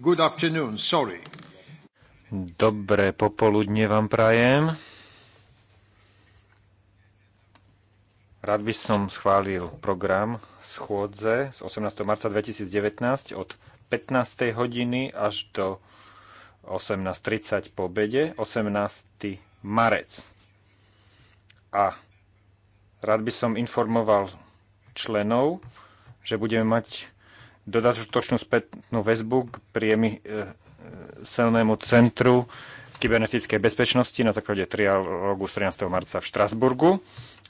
good afternoon, sorry. Dobré popoludne vám prajem. Rád by som schválil program schôdze z 18. marca 2019 od 15. hodiny až do 18.30 po obede, 18. marec. A rád by som informoval členov, že budeme mať dodatočnú spätnú väzbu k priemyselnému e, e, centru kybernetickej bezpečnosti na základe trialógu 13. marca v Štrasburgu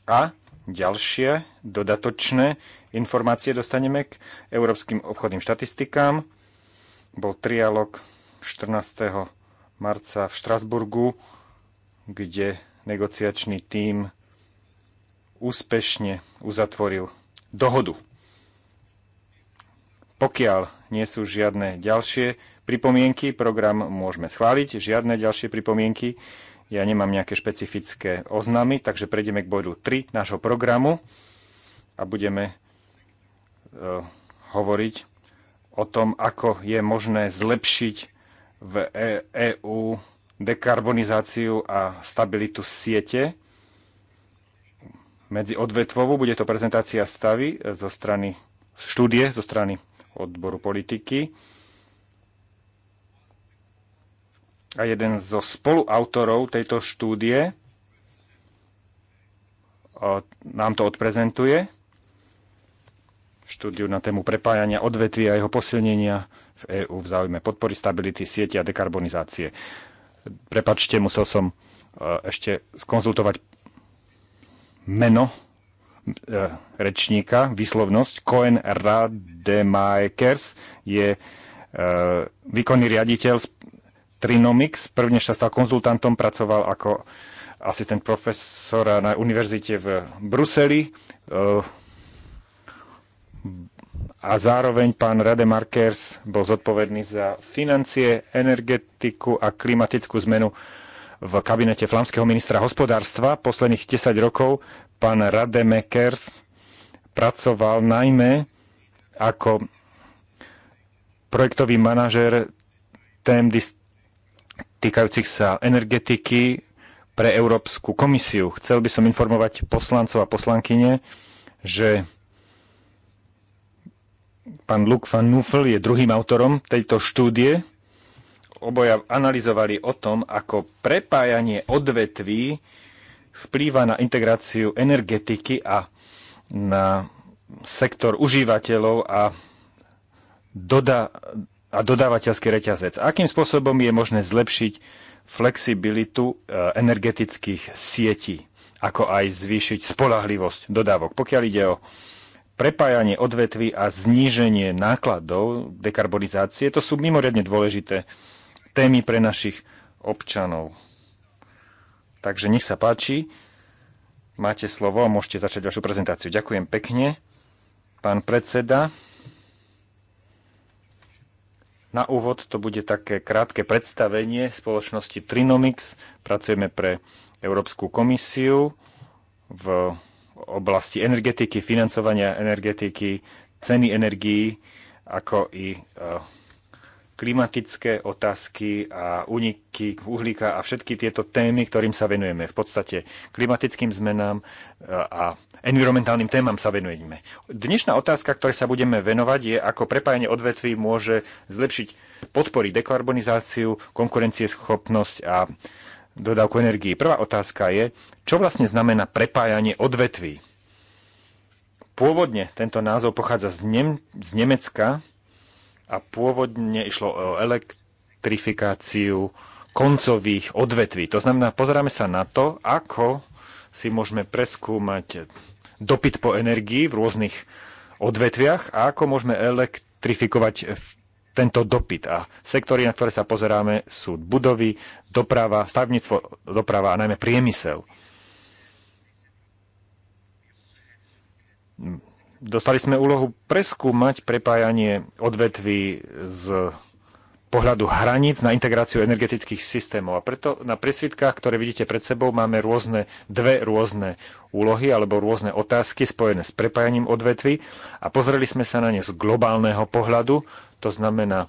a ďalšie dodatočné informácie dostaneme k európskym obchodným štatistikám. Bol trialóg 14. marca v Štrasburgu, kde negociačný tím úspešne uzatvoril dohodu. Pokiaľ nie sú žiadne ďalšie pripomienky, program môžeme schváliť. Žiadne ďalšie pripomienky. Ja nemám nejaké špecifické oznamy, takže prejdeme k bodu 3 nášho programu a budeme uh, hovoriť o tom, ako je možné zlepšiť v EÚ e dekarbonizáciu a stabilitu siete medzi odvetvovú. Bude to prezentácia stavy e, zo strany štúdie, zo strany odboru politiky a jeden zo spoluautorov tejto štúdie nám to odprezentuje. Štúdiu na tému prepájania odvetvia a jeho posilnenia v EÚ v záujme podpory stability siete a dekarbonizácie. Prepačte, musel som e, ešte skonzultovať meno E, rečníka, vyslovnosť Cohen Rademakers je e, výkonný riaditeľ z Trinomics. Prvne sa stal konzultantom, pracoval ako asistent profesora na univerzite v Bruseli. E, a zároveň pán Rademarkers bol zodpovedný za financie, energetiku a klimatickú zmenu v kabinete flamského ministra hospodárstva. Posledných 10 rokov pán Rademekers pracoval najmä ako projektový manažer tém týkajúcich sa energetiky pre Európsku komisiu. Chcel by som informovať poslancov a poslankyne, že pán Luke van Nuffel je druhým autorom tejto štúdie, oboja analyzovali o tom, ako prepájanie odvetví vplýva na integráciu energetiky a na sektor užívateľov a, doda- a dodávateľský reťazec. Akým spôsobom je možné zlepšiť flexibilitu e, energetických sietí, ako aj zvýšiť spolahlivosť dodávok. Pokiaľ ide o prepájanie odvetví a zníženie nákladov dekarbonizácie, to sú mimoriadne dôležité témy pre našich občanov. Takže nech sa páči, máte slovo a môžete začať vašu prezentáciu. Ďakujem pekne, pán predseda. Na úvod to bude také krátke predstavenie spoločnosti Trinomix. Pracujeme pre Európsku komisiu v oblasti energetiky, financovania energetiky, ceny energií, ako i e, klimatické otázky a úniky uhlíka a všetky tieto témy, ktorým sa venujeme. V podstate klimatickým zmenám a environmentálnym témam sa venujeme. Dnešná otázka, ktorej sa budeme venovať, je, ako prepájanie odvetví môže zlepšiť podpory dekarbonizáciu, konkurencieschopnosť a dodávku energii. Prvá otázka je, čo vlastne znamená prepájanie odvetví? Pôvodne tento názov pochádza z, Nem- z Nemecka, a pôvodne išlo o elektrifikáciu koncových odvetví. To znamená, pozeráme sa na to, ako si môžeme preskúmať dopyt po energii v rôznych odvetviach a ako môžeme elektrifikovať tento dopyt. A sektory, na ktoré sa pozeráme, sú budovy, doprava, stavníctvo, doprava a najmä priemysel dostali sme úlohu preskúmať prepájanie odvetví z pohľadu hraníc na integráciu energetických systémov. A preto na presvitkách, ktoré vidíte pred sebou, máme rôzne, dve rôzne úlohy alebo rôzne otázky spojené s prepájaním odvetví a pozreli sme sa na ne z globálneho pohľadu, to znamená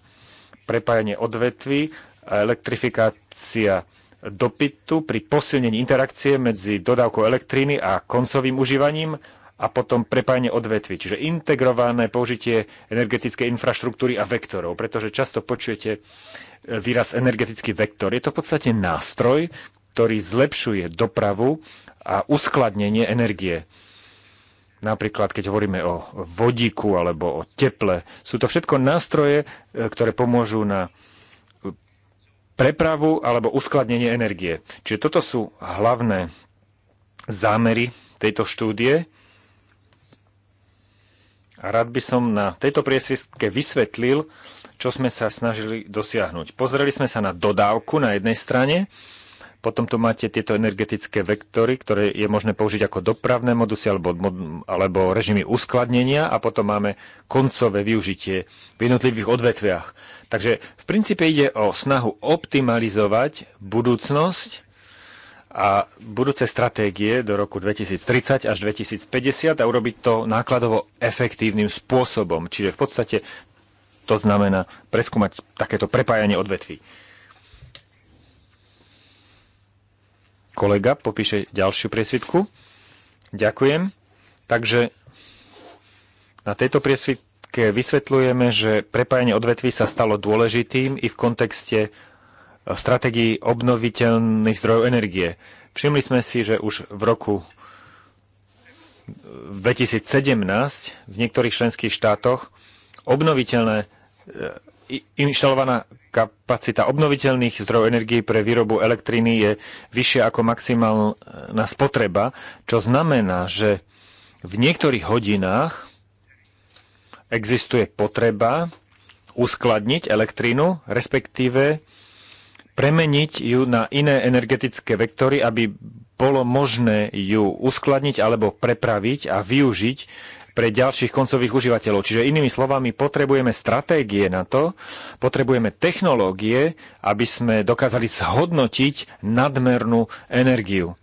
prepájanie odvetví, elektrifikácia dopytu pri posilnení interakcie medzi dodávkou elektriny a koncovým užívaním a potom prepájanie odvetví, čiže integrované použitie energetickej infraštruktúry a vektorov, pretože často počujete e, výraz energetický vektor. Je to v podstate nástroj, ktorý zlepšuje dopravu a uskladnenie energie. Napríklad, keď hovoríme o vodíku alebo o teple, sú to všetko nástroje, e, ktoré pomôžu na prepravu alebo uskladnenie energie. Čiže toto sú hlavné zámery tejto štúdie Rád by som na tejto priesvistke vysvetlil, čo sme sa snažili dosiahnuť. Pozreli sme sa na dodávku na jednej strane, potom tu máte tieto energetické vektory, ktoré je možné použiť ako dopravné modusy alebo, alebo režimy uskladnenia a potom máme koncové využitie v jednotlivých odvetviach. Takže v princípe ide o snahu optimalizovať budúcnosť a budúce stratégie do roku 2030 až 2050 a urobiť to nákladovo efektívnym spôsobom. Čiže v podstate to znamená preskúmať takéto prepájanie odvetví. Kolega popíše ďalšiu priesvitku. Ďakujem. Takže na tejto priesvitke vysvetľujeme, že prepájanie odvetví sa stalo dôležitým i v kontexte v stratégii obnoviteľných zdrojov energie. Všimli sme si, že už v roku 2017 v niektorých členských štátoch obnoviteľné e, inštalovaná kapacita obnoviteľných zdrojov energií pre výrobu elektriny je vyššia ako maximálna spotreba, čo znamená, že v niektorých hodinách existuje potreba uskladniť elektrínu, respektíve premeniť ju na iné energetické vektory, aby bolo možné ju uskladniť alebo prepraviť a využiť pre ďalších koncových užívateľov. Čiže inými slovami, potrebujeme stratégie na to, potrebujeme technológie, aby sme dokázali zhodnotiť nadmernú energiu.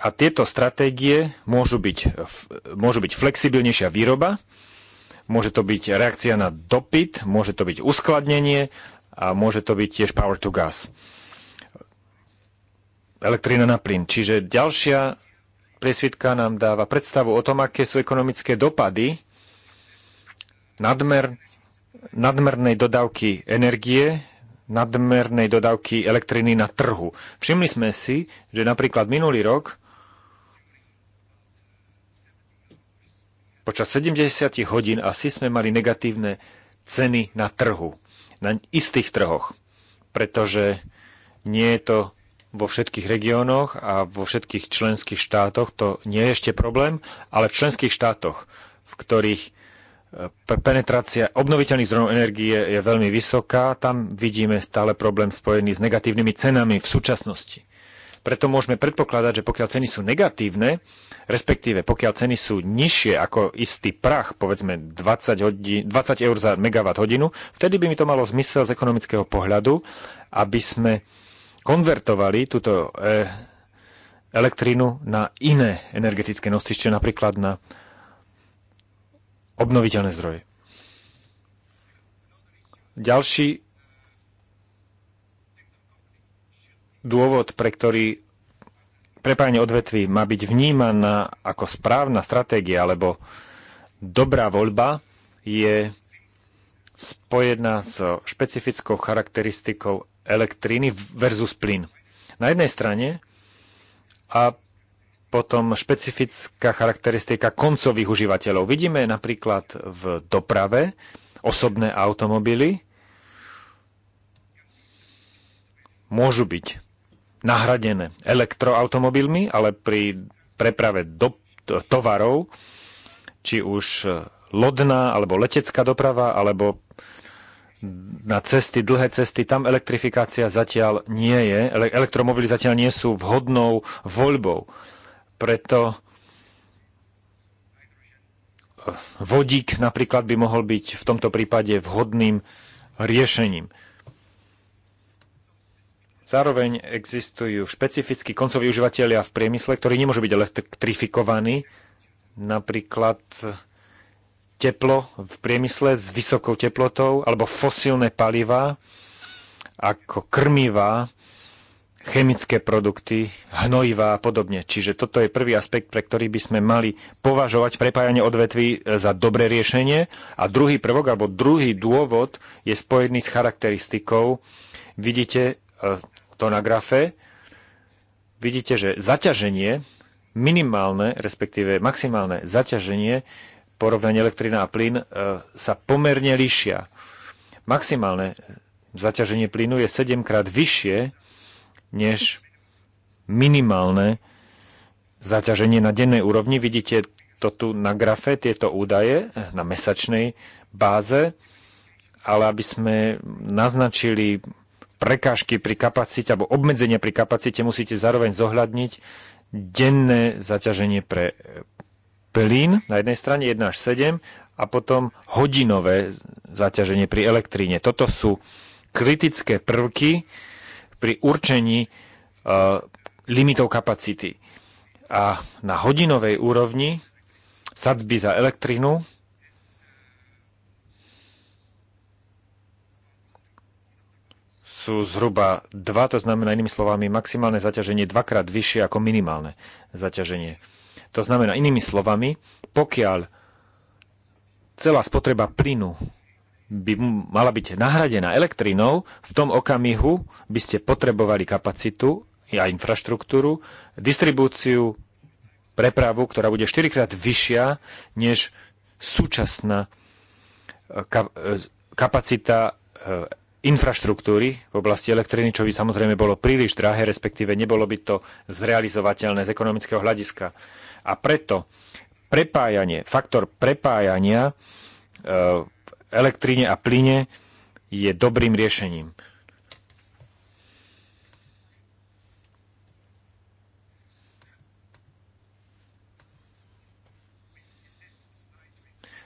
A tieto stratégie môžu byť, môžu byť flexibilnejšia výroba, môže to byť reakcia na dopyt, môže to byť uskladnenie, a môže to byť tiež power to gas. Elektrina na plyn. Čiže ďalšia priesvitka nám dáva predstavu o tom, aké sú ekonomické dopady nadmer, nadmernej dodávky energie, nadmernej dodávky elektriny na trhu. Všimli sme si, že napríklad minulý rok počas 70 hodín asi sme mali negatívne ceny na trhu na istých trhoch, pretože nie je to vo všetkých regiónoch a vo všetkých členských štátoch to nie je ešte problém, ale v členských štátoch, v ktorých e, penetrácia obnoviteľných zdrojov energie je veľmi vysoká, tam vidíme stále problém spojený s negatívnymi cenami v súčasnosti. Preto môžeme predpokladať, že pokiaľ ceny sú negatívne, respektíve pokiaľ ceny sú nižšie ako istý prach, povedzme 20, hodin, 20 eur za megawatt hodinu, vtedy by mi to malo zmysel z ekonomického pohľadu, aby sme konvertovali túto e, elektrínu na iné energetické nosiče, napríklad na obnoviteľné zdroje. Ďalší dôvod, pre ktorý prepájanie odvetví má byť vnímaná ako správna stratégia alebo dobrá voľba, je spojená s so špecifickou charakteristikou elektriny versus plyn. Na jednej strane a potom špecifická charakteristika koncových užívateľov. Vidíme napríklad v doprave osobné automobily môžu byť nahradené elektroautomobilmi, ale pri preprave do, tovarov, či už e, lodná alebo letecká doprava, alebo na cesty, dlhé cesty, tam elektrifikácia zatiaľ nie je, elektromobily zatiaľ nie sú vhodnou voľbou. Preto e, vodík napríklad by mohol byť v tomto prípade vhodným riešením. Zároveň existujú špecifickí koncoví užívateľia v priemysle, ktorí nemôžu byť elektrifikovaní, napríklad teplo v priemysle s vysokou teplotou alebo fosílne paliva, ako krmivá, chemické produkty, hnojivá a podobne. Čiže toto je prvý aspekt, pre ktorý by sme mali považovať prepájanie odvetví za dobré riešenie. A druhý prvok alebo druhý dôvod je spojený s charakteristikou. Vidíte e, to na grafe, vidíte, že zaťaženie, minimálne, respektíve maximálne zaťaženie, porovnanie elektrina a plyn, e, sa pomerne líšia. Maximálne zaťaženie plynu je 7 krát vyššie než minimálne zaťaženie na dennej úrovni. Vidíte to tu na grafe, tieto údaje na mesačnej báze, ale aby sme naznačili prekážky pri kapacite alebo obmedzenia pri kapacite musíte zároveň zohľadniť denné zaťaženie pre e, plyn na jednej strane 1 až 7 a potom hodinové zaťaženie pri elektríne. Toto sú kritické prvky pri určení uh, limitov kapacity. A na hodinovej úrovni sadzby za elektrínu sú zhruba 2, to znamená inými slovami maximálne zaťaženie dvakrát vyššie ako minimálne zaťaženie. To znamená inými slovami, pokiaľ celá spotreba plynu by mala byť nahradená elektrinou, v tom okamihu by ste potrebovali kapacitu a infraštruktúru, distribúciu, prepravu, ktorá bude 4 krát vyššia než súčasná e, kapacita e, infraštruktúry v oblasti elektriny, čo by samozrejme bolo príliš drahé, respektíve nebolo by to zrealizovateľné z ekonomického hľadiska. A preto prepájanie, faktor prepájania e, v elektrine a plyne je dobrým riešením.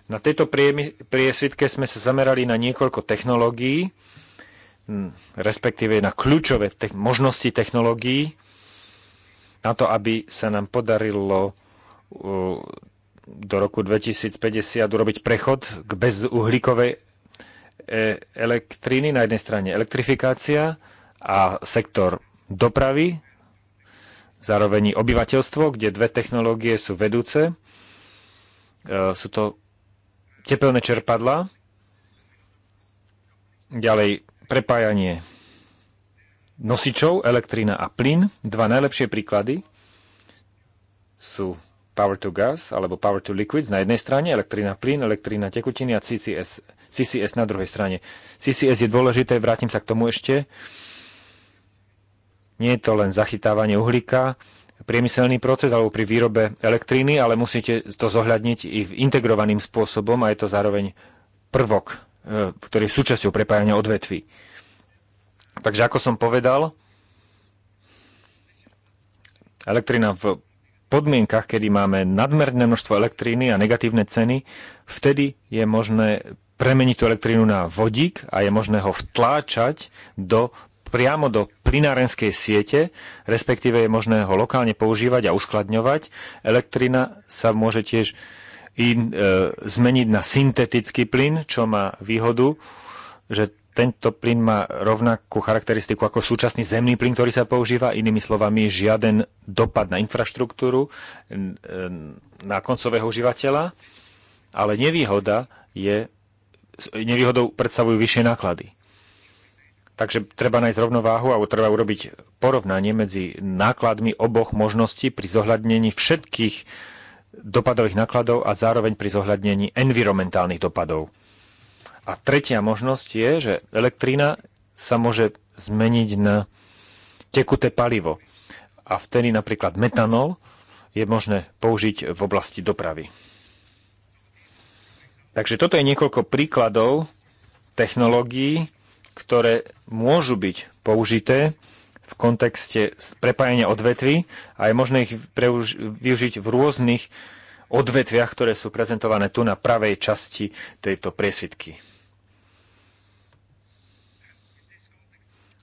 Na tejto priesvitke sme sa zamerali na niekoľko technológií, Hm, respektíve na kľúčové te- možnosti technológií, na to, aby sa nám podarilo uh, do roku 2050 urobiť prechod k bezuhlíkovej e, elektriny, na jednej strane elektrifikácia a sektor dopravy, zároveň obyvateľstvo, kde dve technológie sú vedúce. E, sú to tepelné čerpadla, ďalej prepájanie nosičov, elektrina a plyn. Dva najlepšie príklady sú power to gas alebo power to liquids na jednej strane, elektrina plyn, elektrina tekutiny a CCS, CCS na druhej strane. CCS je dôležité, vrátim sa k tomu ešte. Nie je to len zachytávanie uhlíka, priemyselný proces alebo pri výrobe elektriny, ale musíte to zohľadniť i v integrovaným spôsobom a je to zároveň prvok ktorý je súčasťou prepájania odvetví. Takže ako som povedal, elektrina v podmienkach, kedy máme nadmerné množstvo elektríny a negatívne ceny, vtedy je možné premeniť tú elektrínu na vodík a je možné ho vtláčať do, priamo do plinárenskej siete, respektíve je možné ho lokálne používať a uskladňovať. Elektrina sa môže tiež uh, in, e, zmeniť na syntetický plyn, čo má výhodu, že tento plyn má rovnakú charakteristiku ako súčasný zemný plyn, ktorý sa používa. Inými slovami, žiaden dopad na infraštruktúru, e, na koncového užívateľa, ale nevýhoda je, nevýhodou predstavujú vyššie náklady. Takže treba nájsť rovnováhu alebo treba urobiť porovnanie medzi nákladmi oboch možností pri zohľadnení všetkých dopadových nákladov a zároveň pri zohľadnení environmentálnych dopadov. A tretia možnosť je, že elektrína sa môže zmeniť na tekuté palivo. A vtedy napríklad metanol je možné použiť v oblasti dopravy. Takže toto je niekoľko príkladov technológií, ktoré môžu byť použité v kontexte prepájania odvetví a je možné ich preuž- využiť v rôznych odvetviach, ktoré sú prezentované tu na pravej časti tejto priesvitky.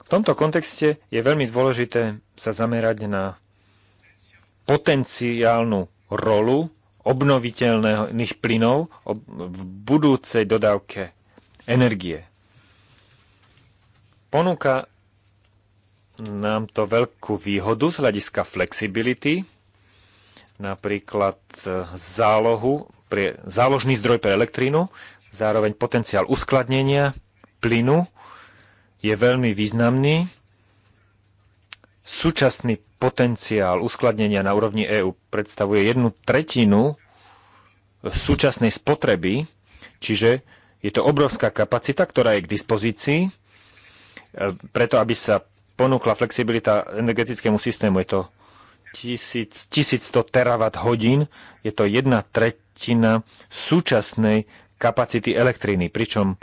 V tomto kontexte je veľmi dôležité sa zamerať na potenciálnu rolu obnoviteľných plynov v budúcej dodávke energie. Ponuka nám to veľkú výhodu z hľadiska flexibility, napríklad e, zálohu pre, záložný zdroj pre elektrínu, zároveň potenciál uskladnenia plynu je veľmi významný. Súčasný potenciál uskladnenia na úrovni EÚ predstavuje jednu tretinu e, súčasnej spotreby, čiže je to obrovská kapacita, ktorá je k dispozícii, e, preto aby sa ponúkla flexibilita energetickému systému. Je to 1100 terawatt hodín, je to jedna tretina súčasnej kapacity elektriny, pričom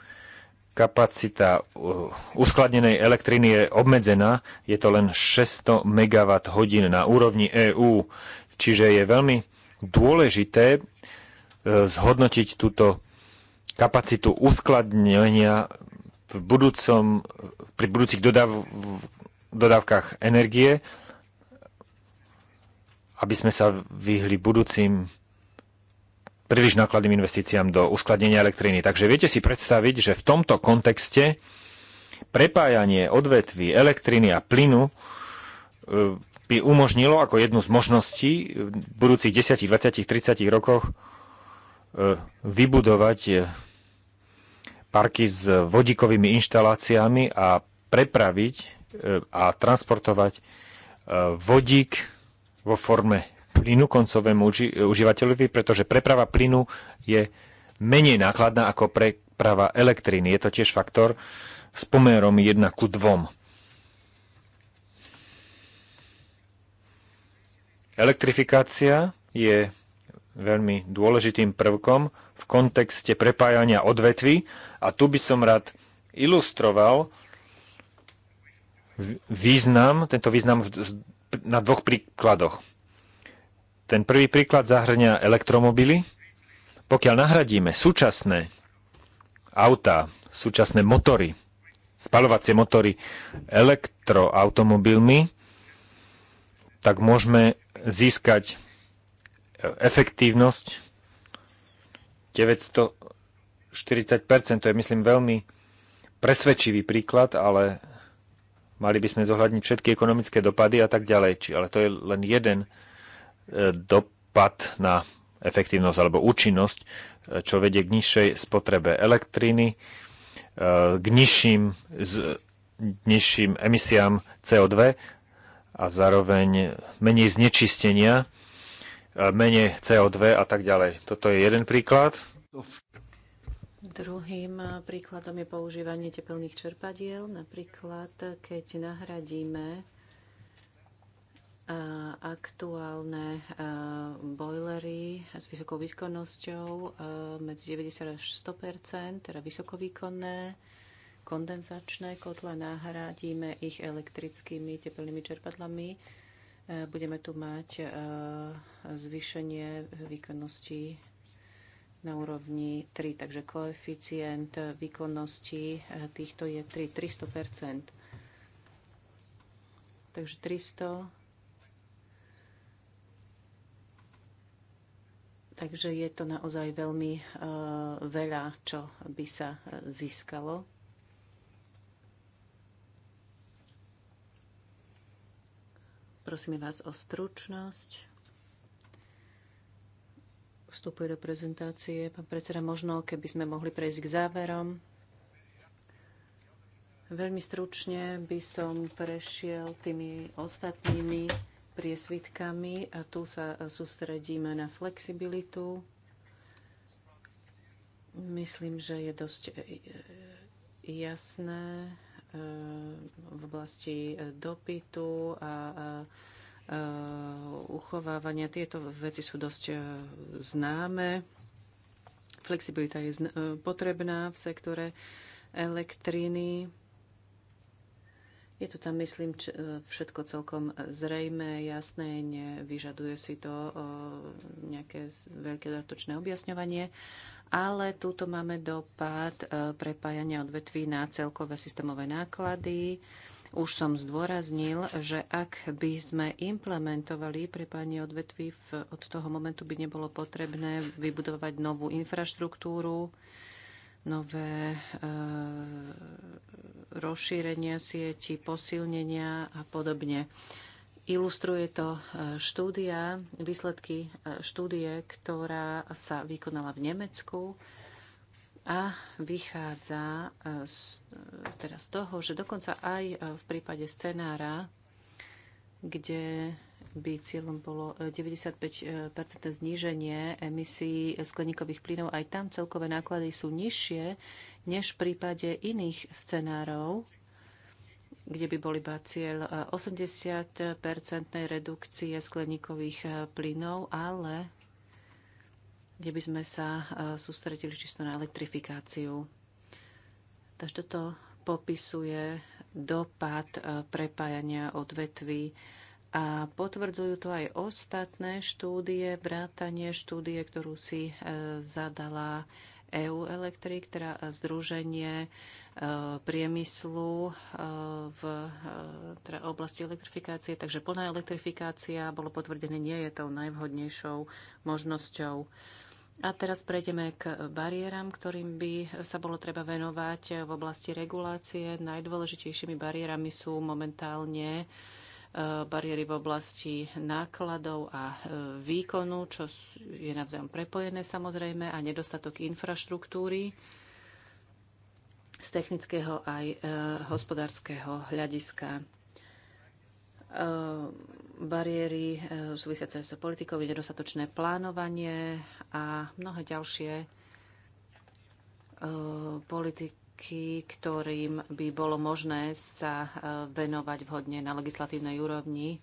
kapacita uh, uskladnenej elektriny je obmedzená, je to len 600 MW hodín na úrovni EÚ, čiže je veľmi dôležité uh, zhodnotiť túto kapacitu uskladnenia v budúcom, pri budúcich dodav, dodávkach energie, aby sme sa vyhli budúcim príliš nákladným investíciám do uskladnenia elektriny. Takže viete si predstaviť, že v tomto kontexte prepájanie odvetví elektriny a plynu eh, by umožnilo ako jednu z možností v budúcich 10, 20, 30 rokoch eh, vybudovať eh, parky s vodíkovými inštaláciami a prepraviť a transportovať e, vodík vo forme plynu koncovému užívateľovi, pretože preprava plynu je menej nákladná ako preprava elektriny. Je to tiež faktor s pomerom 1 ku 2. Elektrifikácia je veľmi dôležitým prvkom v kontexte prepájania odvetví a tu by som rád ilustroval význam, tento význam na dvoch príkladoch. Ten prvý príklad zahrňa elektromobily. Pokiaľ nahradíme súčasné autá, súčasné motory, spalovacie motory elektroautomobilmi, tak môžeme získať efektívnosť 940%. To je, myslím, veľmi presvedčivý príklad, ale Mali by sme zohľadniť všetky ekonomické dopady a tak ďalej. Či, ale to je len jeden e, dopad na efektívnosť alebo účinnosť, e, čo vedie k nižšej spotrebe elektriny, e, k nižším, z, nižším emisiám CO2 a zároveň menej znečistenia, menej CO2 a tak ďalej. Toto je jeden príklad. Druhým eh, príkladom je používanie tepelných čerpadiel, napríklad keď nahradíme eh, aktuálne eh, bojlery s vysokou výkonnosťou medzi 90 až 100 teda vysokovýkonné kondenzačné kotle nahradíme ich elektrickými teplnými čerpadlami. Budeme tu mať zvýšenie výkonnosti na úrovni 3, takže koeficient výkonnosti eh, týchto je 3, 300 Takže 300 Takže je to naozaj veľmi uh, veľa, čo by sa eh, získalo. Prosíme vás o stručnosť vstupuje do prezentácie. Pán predseda, možno keby sme mohli prejsť k záverom. Veľmi stručne by som prešiel tými ostatnými priesvitkami a tu sa sústredíme na flexibilitu. Myslím, že je dosť e, e, jasné e, v oblasti dopytu a, a Eh, uchovávania. Tieto veci sú dosť eh, známe. Flexibilita je eh, potrebná v sektore elektriny. Je to tam, myslím, všetko celkom zrejme, jasné, nevyžaduje si to nejaké veľké dodatočné objasňovanie, ale túto máme dopad prepájania odvetví na celkové systémové náklady. Už som zdôraznil, že ak by sme implementovali prípadne odvetví, od toho momentu by nebolo potrebné vybudovať novú infraštruktúru, nové e, rozšírenia sieti, posilnenia a podobne. Ilustruje to eh, štúdia, výsledky eh, štúdie, ktorá sa vykonala v Nemecku a vychádza e, z, e, teda z toho, že dokonca aj e, v prípade scenára, kde by cieľom bolo 95% zníženie emisí skleníkových plynov, aj tam celkové náklady sú nižšie než v prípade iných scenárov, kde by bol iba cieľ 80 redukcie skleníkových plynov, ale kde by sme sa e, sústredili čisto na elektrifikáciu. Takže toto popisuje dopad e, prepájania odvetví a potvrdzujú to aj ostatné štúdie, vrátanie štúdie, ktorú si e, zadala EU Electric, teda združenie priemyslu v teda oblasti elektrifikácie. Takže plná elektrifikácia, bolo potvrdené, nie je tou najvhodnejšou možnosťou. A teraz prejdeme k bariéram, ktorým by sa bolo treba venovať v oblasti regulácie. Najdôležitejšími bariérami sú momentálne e, bariéry v oblasti nákladov a e, výkonu, čo je navzájom prepojené samozrejme, a nedostatok infraštruktúry z technického aj e, hospodárskeho hľadiska. Eh, bariéry eh, súvisiace s politikou, nedostatočné plánovanie a mnohé ďalšie eh, politiky, ktorým by bolo možné sa venovať vhodne na legislatívnej úrovni.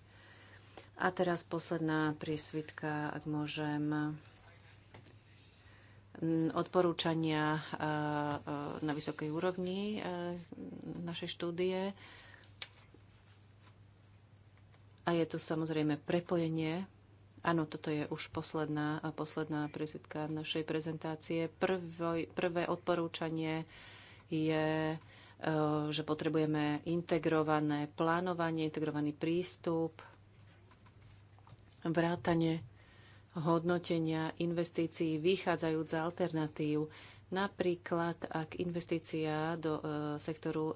A teraz posledná prísvitka, ak môžem mm, odporúčania na vysokej úrovni našej štúdie. A je tu samozrejme prepojenie. Áno, toto je už posledná, a posledná prezitka našej prezentácie. Prvo, prvé odporúčanie je, e, že potrebujeme integrované plánovanie, integrovaný prístup, vrátanie hodnotenia investícií vychádzajúc z alternatív. Napríklad, ak investícia do e, sektoru e,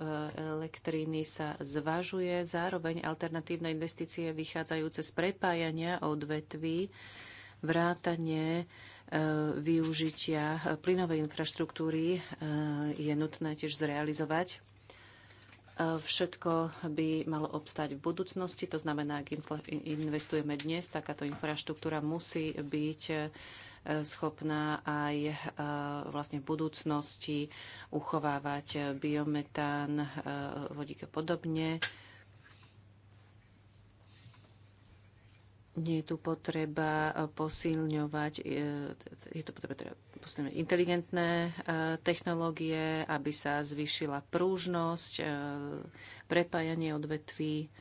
elektriny sa zvažuje, zároveň alternatívne investície vychádzajúce z prepájania odvetví, vrátanie e, využitia plynovej infraštruktúry je nutné tiež zrealizovať. Všetko by malo obstať v budúcnosti, to znamená, ak investujeme dnes, takáto infraštruktúra musí byť schopná aj e, vlastne v budúcnosti uchovávať biometán, e, vodík a podobne. Nie je tu potreba posilňovať, e, je tu potreba teda posilňovať inteligentné technológie, aby sa zvýšila prúžnosť, prepájanie odvetví.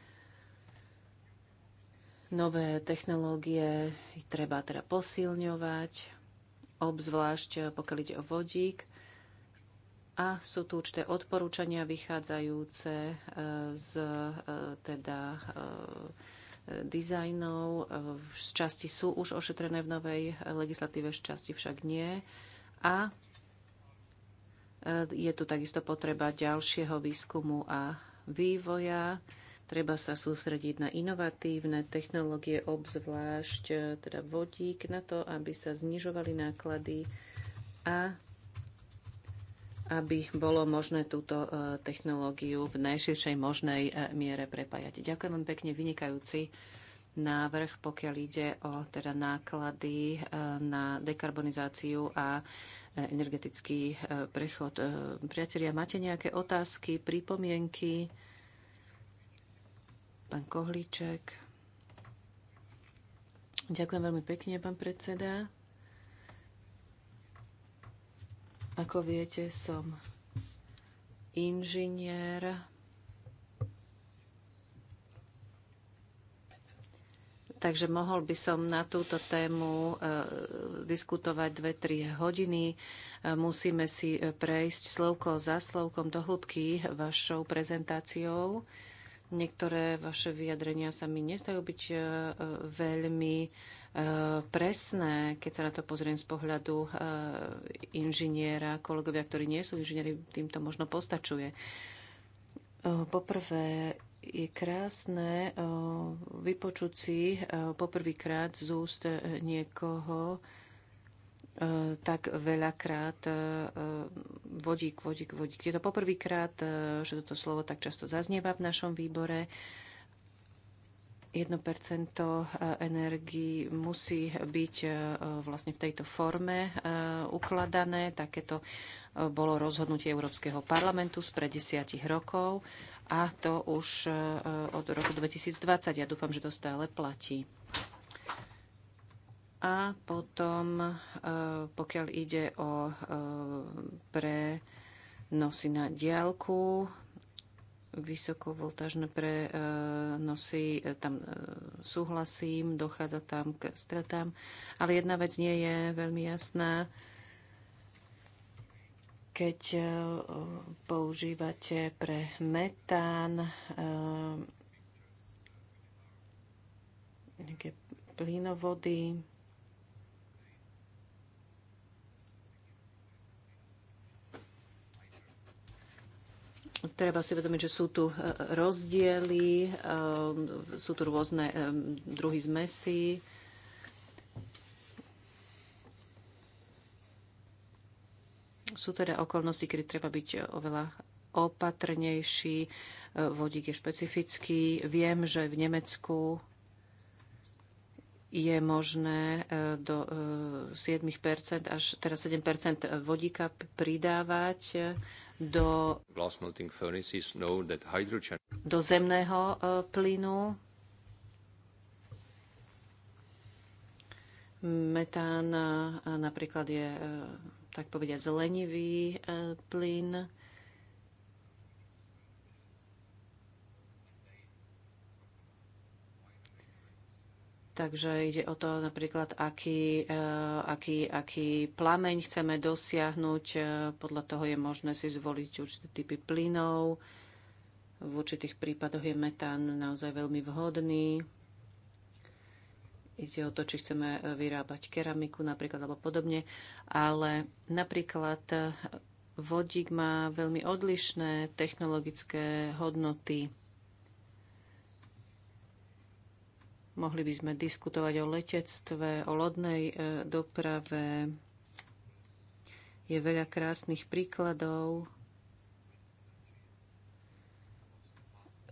Nové technológie treba teda posilňovať, obzvlášť eh, pokiaľ ide o vodík. A sú tu určité odporúčania vychádzajúce eh, z eh, teda dizajnov. Z časti sú už ošetrené v novej legislatíve, z časti však nie. A je tu takisto potreba ďalšieho výskumu a vývoja Treba sa sústrediť na inovatívne technológie, obzvlášť e, teda vodík, na to, aby sa znižovali náklady a aby bolo možné túto e, technológiu v najširšej možnej e, miere prepájať. Ďakujem vám pekne, vynikajúci návrh, pokiaľ ide o teda náklady na dekarbonizáciu a energetický prechod. Priatelia, máte nejaké otázky, pripomienky? Pán Kohlíček. Ďakujem veľmi pekne, pán predseda. Ako viete, som inžinier. Takže mohol by som na túto tému eh, diskutovať 2-3 hodiny. Eh, musíme si eh, prejsť slovko za slovkom do hĺbky vašou prezentáciou. Niektoré vaše vyjadrenia sa mi nestajú byť e, e, veľmi e, presné, keď sa na to pozriem z pohľadu inžiniera. Kolegovia, ktorí nie sú inžinieri, týmto možno postačuje. Poprvé, je krásne vypočuť si poprvýkrát z úst niekoho, Eh, tak veľakrát eh, eh, vodík, vodík, vodík. Je to poprvýkrát, že toto slovo tak často zaznieva v našom výbore. 1% energii musí byť vlastne v tejto forme ukladané. Takéto bolo rozhodnutie Európskeho parlamentu spred desiatich rokov a to už od roku 2020. Ja dúfam, že to stále platí. A potom, e, pokiaľ ide o e, prenosy na diálku, vysokovoltážne prenosy, e, tam súhlasím, dochádza tam k stratám. Ale jedna vec nie je veľmi jasná. Keď používate pre metán nejaké plynovody, Treba si vedomiť, že sú tu e, rozdiely, e, sú tu rôzne e, druhy zmesí. Sú teda okolnosti, kedy treba byť oveľa opatrnejší. Vodík je špecifický. Viem, že v Nemecku je možné e, do 7 e, až teraz 7 vodíka pridávať e, do, do zemného plynu. Metán napríklad je tak povediať zelenivý plyn Takže ide o to napríklad, aký, e, aký, aký plameň chceme dosiahnuť. E, podľa toho je možné si zvoliť určité typy plynov. V určitých prípadoch je metán naozaj veľmi vhodný. Ide o to, či chceme vyrábať keramiku napríklad alebo podobne. Ale napríklad vodík má veľmi odlišné technologické hodnoty. Mohli by sme diskutovať o letectve, o lodnej e, doprave. Je veľa krásnych príkladov.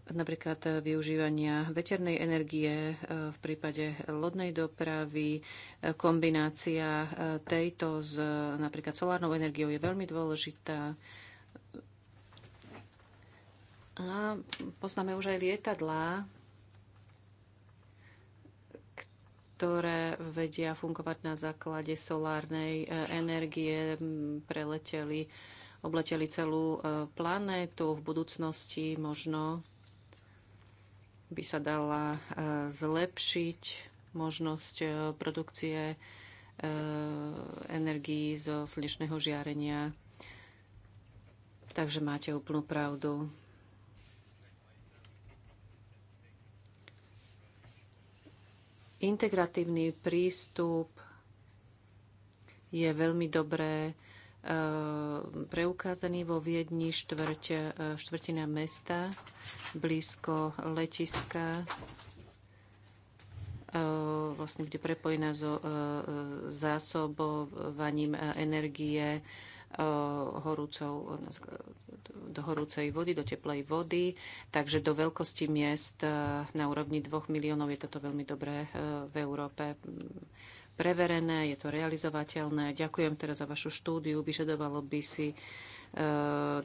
napríklad e, využívania veternej energie e, v prípade lodnej dopravy. Kombinácia tejto s napríklad solárnou energiou je veľmi dôležitá. A poznáme už aj lietadlá, ktoré vedia fungovať na základe solárnej e, energie, preleteli, obleteli celú e, planétu. V budúcnosti možno by sa dala e, zlepšiť možnosť produkcie energií zo slnečného žiarenia. Takže máte úplnú pravdu. Integratívny prístup je veľmi dobré e, preukázaný vo Viedni štvrť, e, štvrtina mesta blízko letiska e, vlastne bude prepojená so zásobovaním energie Eh, horúcov, do horúcej vody, do teplej vody. Takže do veľkosti miest eh, na úrovni 2 miliónov je toto veľmi dobré eh, v Európe preverené, je to realizovateľné. Ďakujem teraz za vašu štúdiu. Vyžadovalo by si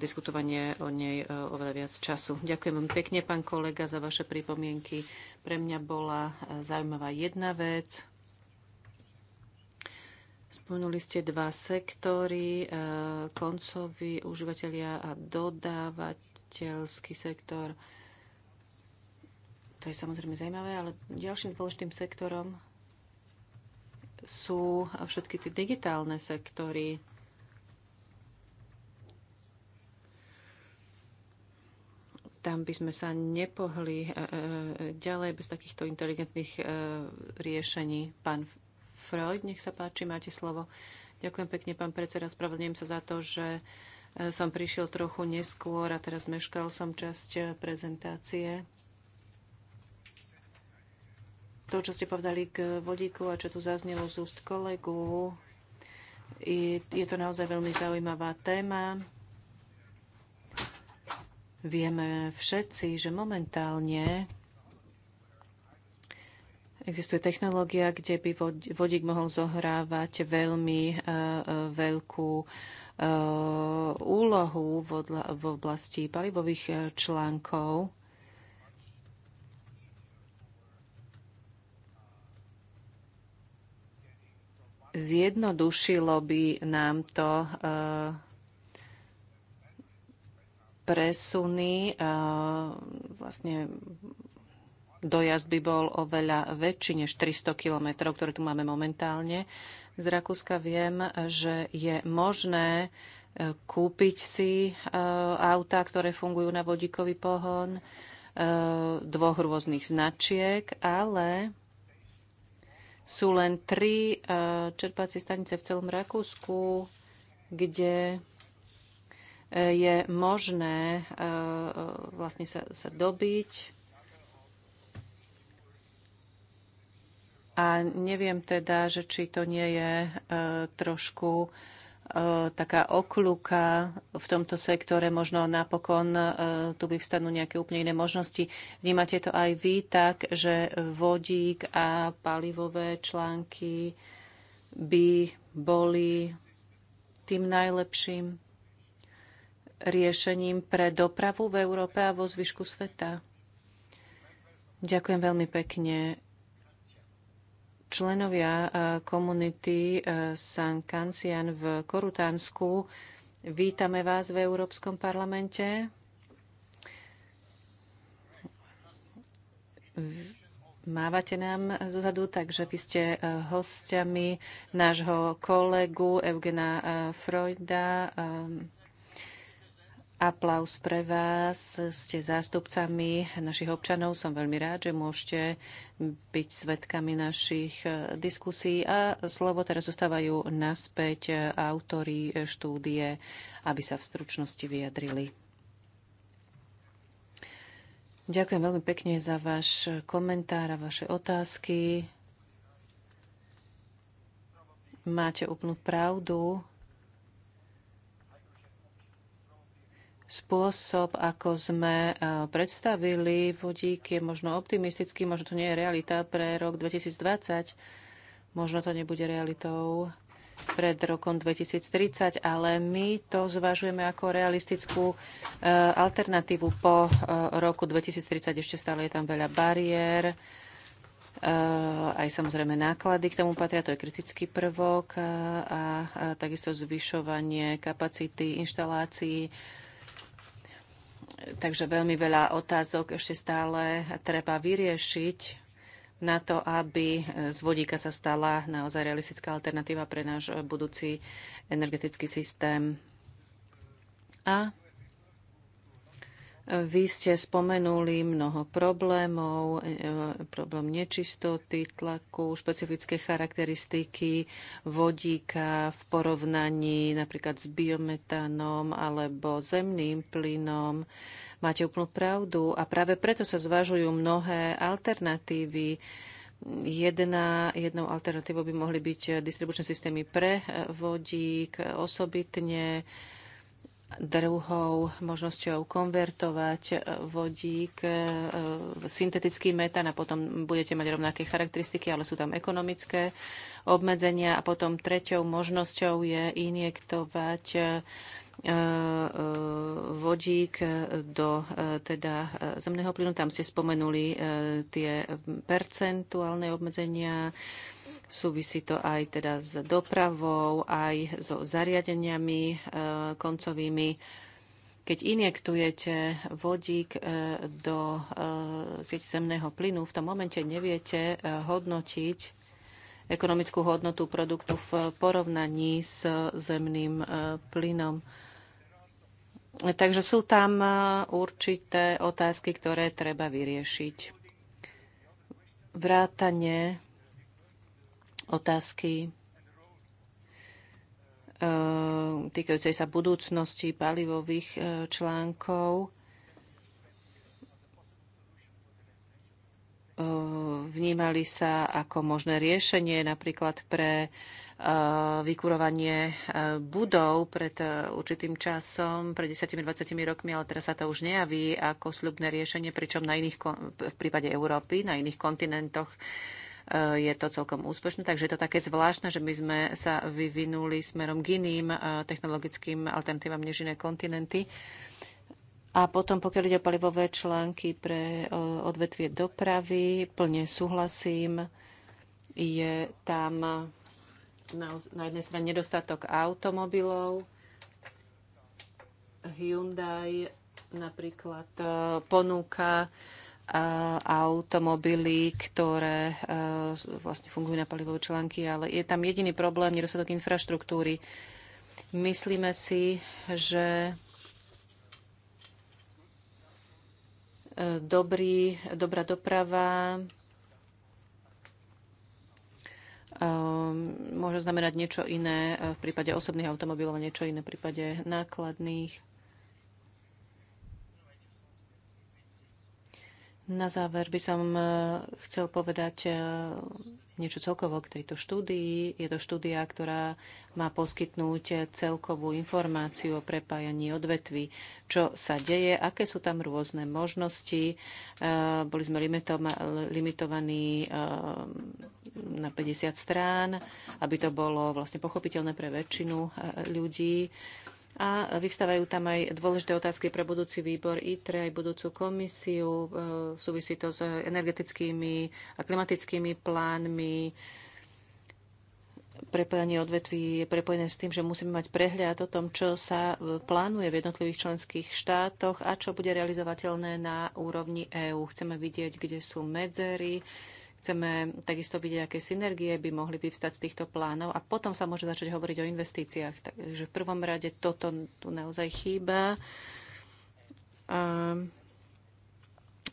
diskutovanie o nej oveľa viac času. Ďakujem vám pekne, pán kolega, za vaše pripomienky. Pre mňa bola zaujímavá jedna vec. Spomenuli ste dva sektory, eh, koncoví užívateľia a dodávateľský sektor. To je samozrejme zaujímavé, ale ďalším dôležitým sektorom sú všetky tie digitálne sektory. Tam by sme sa nepohli eh, eh, ďalej bez takýchto inteligentných riešení. Pán Freud, nech sa páči, máte slovo. Ďakujem pekne, pán predseda, spravedlňujem sa za to, že e, som prišiel trochu neskôr a teraz meškal som časť e, prezentácie. To, čo ste povedali k vodíku a čo tu zaznelo z úst kolegu, je, je to naozaj veľmi zaujímavá téma. Vieme všetci, že momentálne Existuje technológia, kde by vodík mohol zohrávať veľmi e, e, veľkú e, úlohu v oblasti palivových článkov. Zjednodušilo by nám to presuny vlastne dojazd by bol oveľa väčší než 300 kilometrov, ktoré tu máme momentálne. Z Rakúska viem, že je možné e, kúpiť si e, auta, ktoré fungujú na vodíkový pohon e, dvoch rôznych značiek, ale sú len tri čerpacie stanice v celom Rakúsku, kde je možné vlastne sa, sa dobiť A neviem teda, že či to nie je e, trošku e, taká okľuka v tomto sektore, možno napokon e, tu vyvstanú nejaké úplne iné možnosti. Vnímate to aj vy tak, že vodík a palivové články by boli tým najlepším riešením pre dopravu v Európe a vo zvyšku sveta? Ďakujem veľmi pekne členovia e, komunity e, San Kancian v Korutánsku. Vítame vás v Európskom parlamente. Mávate nám zozadu, takže vy ste e, hostiami nášho kolegu Eugena Freuda, aplaus pre vás. Ste zástupcami našich občanov. Som veľmi rád, že môžete byť svetkami našich eh, diskusí. A slovo teraz zostávajú naspäť eh, autory eh, štúdie, aby sa v stručnosti vyjadrili. Ďakujem veľmi pekne za váš komentár a vaše otázky. Máte úplnú pravdu spôsob, ako sme e, predstavili vodík, je možno optimistický, možno to nie je realita pre rok 2020, možno to nebude realitou pred rokom 2030, ale my to zvažujeme ako realistickú e, alternatívu po e, roku 2030. Ešte stále je tam veľa bariér, aj samozrejme náklady k tomu patria, to je kritický prvok a, takisto zvyšovanie kapacity inštalácií Takže veľmi veľa otázok ešte stále treba vyriešiť na to, aby z vodíka sa stala naozaj realistická alternatíva pre náš budúci energetický systém. A vy ste spomenuli mnoho problémov, e, problém nečistoty, tlaku, špecifické charakteristiky vodíka v porovnaní napríklad s biometánom alebo zemným plynom. Máte úplnú pravdu a práve preto sa zvažujú mnohé alternatívy. Jedna, jednou alternatívou by mohli byť distribučné systémy pre vodík osobitne, druhou možnosťou konvertovať e, vodík v e, e, syntetický metán a potom budete mať rovnaké charakteristiky, ale sú tam ekonomické obmedzenia a potom treťou možnosťou je injektovať vodík do teda zemného plynu. Tam ste spomenuli tie percentuálne obmedzenia, Súvisí to aj teda s dopravou, aj so zariadeniami e, koncovými. Keď injektujete vodík e, do e, siete zemného plynu, v tom momente neviete e, hodnotiť ekonomickú hodnotu produktu v porovnaní s zemným plynom. Takže sú tam určité otázky, ktoré treba vyriešiť. Vrátanie otázky e, týkajúcej sa budúcnosti palivových e, článkov. E, vnímali sa ako možné riešenie napríklad pre vykurovanie budov pred určitým časom, pred 10-20 rokmi, ale teraz sa to už nejaví ako sľubné riešenie, pričom na iných, v prípade Európy, na iných kontinentoch je to celkom úspešné, takže je to také zvláštne, že my sme sa vyvinuli smerom k iným e, technologickým alternatívam než iné kontinenty. A potom, pokiaľ ide o palivové články pre e, odvetvie dopravy, plne súhlasím, je tam na jednej strane nedostatok automobilov. Hyundai napríklad e, ponúka automobily, ktoré e, vlastne fungujú na palivové články, ale je tam jediný problém, nedostatok infraštruktúry. Myslíme si, že e, dobrý, dobrá doprava e, môže znamenať niečo iné v prípade osobných automobilov, niečo iné v prípade nákladných. Na záver by som e, chcel povedať e, niečo celkovo k tejto štúdii. Je to štúdia, ktorá má poskytnúť e, celkovú informáciu o prepájaní odvetví, čo sa deje, aké sú tam rôzne možnosti. Boli sme limitovaní na 50 strán, aby to bolo vlastne pochopiteľné pre väčšinu ľudí. A vyvstávajú tam aj dôležité otázky pre budúci výbor ITRE, aj budúcu komisiu. E, súvisí to s energetickými a klimatickými plánmi. Prepojenie odvetví je prepojené s tým, že musíme mať prehľad o tom, čo sa plánuje v jednotlivých členských štátoch a čo bude realizovateľné na úrovni EÚ. Chceme vidieť, kde sú medzery, Chceme takisto vidieť, aké synergie by mohli vyvstať z týchto plánov a potom sa môže začať hovoriť o investíciách. Takže v prvom rade toto tu naozaj chýba. A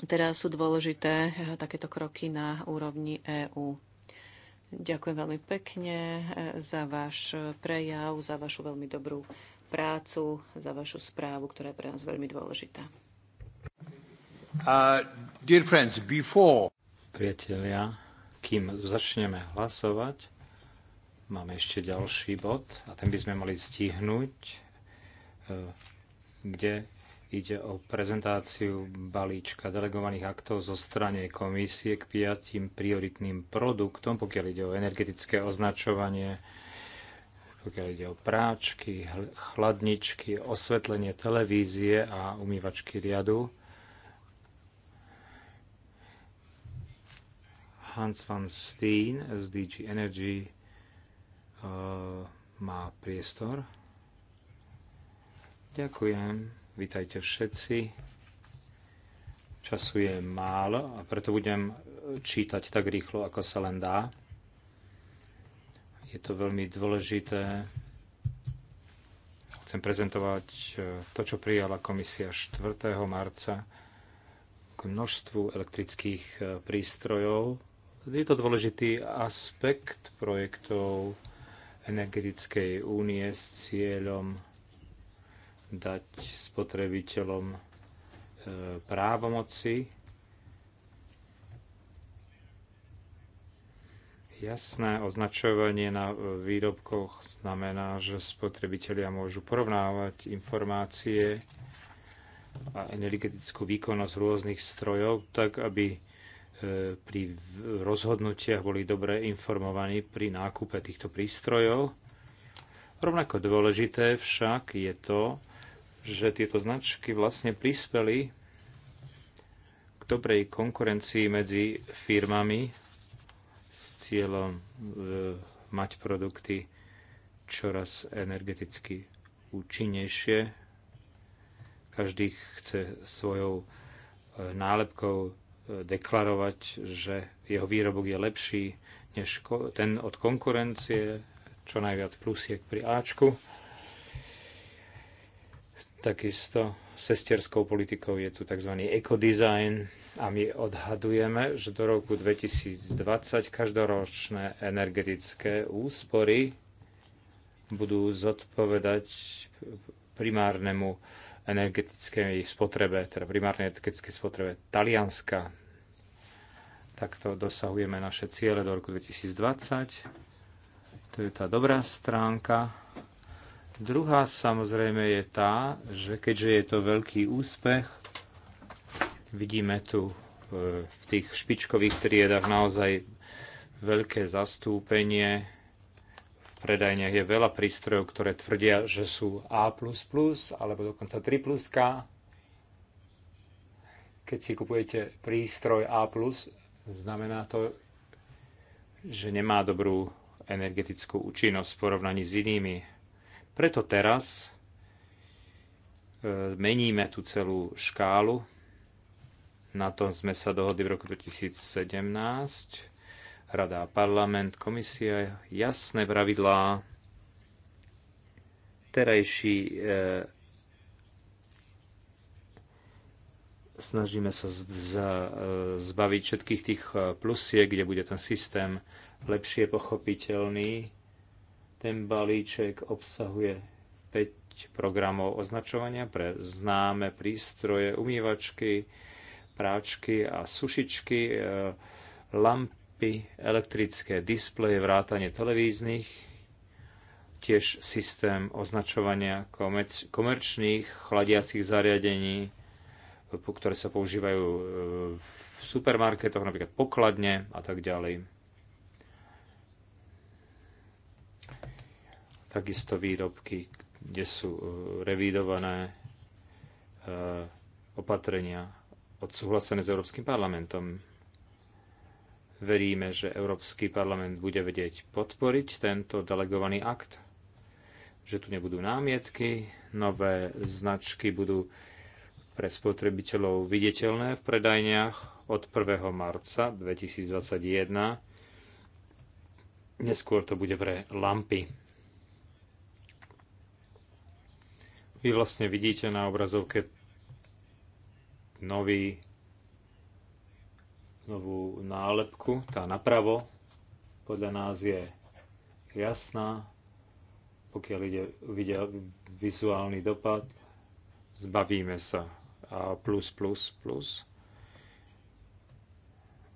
teraz sú dôležité eh, takéto kroky na úrovni EÚ. Ďakujem veľmi pekne eh, za váš prejav, za vašu veľmi dobrú prácu, za vašu správu, ktorá je pre nás veľmi dôležitá. Uh, dear friends, before... Priatelia, kým začneme hlasovať, máme ešte ďalší bod a ten by sme mali stihnúť, e, kde ide o prezentáciu balíčka delegovaných aktov zo strany komisie k piatým prioritným produktom, pokiaľ ide o energetické označovanie, pokiaľ ide o práčky, chladničky, osvetlenie televízie a umývačky riadu Hans van Steen z DG Energy uh, má priestor. Ďakujem, vitajte všetci. Času je málo a preto budem čítať tak rýchlo, ako sa len dá. Je to veľmi dôležité. Chcem prezentovať uh, to, čo prijala komisia 4. marca k množstvu elektrických uh, prístrojov je to dôležitý aspekt projektov energetickej únie s cieľom dať spotrebiteľom e, právomoci, jasné označovanie na výrobkoch znamená, že spotrebitelia môžu porovnávať informácie a energetickú výkonnosť rôznych strojov, tak aby E, pri rozhodnutiach boli dobre informovaní pri nákupe týchto prístrojov. Rovnako dôležité však je to, že tieto značky vlastne prispeli k dobrej konkurencii medzi firmami s cieľom e, mať produkty čoraz energeticky účinnejšie. Každý chce svojou e, nálepkou deklarovať, že jeho výrobok je lepší než ten od konkurencie, čo najviac plusiek pri Ačku. Takisto sesterskou politikou je tu tzv. ekodizajn a my odhadujeme, že do roku 2020 každoročné energetické úspory budú zodpovedať primárnemu energetickej spotrebe, teda primárnej energetickej spotrebe Talianska. Takto dosahujeme naše ciele do roku 2020. To je tá dobrá stránka. Druhá samozrejme je tá, že keďže je to veľký úspech, vidíme tu e, v tých špičkových triedach naozaj veľké zastúpenie. V predajniach je veľa prístrojov, ktoré tvrdia, že sú A++, alebo dokonca 3+. Keď si kupujete prístroj A+, Znamená to, že nemá dobrú energetickú účinnosť v porovnaní s inými. Preto teraz e, meníme tú celú škálu. Na tom sme sa dohodli v roku 2017. Rada, parlament, komisia, jasné pravidlá. Terajší e, snažíme sa e, zbaviť všetkých tých e, plusiek, kde bude ten systém lepšie pochopiteľný. Ten balíček obsahuje 5 programov označovania pre známe prístroje, umývačky, práčky a sušičky, e, lampy, elektrické displeje, vrátanie televíznych, tiež systém označovania komerčných chladiacich zariadení, ktoré sa používajú e, v supermarketoch, napríklad pokladne a tak ďalej. Takisto výrobky, kde sú e, revidované e, opatrenia odsúhlasené s Európskym parlamentom. Veríme, že Európsky parlament bude vedieť podporiť tento delegovaný akt, že tu nebudú námietky, nové značky budú pre spotrebiteľov viditeľné v predajniach od 1. marca 2021. Neskôr to bude pre lampy. Vy vlastne vidíte na obrazovke nový, novú nálepku, tá napravo podľa nás je jasná, pokiaľ ide, vizuálny dopad, zbavíme sa plus, plus, plus.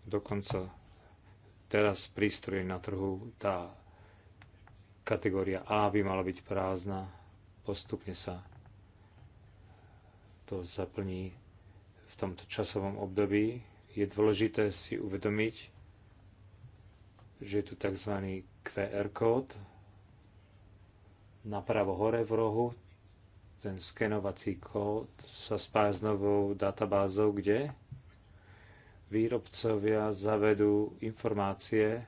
Dokonca teraz prístroj na trhu, tá kategória A by mala byť prázdna. Postupne sa to zaplní v tomto časovom období. Je dôležité si uvedomiť, že je tu tzv. QR kód napravo hore v rohu, ten skenovací kód sa spája s novou databázou, kde výrobcovia zavedú informácie,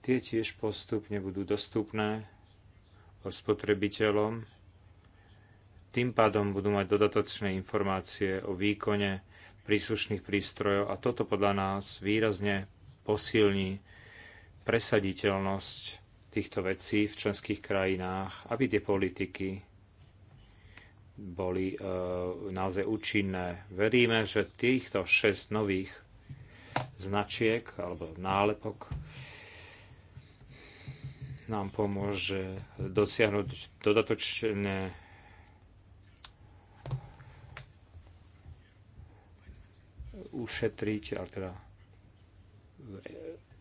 tie tiež postupne budú dostupné spotrebiteľom. Tým pádom budú mať dodatočné informácie o výkone príslušných prístrojov a toto podľa nás výrazne posilní presaditeľnosť týchto vecí v členských krajinách, aby tie politiky boli e, naozaj účinné. Veríme, že týchto 6 nových značiek alebo nálepok nám pomôže dosiahnuť dodatočné ušetriť, ale teda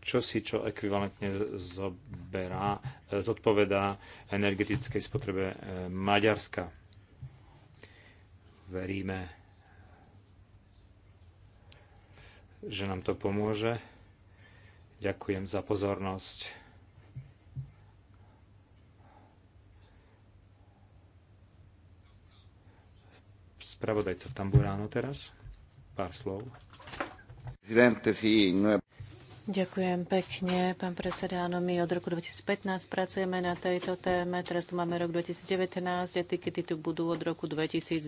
čo si čo ekvivalentne zoberá, zodpovedá energetickej spotrebe e, Maďarska. Veríme, že nám to pomôže. Ďakujem za pozornosť. spravodajca Tamburáno teraz. Pár slov. Ďakujem pekne, pán predseda. Áno, my od roku 2015 pracujeme na tejto téme. Teraz tu máme rok 2019, etikety tu budú od roku 2021.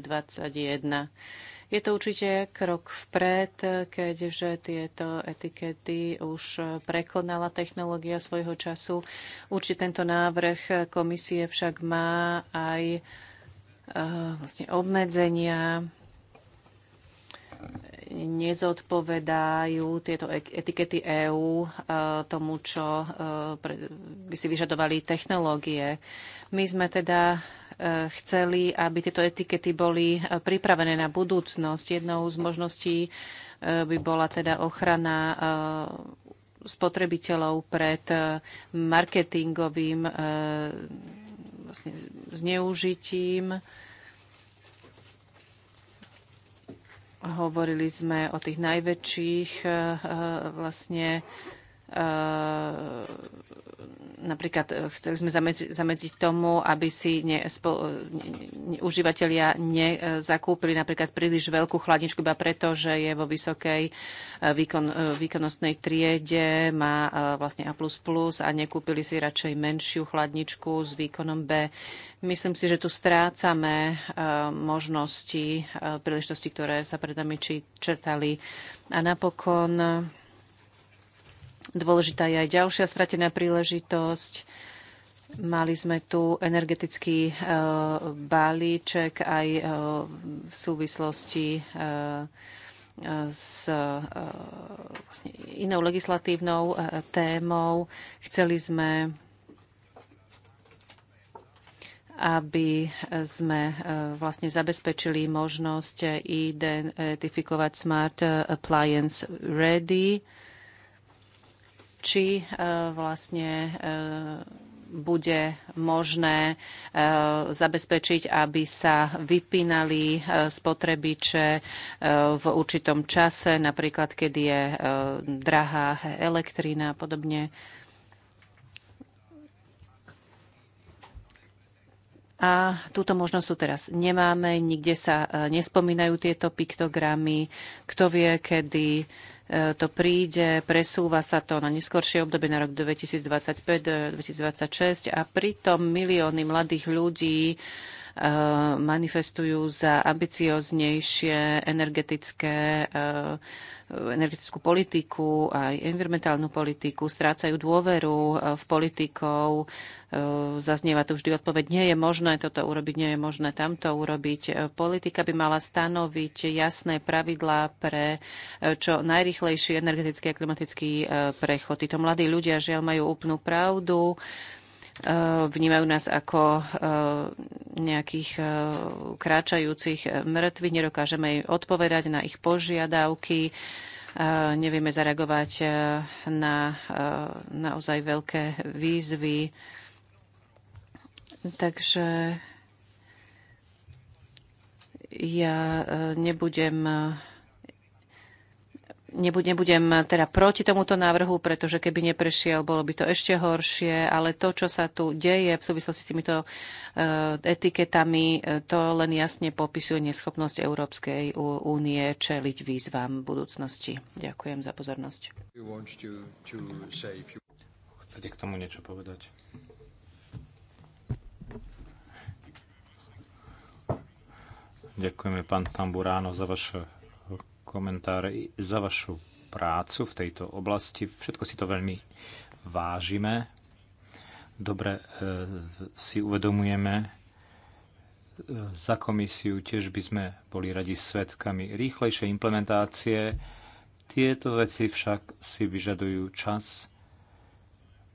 Je to určite krok vpred, keďže tieto etikety už prekonala technológia svojho času. Určite tento návrh komisie však má aj uh, vlastne obmedzenia, nezodpovedajú tieto etikety EÚ e, tomu, čo e, by si vyžadovali technológie. My sme teda e, chceli, aby tieto etikety boli pripravené na budúcnosť. Jednou z možností by bola teda ochrana spotrebiteľov pred marketingovým vlastne zneužitím Hovorili sme o tých najväčších e, e, vlastne Ehm, napríklad e, chceli sme zamedziť tomu, aby si ne, ne, ne, užívateľia nezakúpili napríklad príliš veľkú chladničku iba preto, že je vo vysokej e, výkon, e, výkonnostnej triede, má vlastne A++ a nekúpili si radšej menšiu chladničku s výkonom B. Myslím si, že tu strácame možnosti, príležitosti, ktoré sa pred nami čítali. A napokon Dôležitá je aj ďalšia stratená príležitosť. Mali sme tu energetický e, balíček aj e, v súvislosti e, s vlastne inou legislatívnou témou. Chceli sme aby sme vlastne zabezpečili možnosť identifikovať Smart Appliance Ready či e, vlastne e, bude možné e, zabezpečiť, aby sa vypínali spotrebiče v určitom čase, napríklad keď je drahá elektrina a podobne. A túto možnosť tu teraz nemáme, nikde sa nespomínajú tieto piktogramy. Kto vie, kedy E, to príde, presúva sa to na neskoršie obdobie na rok 2025-2026 a pritom milióny mladých ľudí Eh, manifestujú za ambicioznejšie energetické eh, energetickú politiku, aj environmentálnu politiku, strácajú dôveru eh, v politikov, zaznieva tu vždy odpoveď, nie je možné toto urobiť, nie je možné tamto urobiť. Politika by mala stanoviť jasné pravidlá pre čo najrychlejší energetický a klimatický prechod. Títo mladí ľudia žiaľ majú úplnú pravdu Eh, vnímajú nás ako eh, nejakých eh, kráčajúcich mŕtvych, nedokážeme im odpovedať na ich požiadavky, nevieme zareagovať na naozaj veľké výzvy. Takže ja nebudem Nebudem teda proti tomuto návrhu, pretože keby neprešiel, bolo by to ešte horšie, ale to, čo sa tu deje v súvislosti s týmito eh, etiketami, eh, to len jasne popisuje neschopnosť Európskej únie čeliť výzvam budúcnosti. Ďakujem za pozornosť. Chcete k tomu niečo povedať? Ďakujeme, pán Tamburáno, za vaše komentáre za vašu prácu v tejto oblasti. Všetko si to veľmi vážime. Dobre e, si uvedomujeme e, za komisiu tiež by sme boli radi svetkami rýchlejšej implementácie. Tieto veci však si vyžadujú čas.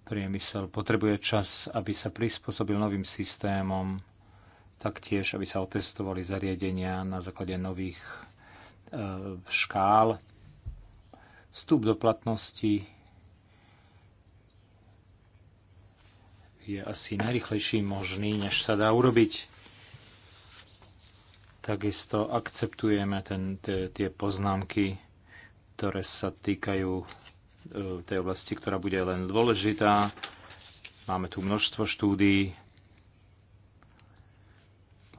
Priemysel potrebuje čas, aby sa prispôsobil novým systémom, taktiež, aby sa otestovali zariadenia na základe nových E, škál, vstup do platnosti je asi najrychlejší možný, než sa dá urobiť. Takisto akceptujeme ten, te, tie poznámky, ktoré sa týkajú e, tej oblasti, ktorá bude len dôležitá. Máme tu množstvo štúdií,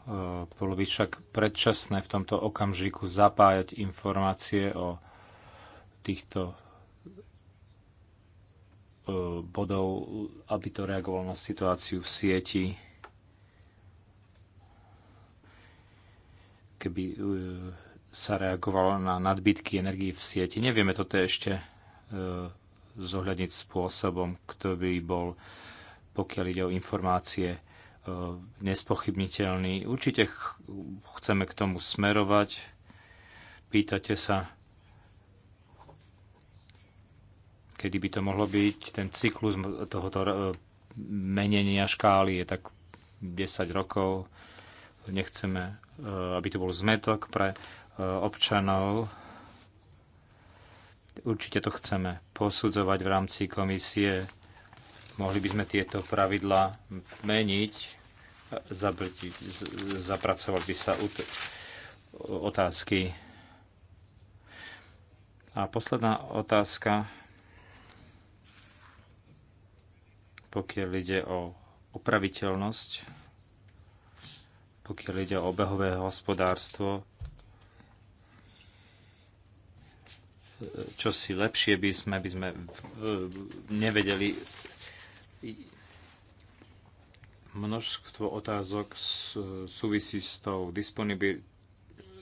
Eh, bolo by však predčasné v tomto okamžiku zapájať informácie o týchto eh, bodov, aby to reagovalo na situáciu v sieti. Keby eh, sa reagovalo na nadbytky energii v sieti. Nevieme toto ešte zohľadniť spôsobom, ktorý bol, pokiaľ ide o informácie E, nespochybniteľný. Určite chceme k tomu smerovať. Pýtate sa, kedy by to mohlo byť. Ten cyklus tohoto e, menenia škály je tak 10 rokov. Nechceme, e, aby to bol zmetok pre občanov. Určite to chceme posudzovať v rámci komisie Mohli by sme tieto pravidla meniť, zabrtiť, zapracovať by sa otázky. A posledná otázka, pokiaľ ide o opraviteľnosť, pokiaľ ide o obehové hospodárstvo, čo si lepšie by sme, by sme nevedeli Množstvo otázok súvisí s tou disponibil-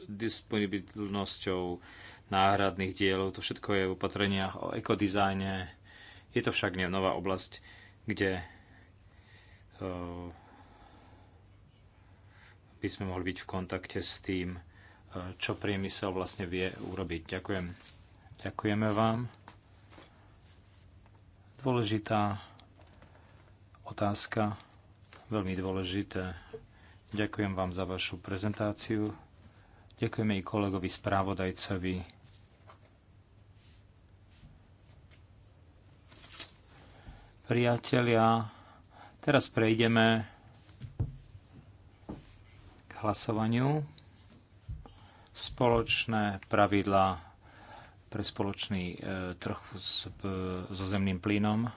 disponibilnosťou náhradných dielov. To všetko je v opatreniach o ekodizajne. Je to však nie nová oblasť, kde eh, by sme mohli byť v kontakte s tým, eh, čo priemysel vlastne vie urobiť. Ďakujem. Ďakujeme vám. Dôležitá otázka, veľmi dôležité. Ďakujem vám za vašu prezentáciu. Ďakujeme i kolegovi správodajcovi. Priatelia, teraz prejdeme k hlasovaniu. Spoločné pravidla pre spoločný e, trh so e, zemným plynom.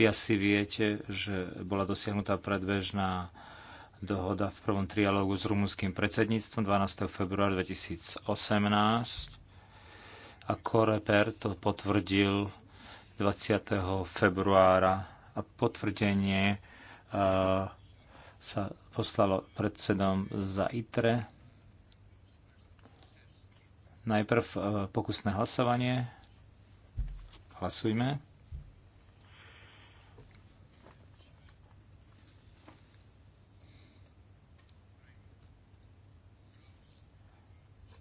Vy asi viete, že bola dosiahnutá predbežná dohoda v prvom trialógu s rumunským predsedníctvom 12. februára 2018 a Koreper to potvrdil 20. februára a potvrdenie uh, sa poslalo predsedom za ITRE. Najprv uh, pokusné hlasovanie. Hlasujme.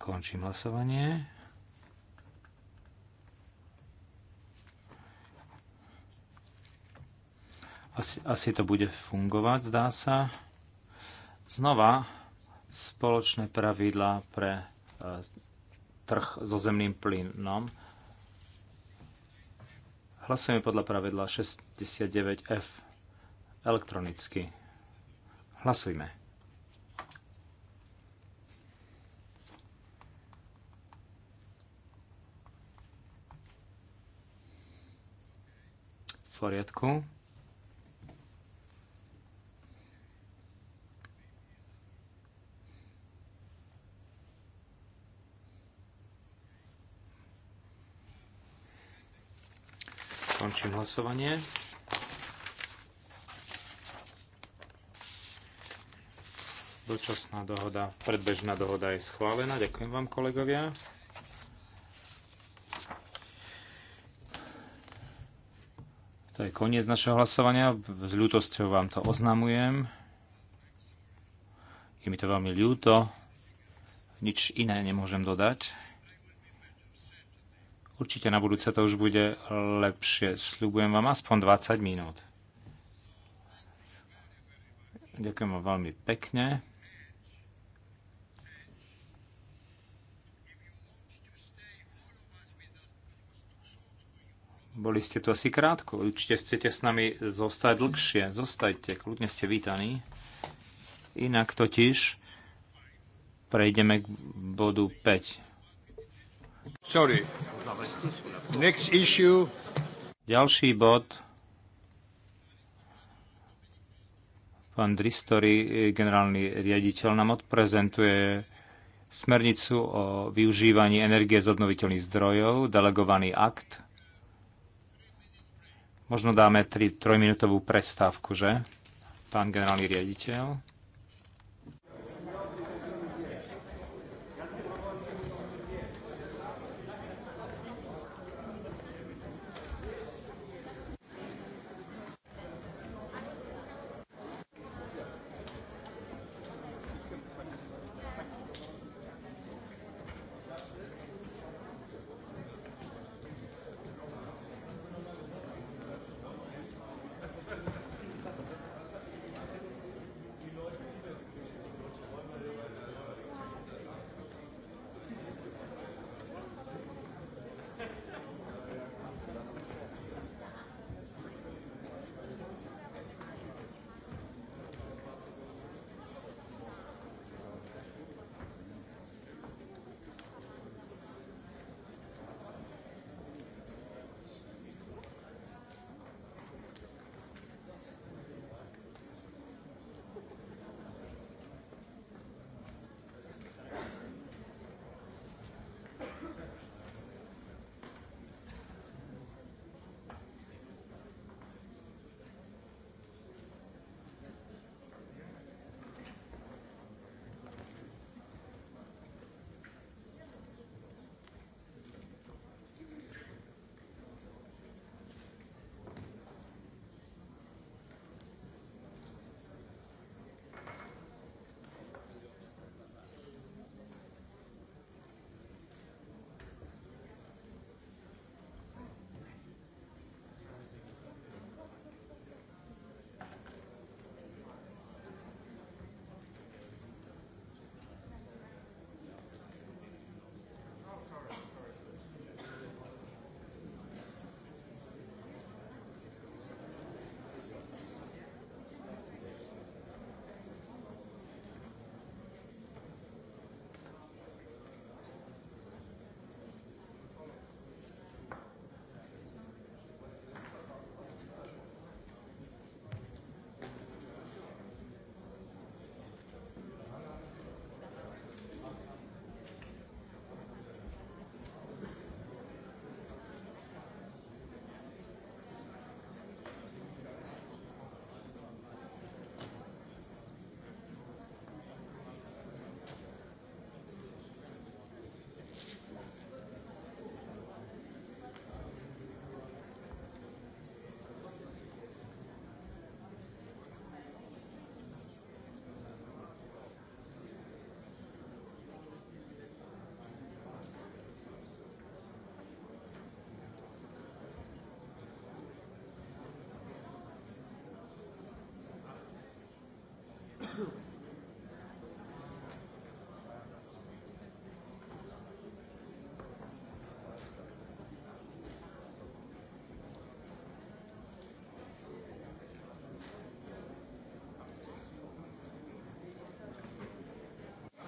Končím hlasovanie. Asi, asi to bude fungovať, zdá sa. Znova spoločné pravidlá pre e, trh so zemným plynom. Hlasujeme podľa pravidla 69F elektronicky. Hlasujme. poriadku. Končím hlasovanie. Dočasná dohoda, predbežná dohoda je schválená. Ďakujem vám, kolegovia. To je koniec našeho hlasovania. S ľútosťou vám to oznamujem. Je mi to veľmi ľúto. Nič iné nemôžem dodať. Určite na budúce to už bude lepšie. Sľubujem vám aspoň 20 minút. Ďakujem vám veľmi pekne. Boli ste tu asi krátko. Určite chcete s nami zostať dlhšie. Zostajte, kľudne ste vítaní. Inak totiž prejdeme k bodu 5. Sorry. Next issue. Ďalší bod. Pán Dristory, generálny riaditeľ, nám odprezentuje smernicu o využívaní energie z obnoviteľných zdrojov, delegovaný akt Možno dáme 3-minútovú prestávku, že? Pán generálny riaditeľ.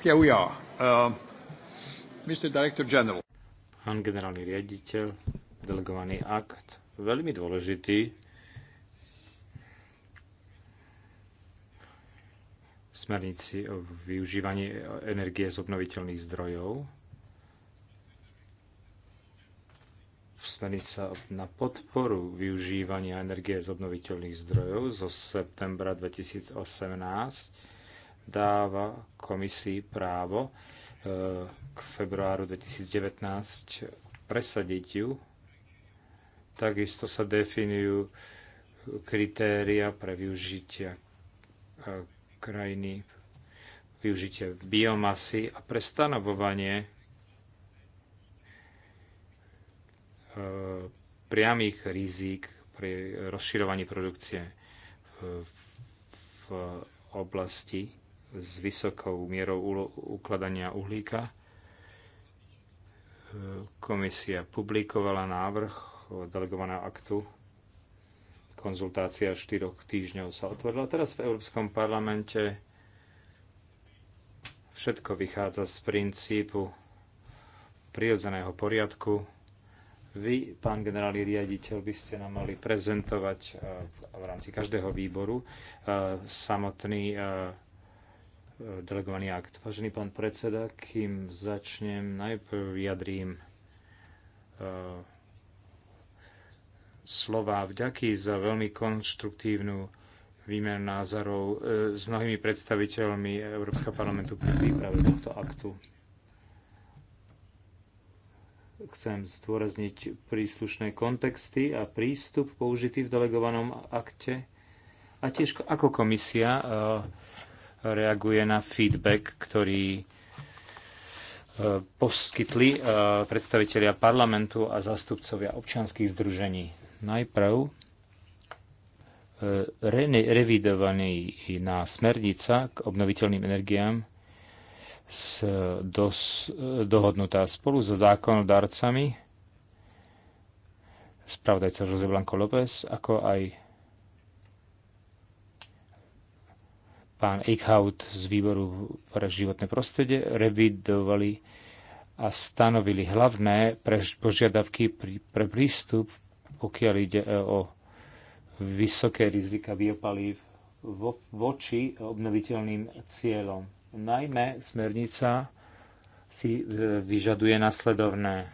Here we are. Uh, Mr. Director General. Pán generálny riaditeľ, delegovaný akt, veľmi dôležitý. V smernici o využívaní energie z obnoviteľných zdrojov. Smernica na podporu využívania energie z obnoviteľných zdrojov zo septembra 2018 dáva komisii právo e, k februáru 2019 presadiť ju. Takisto sa definujú kritéria pre využitia e, krajiny, využitie biomasy a pre stanovovanie e, priamých rizík pri rozširovaní produkcie v oblasti s vysokou mierou ukladania uhlíka. Komisia publikovala návrh delegovaného aktu. Konzultácia štyroch týždňov sa otvorila. Teraz v Európskom parlamente všetko vychádza z princípu prirodzeného poriadku. Vy, pán generálny riaditeľ, by ste nám mali prezentovať eh, v rámci každého výboru eh, samotný eh, delegovaný akt. Vážený pán predseda, kým začnem, najprv vyjadrím e, slova vďaky za veľmi konštruktívnu výmenu názorov e, s mnohými predstaviteľmi Európskeho parlamentu pri príprave tohto aktu. Chcem zdôrazniť príslušné kontexty a prístup použitý v delegovanom akte a tiež ako komisia uh, reaguje na feedback, ktorý e, poskytli e, predstavitelia parlamentu a zástupcovia občanských združení. Najprv e, revidovaný na smernica k obnoviteľným energiám s dos, dohodnutá spolu so zákonodarcami spravodajca Jose Blanco López, ako aj pán Eichhout z výboru pre životné prostredie revidovali a stanovili hlavné požiadavky pre prístup, pokiaľ ide e, o vysoké rizika biopalív vo, voči obnoviteľným cieľom. Najmä smernica si e, vyžaduje nasledovné.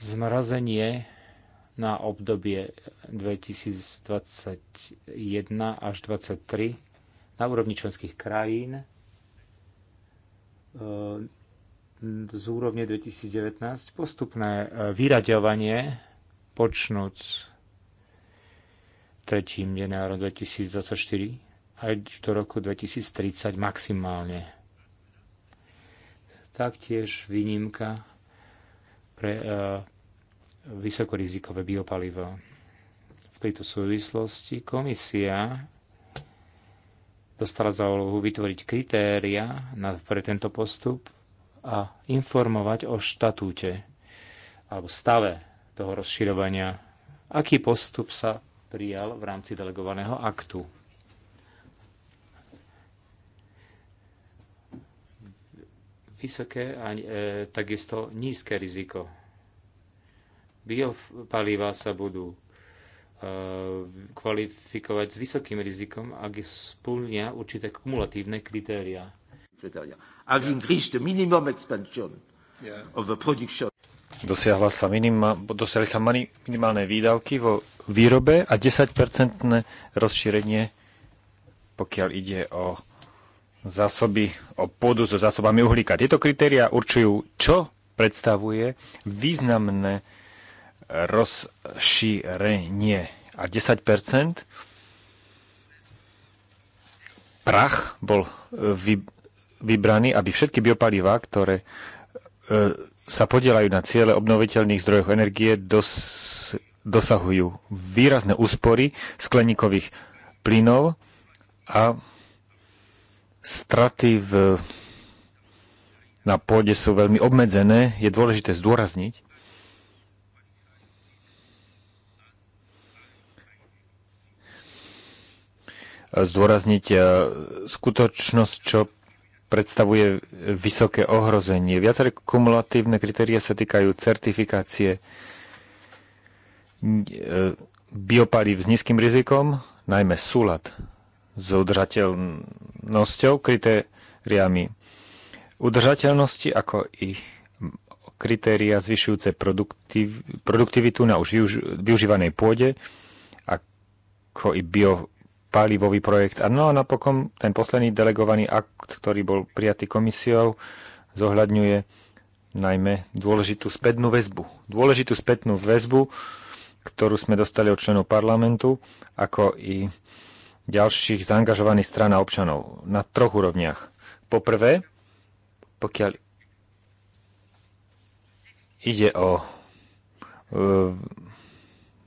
Zmrazenie na obdobie 2021 až 2023 na úrovni členských krajín e, z úrovne 2019 postupné e, vyraďovanie počnúc tretím januárom 2024 až do roku 2030 maximálne. Taktiež výnimka pre e, vysokorizikové biopalivo. V tejto súvislosti komisia dostala za úlohu vytvoriť kritéria na, pre tento postup a informovať o štatúte alebo stave toho rozširovania, aký postup sa prijal v rámci delegovaného aktu. Vysoké a e, takisto nízke riziko Biopalíva sa budú eh, kvalifikovať s vysokým rizikom, ak splnia určité kumulatívne kritéria. Dosiahla sa minima, dosiahli sa minimálne výdavky vo výrobe a 10-percentné rozšírenie, pokiaľ ide o zásoby, o pôdu so zásobami uhlíka. Tieto kritéria určujú, čo predstavuje významné rozšírenie a 10 prach bol e, vybraný, aby všetky biopalivá, ktoré e, sa podielajú na ciele obnoviteľných zdrojov energie, dos, dosahujú výrazné úspory skleníkových plynov a straty v, na pôde sú veľmi obmedzené. Je dôležité zdôrazniť, zdôrazniť e, skutočnosť, čo predstavuje vysoké ohrozenie. Viaceré kumulatívne kritéria sa týkajú certifikácie e, biopalív s nízkym rizikom, najmä súlad s udržateľnosťou, kritériami udržateľnosti, ako i kritéria zvyšujúce produktiv, produktivitu na už využ, využívanej pôde, ako i bio palivový projekt. no a napokon ten posledný delegovaný akt, ktorý bol prijatý komisiou, zohľadňuje najmä dôležitú spätnú väzbu. Dôležitú spätnú väzbu, ktorú sme dostali od členov parlamentu, ako i ďalších zaangažovaných stran a občanov na troch úrovniach. Poprvé, pokiaľ ide o e,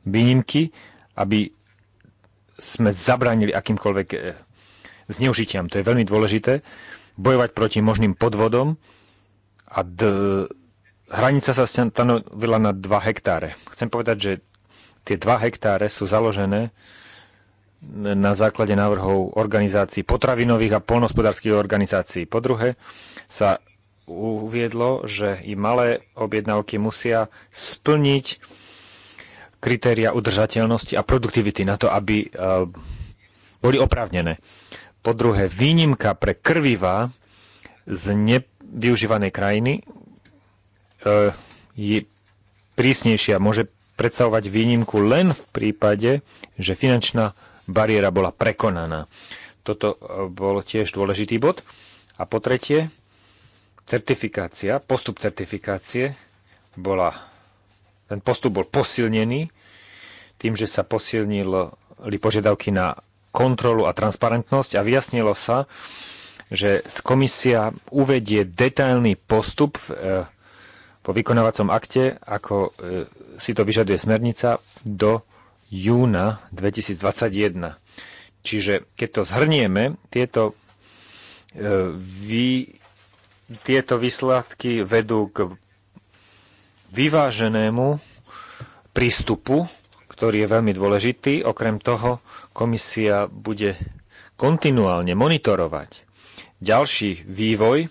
výnimky, aby sme zabránili akýmkoľvek e, zneužitiam. To je veľmi dôležité. Bojovať proti možným podvodom a d- hranica sa stanovila na 2 hektáre. Chcem povedať, že tie 2 hektáre sú založené na základe návrhov organizácií potravinových a polnospodárských organizácií. Po druhé sa uviedlo, že i malé objednávky musia splniť kritéria udržateľnosti a produktivity na to, aby eh, boli oprávnené. Po druhé, výnimka pre krvivá z nevyužívanej krajiny eh, je prísnejšia. Môže predstavovať výnimku len v prípade, že finančná bariéra bola prekonaná. Toto eh, bol tiež dôležitý bod. A po tretie, certifikácia, postup certifikácie bola ten postup bol posilnený tým, že sa posilnili požiadavky na kontrolu a transparentnosť a vyjasnilo sa, že komisia uvedie detailný postup v, eh, po vykonávacom akte, ako eh, si to vyžaduje smernica, do júna 2021. Čiže keď to zhrnieme, tieto, eh, vy, tieto výsledky vedú k vyváženému prístupu, ktorý je veľmi dôležitý. Okrem toho komisia bude kontinuálne monitorovať ďalší vývoj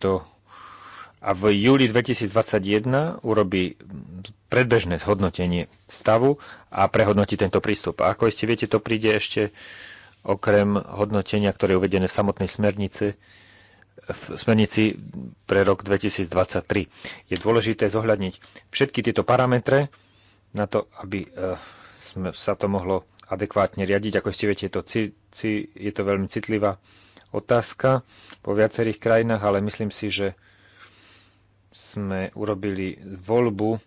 do a v júli 2021 urobí predbežné zhodnotenie stavu a prehodnotí tento prístup. A ako ste viete, to príde ešte okrem hodnotenia, ktoré je uvedené v samotnej smernici, v smernici pre rok 2023. Je dôležité zohľadniť všetky tieto parametre na to, aby eh, sa to mohlo adekvátne riadiť. Ako ste viete, je to, ci, ci, je to veľmi citlivá otázka po viacerých krajinách, ale myslím si, že sme urobili voľbu,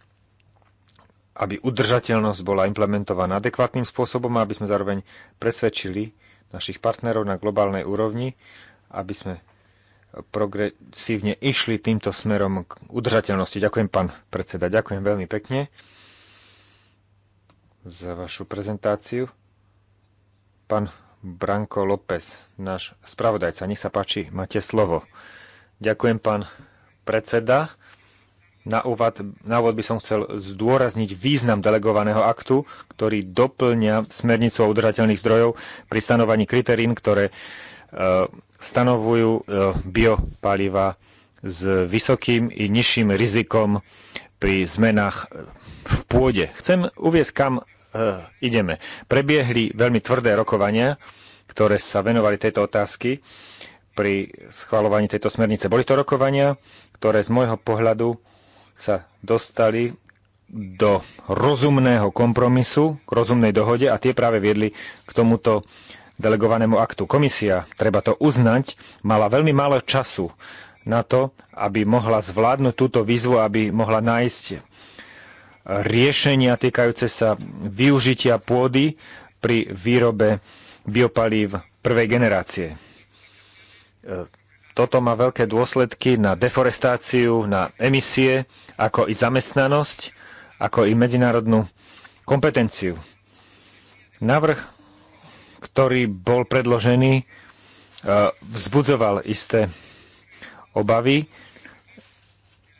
aby udržateľnosť bola implementovaná adekvátnym spôsobom a aby sme zároveň presvedčili našich partnerov na globálnej úrovni, aby sme progresívne išli týmto smerom k udržateľnosti. Ďakujem, pán predseda, ďakujem veľmi pekne za vašu prezentáciu. Pán Branko López, náš spravodajca, nech sa páči, máte slovo. Ďakujem, pán predseda. Na úvod, na úvod by som chcel zdôrazniť význam delegovaného aktu, ktorý doplňa smernicu o udržateľných zdrojov pri stanovaní kriteriín, ktoré E, stanovujú e, biopaliva s vysokým i nižším rizikom pri zmenách e, v pôde. Chcem uviezť, kam ideme. Prebiehli veľmi tvrdé rokovania, ktoré sa venovali tejto otázky pri schvalovaní tejto smernice. Boli to rokovania, ktoré z môjho pohľadu sa dostali do rozumného kompromisu, k rozumnej dohode a tie práve viedli k tomuto delegovanému aktu. Komisia, treba to uznať, mala veľmi málo času na to, aby mohla zvládnuť túto výzvu, aby mohla nájsť eh, riešenia týkajúce sa využitia pôdy pri výrobe biopalív prvej generácie. Eh, toto má veľké dôsledky na deforestáciu, na emisie, ako i zamestnanosť, ako i medzinárodnú kompetenciu. Navrh ktorý bol predložený, e, vzbudzoval isté obavy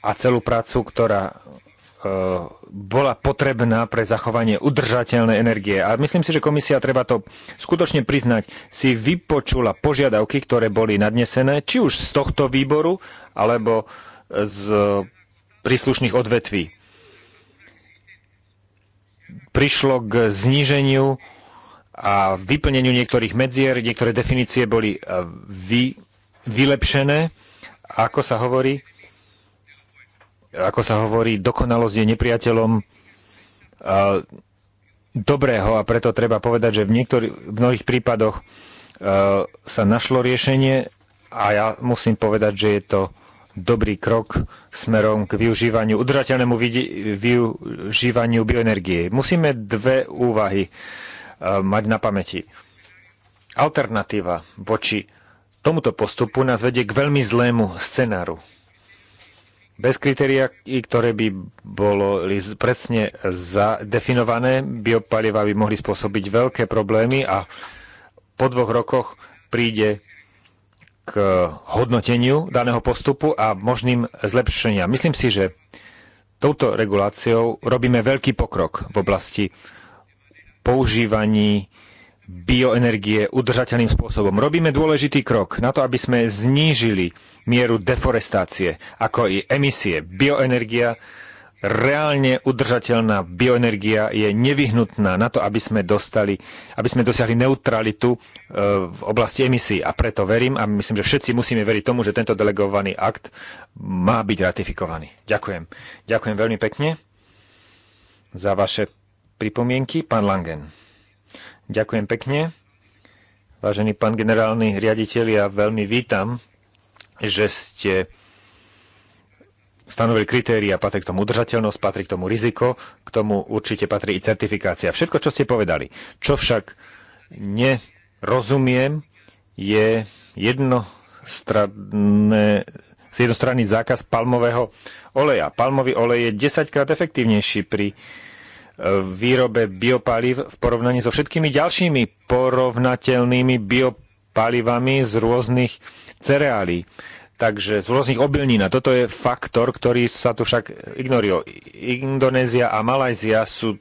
a celú prácu, ktorá e, bola potrebná pre zachovanie udržateľnej energie. A myslím si, že komisia, treba to skutočne priznať, si vypočula požiadavky, ktoré boli nadnesené, či už z tohto výboru, alebo z príslušných odvetví. Prišlo k zníženiu a vyplneniu niektorých medzier, niektoré definície boli e, vy, vylepšené. Ako sa hovorí, ako sa hovorí, dokonalosť je nepriateľom e, dobrého a preto treba povedať, že v, v mnohých prípadoch uh, sa našlo riešenie a ja musím povedať, že je to dobrý krok smerom k využívaniu, udržateľnému využívaniu bioenergie. Musíme dve úvahy uh, Eh, mať na pamäti. Alternatíva voči tomuto postupu nás vedie k veľmi zlému scenáru. Bez kritéria, ktoré by bolo presne zadefinované, biopaliva by mohli spôsobiť veľké problémy a po dvoch rokoch príde k hodnoteniu daného postupu a možným zlepšeniam. Myslím si, že touto reguláciou robíme veľký pokrok v oblasti používaní bioenergie udržateľným spôsobom. Robíme dôležitý krok na to, aby sme znížili mieru deforestácie, ako i emisie. Bioenergia, reálne udržateľná bioenergia je nevyhnutná na to, aby sme, dostali, aby sme dosiahli neutralitu e, v oblasti emisí. A preto verím a myslím, že všetci musíme veriť tomu, že tento delegovaný akt má byť ratifikovaný. Ďakujem. Ďakujem veľmi pekne za vaše pripomienky? Pán Langen. Ďakujem pekne. Vážený pán generálny riaditeľ, ja veľmi vítam, že ste stanovili kritéria, patrí k tomu udržateľnosť, patrí k tomu riziko, k tomu určite patrí i certifikácia. Všetko, čo ste povedali. Čo však nerozumiem, je jednostranné jednostranný zákaz palmového oleja. Palmový olej je 10 krát efektívnejší pri uh, výrobe biopalív v porovnaní so všetkými ďalšími porovnateľnými biopalivami z rôznych cereálií. Takže z rôznych obilnín. A toto je faktor, ktorý sa tu však ignoril. Indonézia a Malajzia sú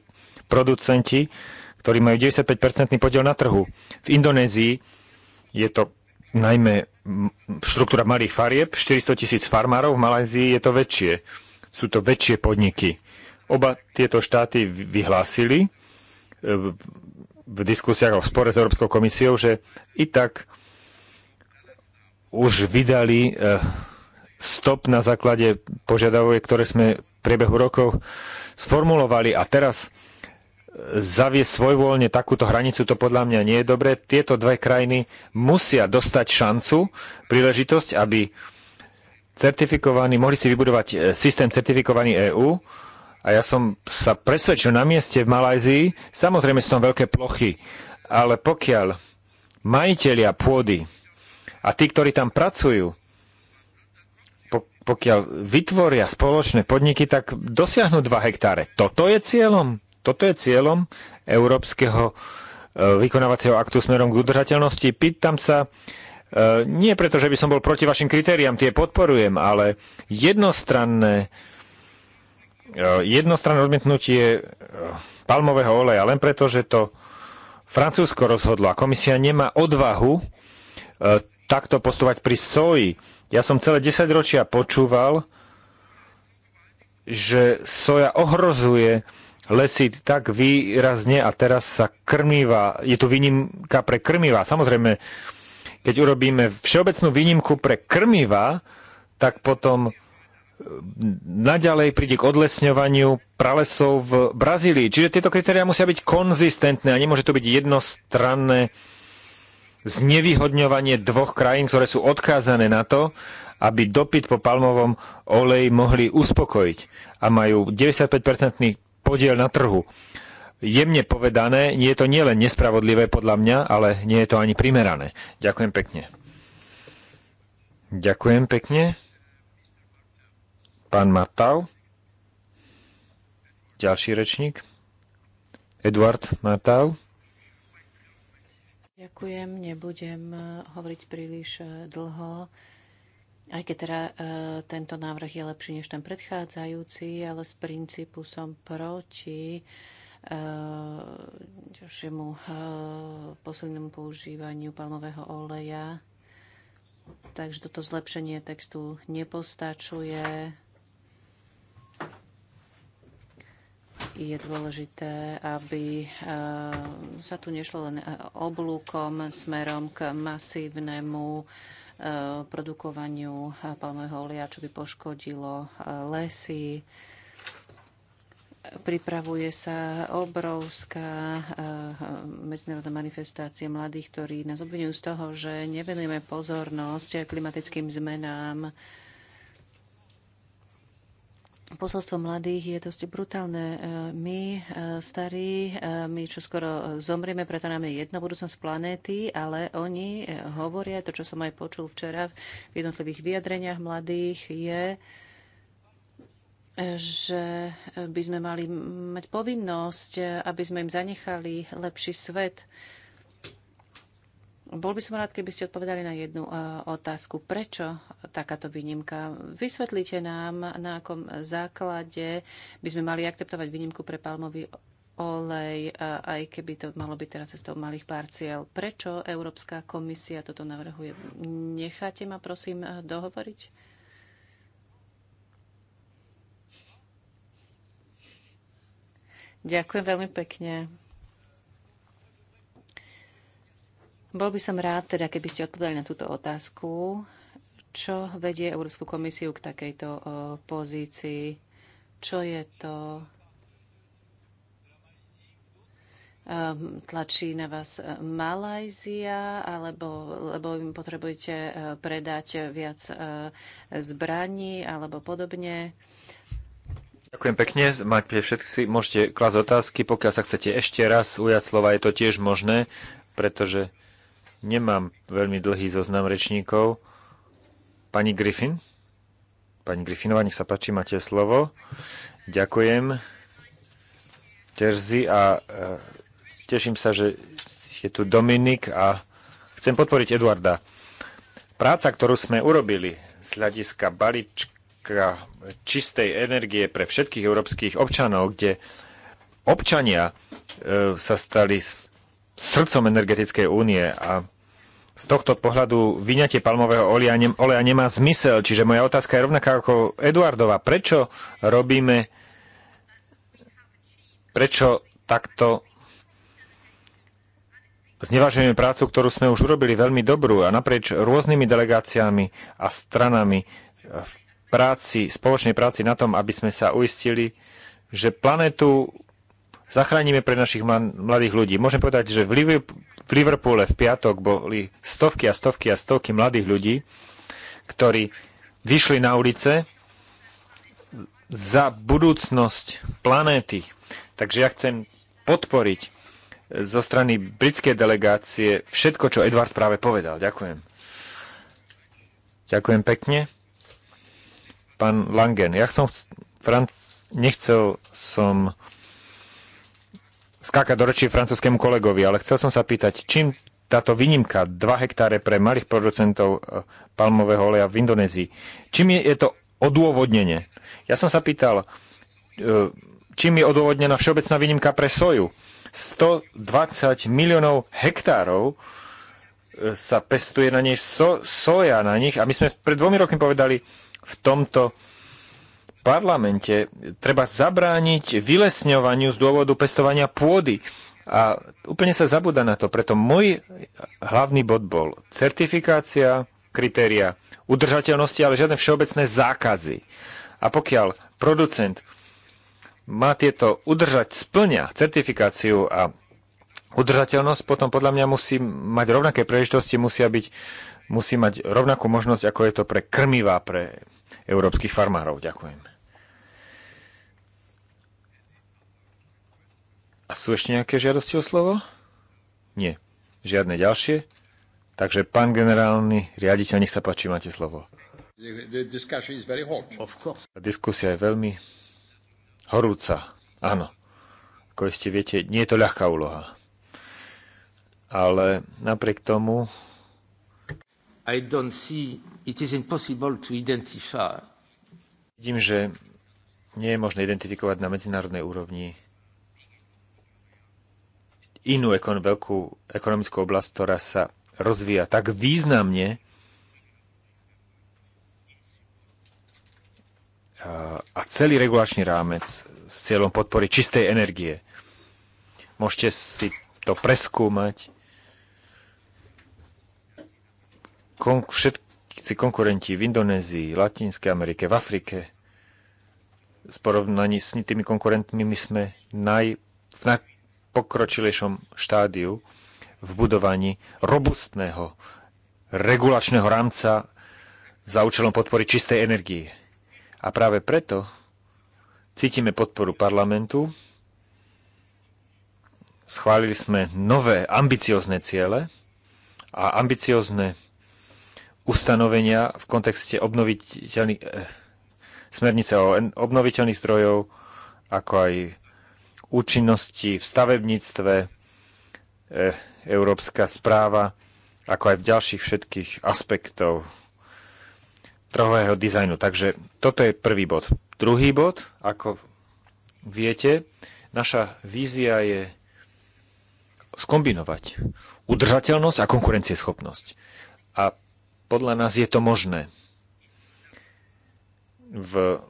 producenti, ktorí majú 95-percentný podiel na trhu. V Indonézii je to najmä štruktúra malých farieb, 400 tisíc farmárov, v Malajzii je to väčšie. Sú to väčšie podniky. Oba tieto štáty vyhlásili e, v diskusiách o spore s Európskou komisiou, že i tak už vydali e, stop na základe požiadaviek, ktoré sme v priebehu rokov sformulovali a teraz e, zaviesť svojvoľne takúto hranicu, to podľa mňa nie je dobré. Tieto dve krajiny musia dostať šancu, príležitosť, aby certifikovaní, mohli si vybudovať systém certifikovaný EÚ, a ja som sa presvedčil na mieste v Malajzii, samozrejme sú tam veľké plochy, ale pokiaľ majiteľia pôdy a tí, ktorí tam pracujú, pokiaľ vytvoria spoločné podniky, tak dosiahnu 2 hektáre. Toto je cieľom. Toto je cieľom európskeho e, vykonávacieho aktu smerom k udržateľnosti. Pýtam sa, e, nie preto, že by som bol proti vašim kritériám, tie podporujem, ale jednostranné Eh, jednostranné odmietnutie eh, palmového oleja len preto, že to Francúzsko rozhodlo a komisia nemá odvahu eh, takto postovať pri soji. Ja som celé 10 ročia počúval, že soja ohrozuje lesy tak výrazne a teraz sa krmíva, je tu výnimka pre krmíva. Samozrejme, keď urobíme všeobecnú výnimku pre krmiva, tak potom naďalej príde k odlesňovaniu pralesov v Brazílii. Čiže tieto kritéria musia byť konzistentné a nemôže to byť jednostranné znevýhodňovanie dvoch krajín, ktoré sú odkázané na to, aby dopyt po palmovom oleji mohli uspokojiť a majú 95-percentný podiel na trhu. Jemne povedané, nie je to nielen nespravodlivé podľa mňa, ale nie je to ani primerané. Ďakujem pekne. Ďakujem pekne. Pán Martal. Ďalší rečník. Eduard Martal. Ďakujem, nebudem eh, hovoriť príliš eh, dlho. Aj keď teda e, tento návrh je lepší než ten predchádzajúci, ale z princípu som proti ďalšiemu e, poslednému používaniu palmového oleja. Takže toto zlepšenie textu nepostačuje je dôležité, aby eh, sa tu nešlo len eh, oblúkom smerom k masívnemu eh, produkovaniu palmového olia, čo by poškodilo lesy. Pripravuje sa obrovská medzinárodná manifestácia mladých, ktorí nás obvinujú z toho, že nevenujeme pozornosť klimatickým zmenám, Posolstvo mladých je dosť brutálne. E, my, e, starí, e, my čo skoro zomrieme, preto nám je jedna budúcnosť planéty, ale oni hovoria, to čo som aj počul včera v jednotlivých vyjadreniach mladých, je, že by sme mali mať povinnosť, aby sme im zanechali lepší svet. Bol by som rád, keby ste odpovedali na jednu e, otázku. Prečo takáto výnimka? Vysvetlite nám, na akom základe by sme mali akceptovať výnimku pre palmový olej, e, aj keby to malo byť teraz cestou malých parciel. Prečo Európska komisia toto navrhuje? Necháte ma, prosím, e, dohovoriť? Ďakujem veľmi pekne. Bol by som rád, teda, keby ste odpovedali na túto otázku. Čo vedie Európsku komisiu k takejto pozícii? Čo je to? tlačí na vás e, Malajzia, alebo lebo im potrebujete e, predať viac e, zbraní alebo podobne. Ďakujem pekne, máte všetci, môžete klásť otázky, pokiaľ sa chcete ešte raz ujať slova, je to tiež možné, pretože Nemám veľmi dlhý zoznam rečníkov. Pani Griffin? Pani Griffinová, nech sa páči, máte slovo. Ďakujem. Terzi a e, teším sa, že je tu Dominik a chcem podporiť Eduarda. Práca, ktorú sme urobili z hľadiska balíčka čistej energie pre všetkých európskych občanov, kde občania e, sa stali srdcom energetickej únie a z tohto pohľadu vyňatie palmového oleja, ne, oleja nemá zmysel. Čiže moja otázka je rovnaká ako Eduardova. Prečo robíme prečo takto znevažujeme prácu, ktorú sme už urobili veľmi dobrú a naprieč rôznymi delegáciami a stranami v práci, spoločnej práci na tom, aby sme sa uistili, že planetu zachránime pre našich mladých ľudí. Môžem povedať, že v Liverpoole v piatok boli stovky a stovky a stovky mladých ľudí, ktorí vyšli na ulice za budúcnosť planéty. Takže ja chcem podporiť e, zo strany britskej delegácie všetko, čo Edward práve povedal. Ďakujem. Ďakujem pekne. Pán Langen, ja som Franc, nechcel som skákať do rečí francúzskému kolegovi, ale chcel som sa pýtať, čím táto výnimka 2 hektáre pre malých producentov e, palmového oleja v Indonézii, čím je, je to odôvodnenie? Ja som sa pýtal, e, čím je odôvodnená všeobecná výnimka pre soju? 120 miliónov hektárov e, sa pestuje na nej so, soja na nich a my sme pred dvomi rokmi povedali, v tomto parlamente. Treba zabrániť vylesňovaniu z dôvodu pestovania pôdy. A úplne sa zabúda na to. Preto môj hlavný bod bol certifikácia, kritéria udržateľnosti, ale žiadne všeobecné zákazy. A pokiaľ producent má tieto udržať, splňa certifikáciu a udržateľnosť, potom podľa mňa musí mať rovnaké príležitosti, musia byť, musí mať rovnakú možnosť, ako je to pre krmivá pre európskych farmárov. Ďakujem. A sú ešte nejaké žiadosti o slovo? Nie. Žiadne ďalšie? Takže pán generálny riaditeľ, nech sa páči, máte slovo. Diskusia je veľmi horúca. Áno. Ako ste viete, nie je to ľahká úloha. Ale napriek tomu... I don't see it is impossible to identify. Vidím, že nie je možné identifikovať na medzinárodnej úrovni inú ekon- veľkú ekonomickú oblasť, ktorá sa rozvíja tak významne a celý regulačný rámec s cieľom podpory čistej energie. Môžete si to preskúmať. Kon- všetci konkurenti v Indonézii, Latinskej Amerike, v Afrike, v porovnaní s tými konkurentmi my sme naj, v naj, pokročilejšom štádiu v budovaní robustného regulačného rámca za účelom podpory čistej energii. A práve preto cítime podporu parlamentu. Schválili sme nové ambiciozne ciele a ambiciozne ustanovenia v kontexte obnoviteľných eh, smernice o obnoviteľných zdrojov, ako aj účinnosti v stavebníctve, e, európska správa, ako aj v ďalších všetkých aspektov trhového dizajnu. Takže toto je prvý bod. Druhý bod, ako viete, naša vízia je skombinovať udržateľnosť a konkurencieschopnosť. A podľa nás je to možné. V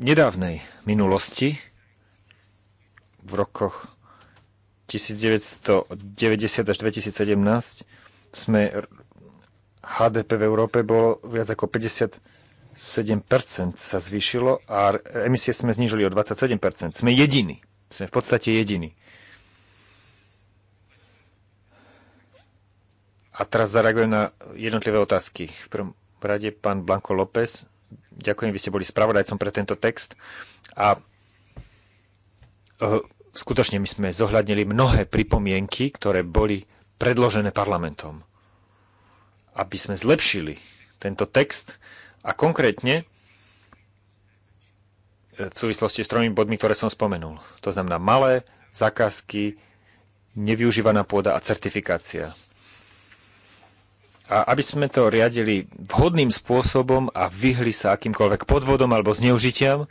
nedávnej minulosti v rokoch 1990 až 2017 sme HDP v Európe bolo viac ako 57% sa zvýšilo a emisie sme znížili o 27%. Sme jediní. Sme v podstate jediní. A teraz zareagujem na jednotlivé otázky. V prvom rade pán Blanko López. Ďakujem, vy ste boli spravodajcom pre tento text. A uh, Skutočne my sme zohľadnili mnohé pripomienky, ktoré boli predložené parlamentom, aby sme zlepšili tento text a konkrétne e, v súvislosti s tromi bodmi, ktoré som spomenul. To znamená malé zákazky, nevyužívaná pôda a certifikácia. A aby sme to riadili vhodným spôsobom a vyhli sa akýmkoľvek podvodom alebo zneužitiam,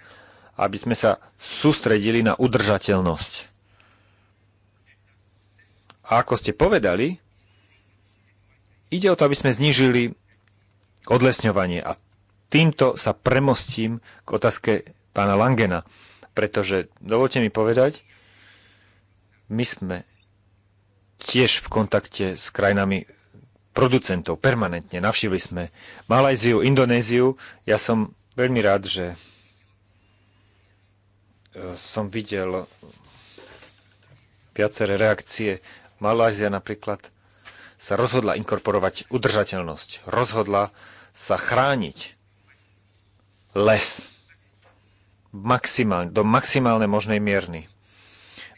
aby sme sa sústredili na udržateľnosť. A ako ste povedali, ide o to, aby sme znížili odlesňovanie. A týmto sa premostím k otázke pána Langena, pretože dovolte mi povedať, my sme tiež v kontakte s krajinami producentov permanentne. Navštívili sme Malajziu, Indonéziu. Ja som veľmi rád, že som videl viaceré reakcie. Malázia napríklad sa rozhodla inkorporovať udržateľnosť. Rozhodla sa chrániť les maximálne, do maximálne možnej mierny.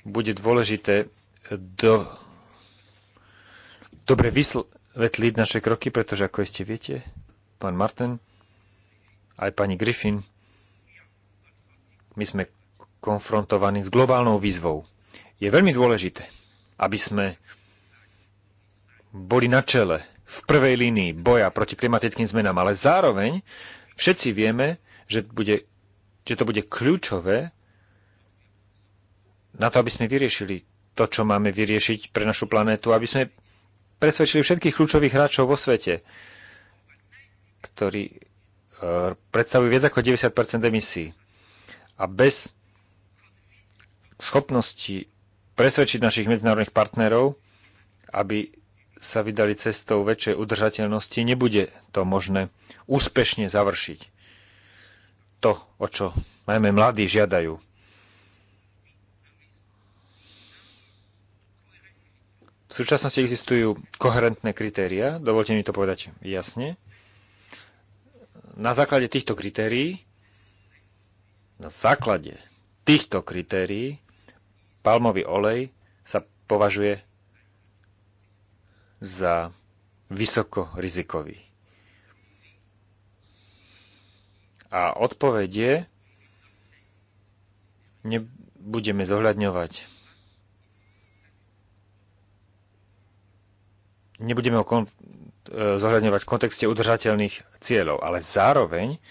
Bude dôležité do, dobre vysvetliť naše kroky, pretože ako ste viete, pán Martin, aj pani Griffin, my sme konfrontovaní s globálnou výzvou. Je veľmi dôležité, aby sme boli na čele, v prvej línii boja proti klimatickým zmenám, ale zároveň všetci vieme, že, bude, že to bude kľúčové na to, aby sme vyriešili to, čo máme vyriešiť pre našu planétu, aby sme presvedčili všetkých kľúčových hráčov vo svete, ktorí eh, predstavujú viac ako 90 emisí. A bez schopnosti presvedčiť našich medzinárodných partnerov, aby sa vydali cestou väčšej udržateľnosti, nebude to možné úspešne završiť. To, o čo najmä mladí žiadajú. V súčasnosti existujú koherentné kritéria, dovolte mi to povedať jasne. Na základe týchto kritérií, na základe týchto kritérií palmový olej sa považuje za vysoko rizikový. A odpoveď je, nebudeme zohľadňovať. Nebudeme ho kon- e, zohľadňovať v kontexte udržateľných cieľov, ale zároveň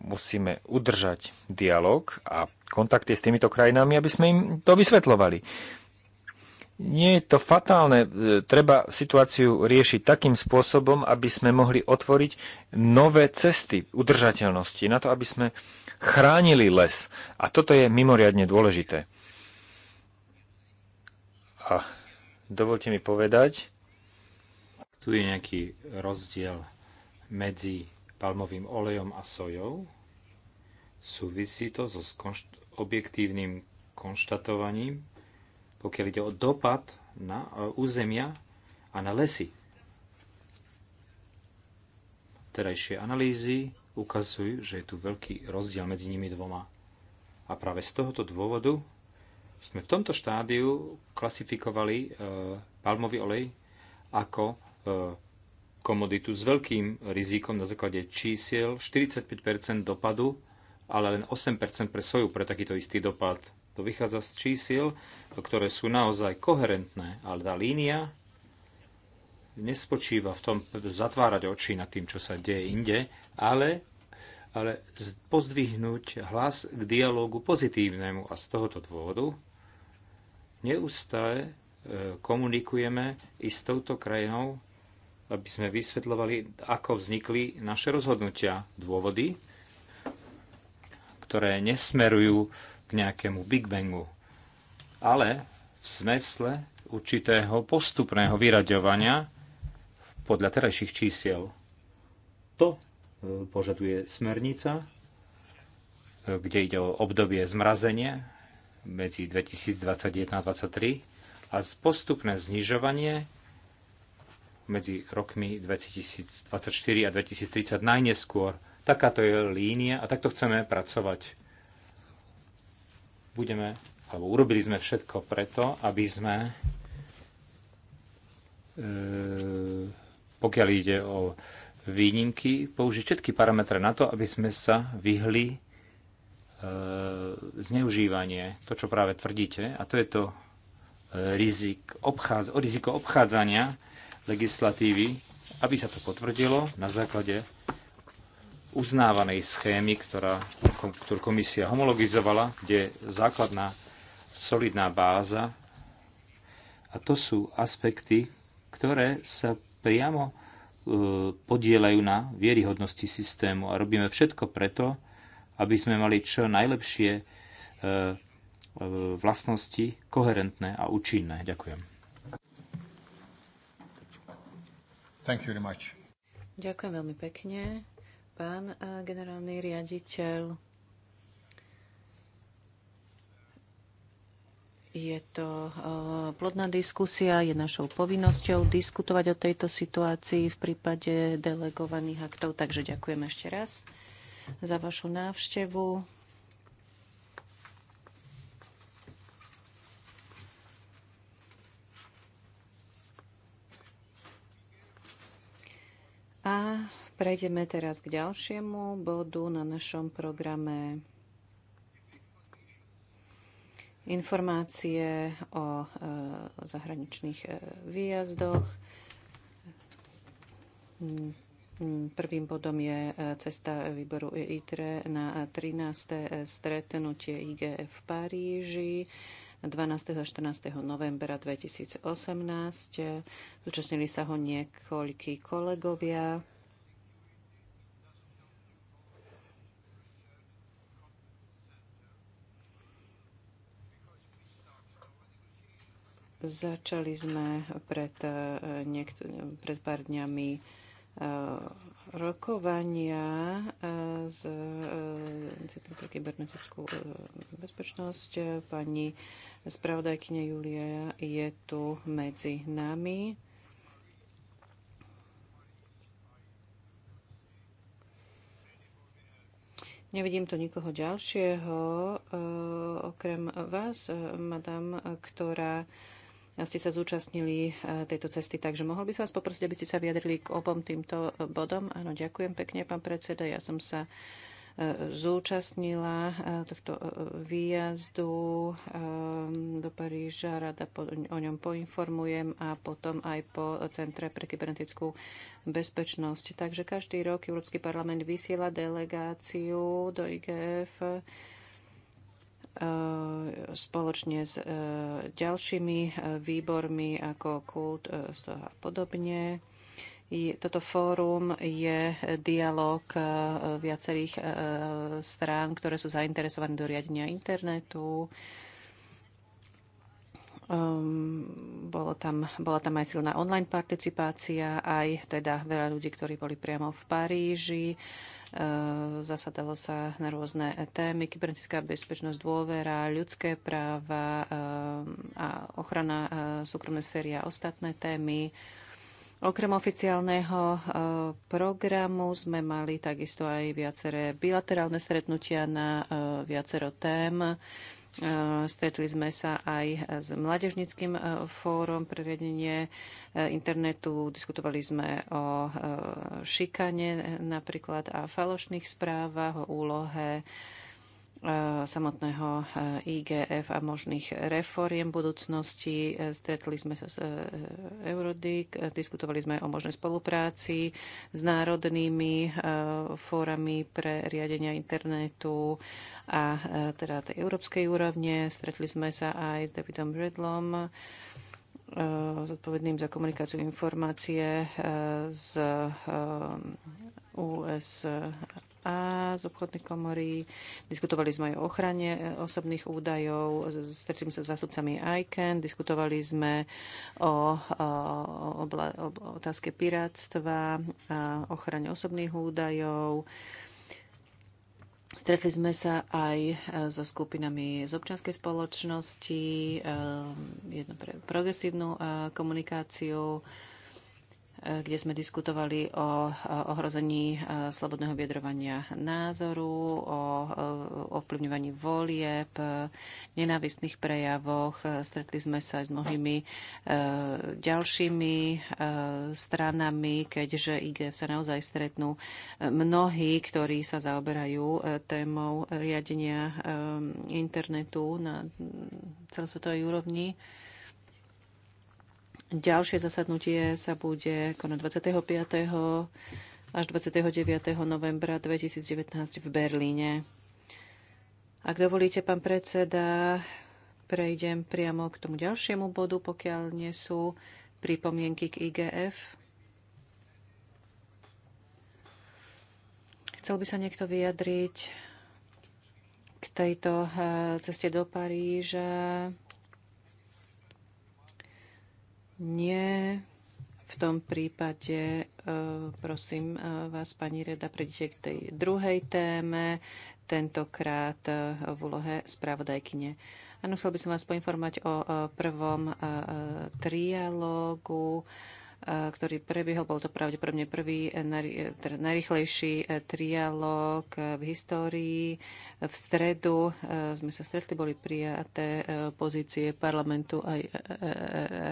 musíme udržať dialog a kontakty s týmito krajinami, aby sme im to vysvetlovali. Nie je to fatálne, e, treba situáciu riešiť takým spôsobom, aby sme mohli otvoriť nové cesty udržateľnosti, na to, aby sme chránili les. A toto je mimoriadne dôležité. A dovolte mi povedať, tu je nejaký rozdiel medzi palmovým olejom a sojou. Súvisí to so skonšt- objektívnym konštatovaním, pokiaľ ide o dopad na e, územia a na lesy. Terajšie analýzy ukazujú, že je tu veľký rozdiel medzi nimi dvoma. A práve z tohoto dôvodu sme v tomto štádiu klasifikovali e, palmový olej ako e, komoditu s veľkým rizikom na základe čísiel 45 dopadu ale len 8% pre soju pre takýto istý dopad. To vychádza z čísil, ktoré sú naozaj koherentné, ale tá línia nespočíva v tom zatvárať oči nad tým, čo sa deje inde, ale, ale pozdvihnúť hlas k dialógu pozitívnemu. A z tohoto dôvodu neustále e, komunikujeme i s touto krajinou, aby sme vysvetľovali, ako vznikli naše rozhodnutia, dôvody, ktoré nesmerujú k nejakému Big Bangu, ale v smysle určitého postupného vyraďovania podľa terajších čísiel. To e, požaduje smernica, e, kde ide o obdobie zmrazenia medzi 2021 a 2023 a postupné znižovanie medzi rokmi 2024 a 2030 najneskôr Takáto je línia a takto chceme pracovať. Budeme, alebo urobili sme všetko preto, aby sme, e, pokiaľ ide o výnimky, použiť všetky parametre na to, aby sme sa vyhli e, zneužívanie, to, čo práve tvrdíte, a to je to e, rizik, obchádz- riziko obchádzania legislatívy, aby sa to potvrdilo na základe uznávanej schémy, ktorá, ktorú komisia homologizovala, kde je základná solidná báza. A to sú aspekty, ktoré sa priamo e, podielajú na vieryhodnosti systému a robíme všetko preto, aby sme mali čo najlepšie e, vlastnosti, koherentné a účinné. Ďakujem. Thank you very much. Ďakujem veľmi pekne. Pán e, generálny riaditeľ, je to e, plodná diskusia, je našou povinnosťou diskutovať o tejto situácii v prípade delegovaných aktov, takže ďakujem ešte raz za vašu návštevu. A Prejdeme teraz k ďalšiemu bodu na našom programe informácie o e, zahraničných e, výjazdoch. Prvým bodom je e, cesta výboru ITRE na 13. stretnutie IGF v Paríži 12. a 14. novembra 2018. Zúčastnili sa ho niekoľkí kolegovia. Začali sme pred, e, niekto, pred pár dňami e, rokovania z e, Centrum pre kybernetickú bezpečnosť. Pani spravodajkyňa Julia je tu medzi nami. Nevidím tu nikoho ďalšieho, okrem vás, madam, ktorá ste sa zúčastnili e, tejto cesty. Takže mohol by som vás poprosiť, aby ste sa vyjadrili k obom týmto e, bodom. Áno, ďakujem pekne, pán predseda. Ja som sa e, zúčastnila tohto výjazdu do Paríža. Rada o ňom poinformujem a potom aj po Centre pre kybernetickú bezpečnosť. Takže každý rok Európsky parlament vysiela delegáciu do IGF E, spoločne s e, ďalšími e, výbormi ako kult a podobne. Toto fórum je dialog viacerých strán, ktoré sú zainteresované do riadenia internetu. Ehm, bolo tam, bola tam aj silná online participácia, aj teda veľa ľudí, ktorí boli priamo v Paríži. Eh, zasadalo sa na rôzne témy, kybernetická bezpečnosť, dôvera, ľudské práva eh, a ochrana eh, súkromnej sféry a ostatné témy. Okrem oficiálneho programu sme mali takisto aj viaceré bilaterálne stretnutia na viacero tém. Eh, stretli sme sa aj s Mládežnickým eh, fórom pre riadenie eh, internetu. Diskutovali sme o šikane napríklad a falošných správach, o úlohe E, samotného e, IGF a možných reforiem budúcnosti. E, stretli sme sa s Eurodic, diskutovali sme o možnej spolupráci s národnými fórami pre riadenia internetu a teda tej európskej úrovne. Stretli sme sa aj s Davidom Redlom, zodpovedným za komunikáciu informácie z USA a z obchodnej komory. Diskutovali sme o ochrane e, osobných údajov, stretli sme sa s zásobcami ICANN, diskutovali sme o, o, o, otázke piráctva, a ochrane osobných údajov. Stretli sme sa aj e, so skupinami z občianskej spoločnosti, e, jednu pre progresívnu komunikáciu, kde sme diskutovali o ohrození e, slobodného viedrovania názoru, o ovplyvňovaní volieb, nenávistných prejavoch. Stretli sme sa aj s mnohými e, ďalšími e, stranami, keďže IGF sa naozaj stretnú mnohí, ktorí sa zaoberajú témou riadenia internetu na celosvetovej úrovni. Ďalšie zasadnutie sa bude konať 25. až 29. novembra 2019 v Berlíne. Ak dovolíte, pán predseda, prejdem priamo k tomu ďalšiemu bodu, pokiaľ nie sú pripomienky k IGF. Chcel by sa niekto vyjadriť k tejto eh, ceste do Paríža nie. V tom prípade e, prosím e, vás, pani Reda, prejdite k tej druhej téme, tentokrát e, v úlohe správodajkyne. Áno, chcel by som vás poinformovať o prvom trialógu ktorý prebiehol. Bol to pravdepodobne prvý e, e, teda najrychlejší e, trialog v histórii. V stredu sme sa stretli, boli prijaté pozície parlamentu aj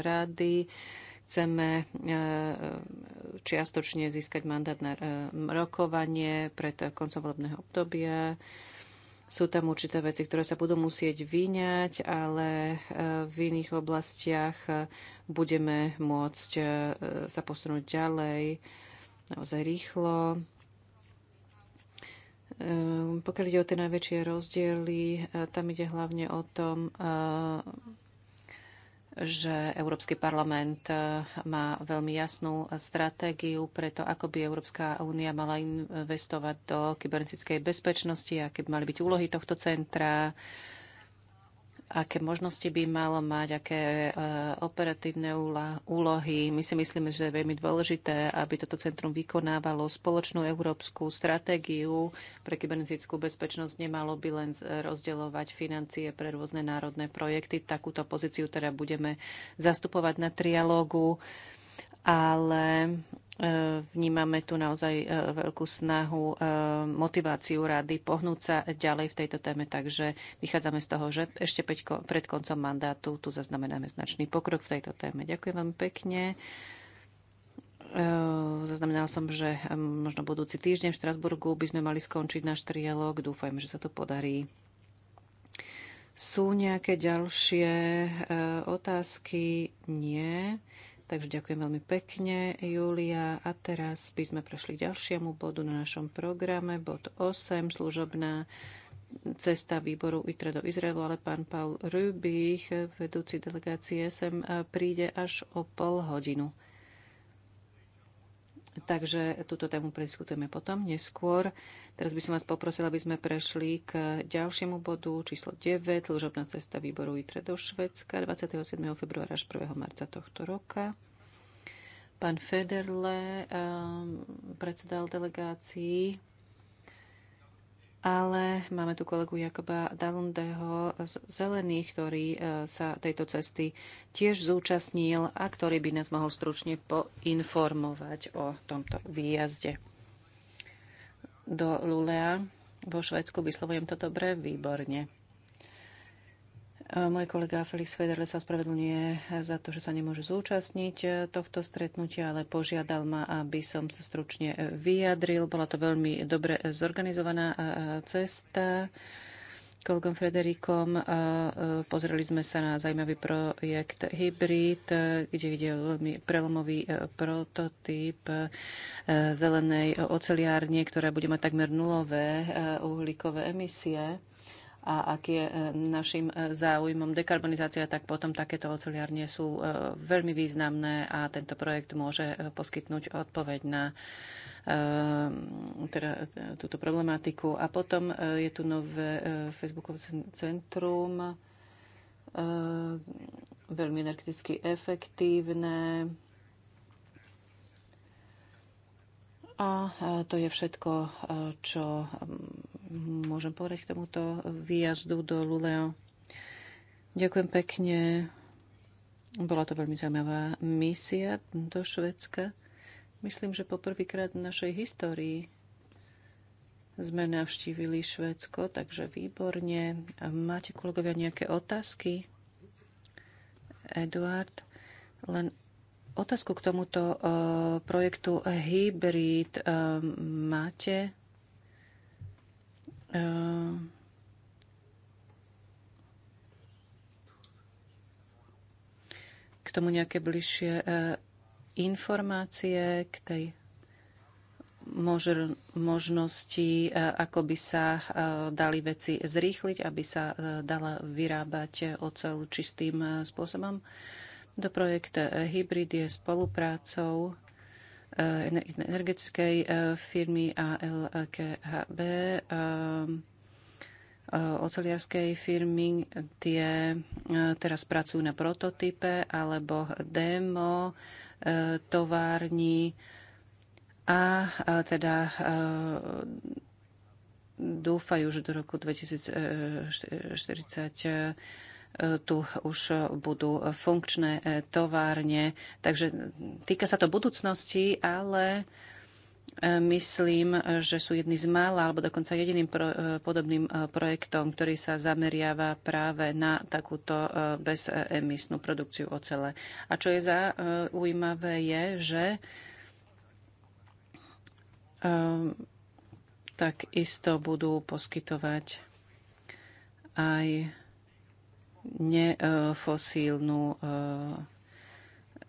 rady. Chceme čiastočne získať mandát na rokovanie pred koncom volebného obdobia sú tam určité veci, ktoré sa budú musieť vyňať, ale e, v iných oblastiach e, budeme môcť e, sa posunúť ďalej naozaj rýchlo. Pokiaľ ide o tie najväčšie rozdiely, tam ide hlavne o tom, že Európsky parlament e, má veľmi jasnú stratégiu pre to, ako by Európska únia mala investovať do kybernetickej bezpečnosti, aké by mali byť úlohy tohto centra, aké možnosti by malo mať, aké e, operatívne úlohy. My si myslíme, že je veľmi dôležité, aby toto centrum vykonávalo spoločnú európsku stratégiu pre kybernetickú bezpečnosť. Nemalo by len e, rozdeľovať financie pre rôzne národné projekty. Takúto pozíciu teda budeme zastupovať na trialógu ale E, vnímame tu naozaj e, veľkú snahu, e, motiváciu rady pohnúť sa ďalej v tejto téme, takže vychádzame z toho, že ešte pred koncom mandátu tu zaznamenáme značný pokrok v tejto téme. Ďakujem veľmi pekne. Zaznamenal som, že možno budúci týždeň v Štrasburgu by sme mali skončiť náš trialog. Dúfajme, že sa to podarí. Sú nejaké ďalšie otázky? Nie. Takže ďakujem veľmi pekne, Julia. A teraz by sme prešli k ďalšiemu bodu na našom programe, bod 8, služobná cesta výboru ITRE do Izraelu, ale pán Paul Rübich, vedúci delegácie, sem príde až o pol hodinu. Takže túto tému prediskutujeme potom neskôr. Teraz by som vás poprosila, aby sme prešli k ďalšiemu bodu číslo 9, dlžobná cesta výboru ITRE do Švedska 27. februára až 1. marca tohto roka. Pán Federle um, ehm, predsedal delegácii ale máme tu kolegu Jakoba Dalundeho z Zelených, ktorý e, sa tejto cesty tiež zúčastnil a ktorý by nás mohol stručne poinformovať o tomto výjazde do Lulea. Vo Švedsku vyslovujem to dobre, výborne. Môj kolega Felix Federle sa ospravedlňuje za to, že sa nemôže zúčastniť e, tohto stretnutia, ale požiadal ma, aby som sa stručne e, vyjadril. Bola to veľmi dobre e, zorganizovaná cesta kolegom Frederikom. Pozreli sme sa na zaujímavý projekt Hybrid, kde ide o veľmi prelomový prototyp zelenej oceliárne, ktorá bude mať takmer nulové uhlíkové emisie a ak je e, našim e, záujmom dekarbonizácia, tak potom takéto oceliárne sú e, veľmi významné a tento projekt môže poskytnúť odpoveď na teda, túto problematiku. A potom je tu nové Facebookové centrum, veľmi energeticky efektívne. A to je všetko, čo môžem povedať k tomuto výjazdu do Luleo. Ďakujem pekne. Bola to veľmi zaujímavá misia do Švedska. Myslím, že poprvýkrát v našej histórii sme navštívili Švedsko, takže výborne. A máte, kolegovia, nejaké otázky? Eduard, len otázku k tomuto uh, projektu Hybrid uh, máte? k tomu nejaké bližšie e, informácie k tej možnosti, e, ako by sa e, dali veci zrýchliť, aby sa dala vyrábať oceľ čistým spôsobom. Do projekt Hybrid je spoluprácou Eh, energetickej eh, firmy ALKHB, eh, oceliarskej firmy. Tie teraz pracujú na prototype alebo demo továrni a teda dúfajú, že do roku 2040 E, tu už budú funkčné e, továrne. Takže týka sa to budúcnosti, ale e, myslím, že sú jedni z mála, alebo dokonca jediným pro, podobným projektom, ktorý sa zameriava práve na takúto bezemisnú produkciu ocele. A čo je zaujímavé je, že takisto tak isto budú poskytovať aj nefosílnu e,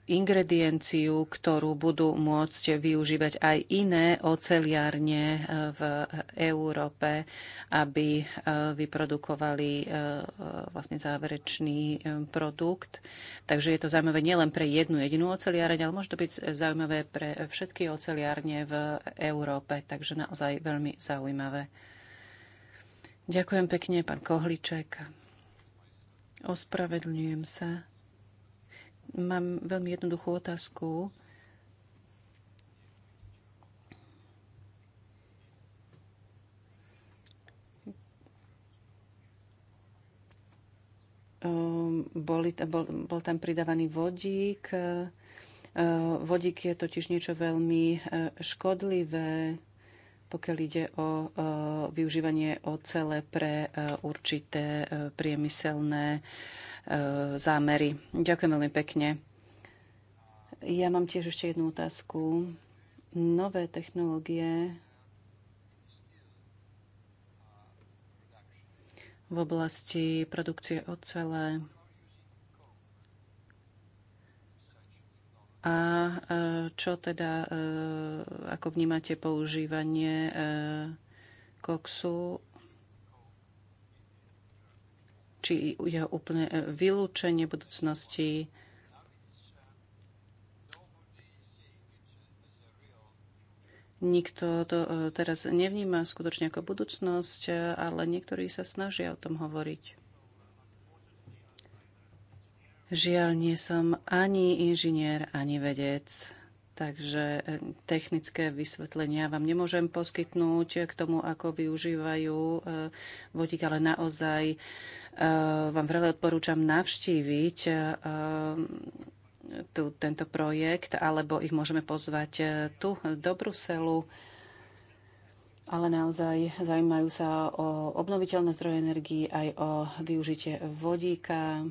ingredienciu, ktorú budú môcť využívať aj iné oceliárne e, v Európe, aby e, vyprodukovali vlastne záverečný produkt. Takže je to zaujímavé nielen pre jednu jedinú oceliáreň, ale môže to byť zaujímavé pre všetky oceliárne v Európe. Takže naozaj veľmi zaujímavé. Ďakujem pekne, pán Kohliček. Ospravedlňujem sa. Mám veľmi jednoduchú otázku. Ehm, bol, bol, bol tam pridávaný vodík. Ehm, vodík je totiž niečo veľmi e, škodlivé pokiaľ ide o e, využívanie ocele pre e, určité e, priemyselné zámery. Ďakujem veľmi pekne. Ja mám tiež ešte jednu otázku. Nové technológie v oblasti produkcie ocele A e, čo teda, e, ako vnímate používanie e, koksu? Či je úplne vylúčenie budúcnosti? Nikto to teraz nevníma skutočne ako budúcnosť, ale niektorí sa snažia o tom hovoriť. Žiaľ, nie som ani inžinier, ani vedec, takže eh, technické vysvetlenia vám nemôžem poskytnúť k tomu, ako využívajú eh, vodík, ale naozaj eh, vám veľmi odporúčam navštíviť tu, tento projekt, alebo ich môžeme pozvať tu do Bruselu ale naozaj zaujímajú sa o obnoviteľné zdroje energii, aj o využitie vodíka,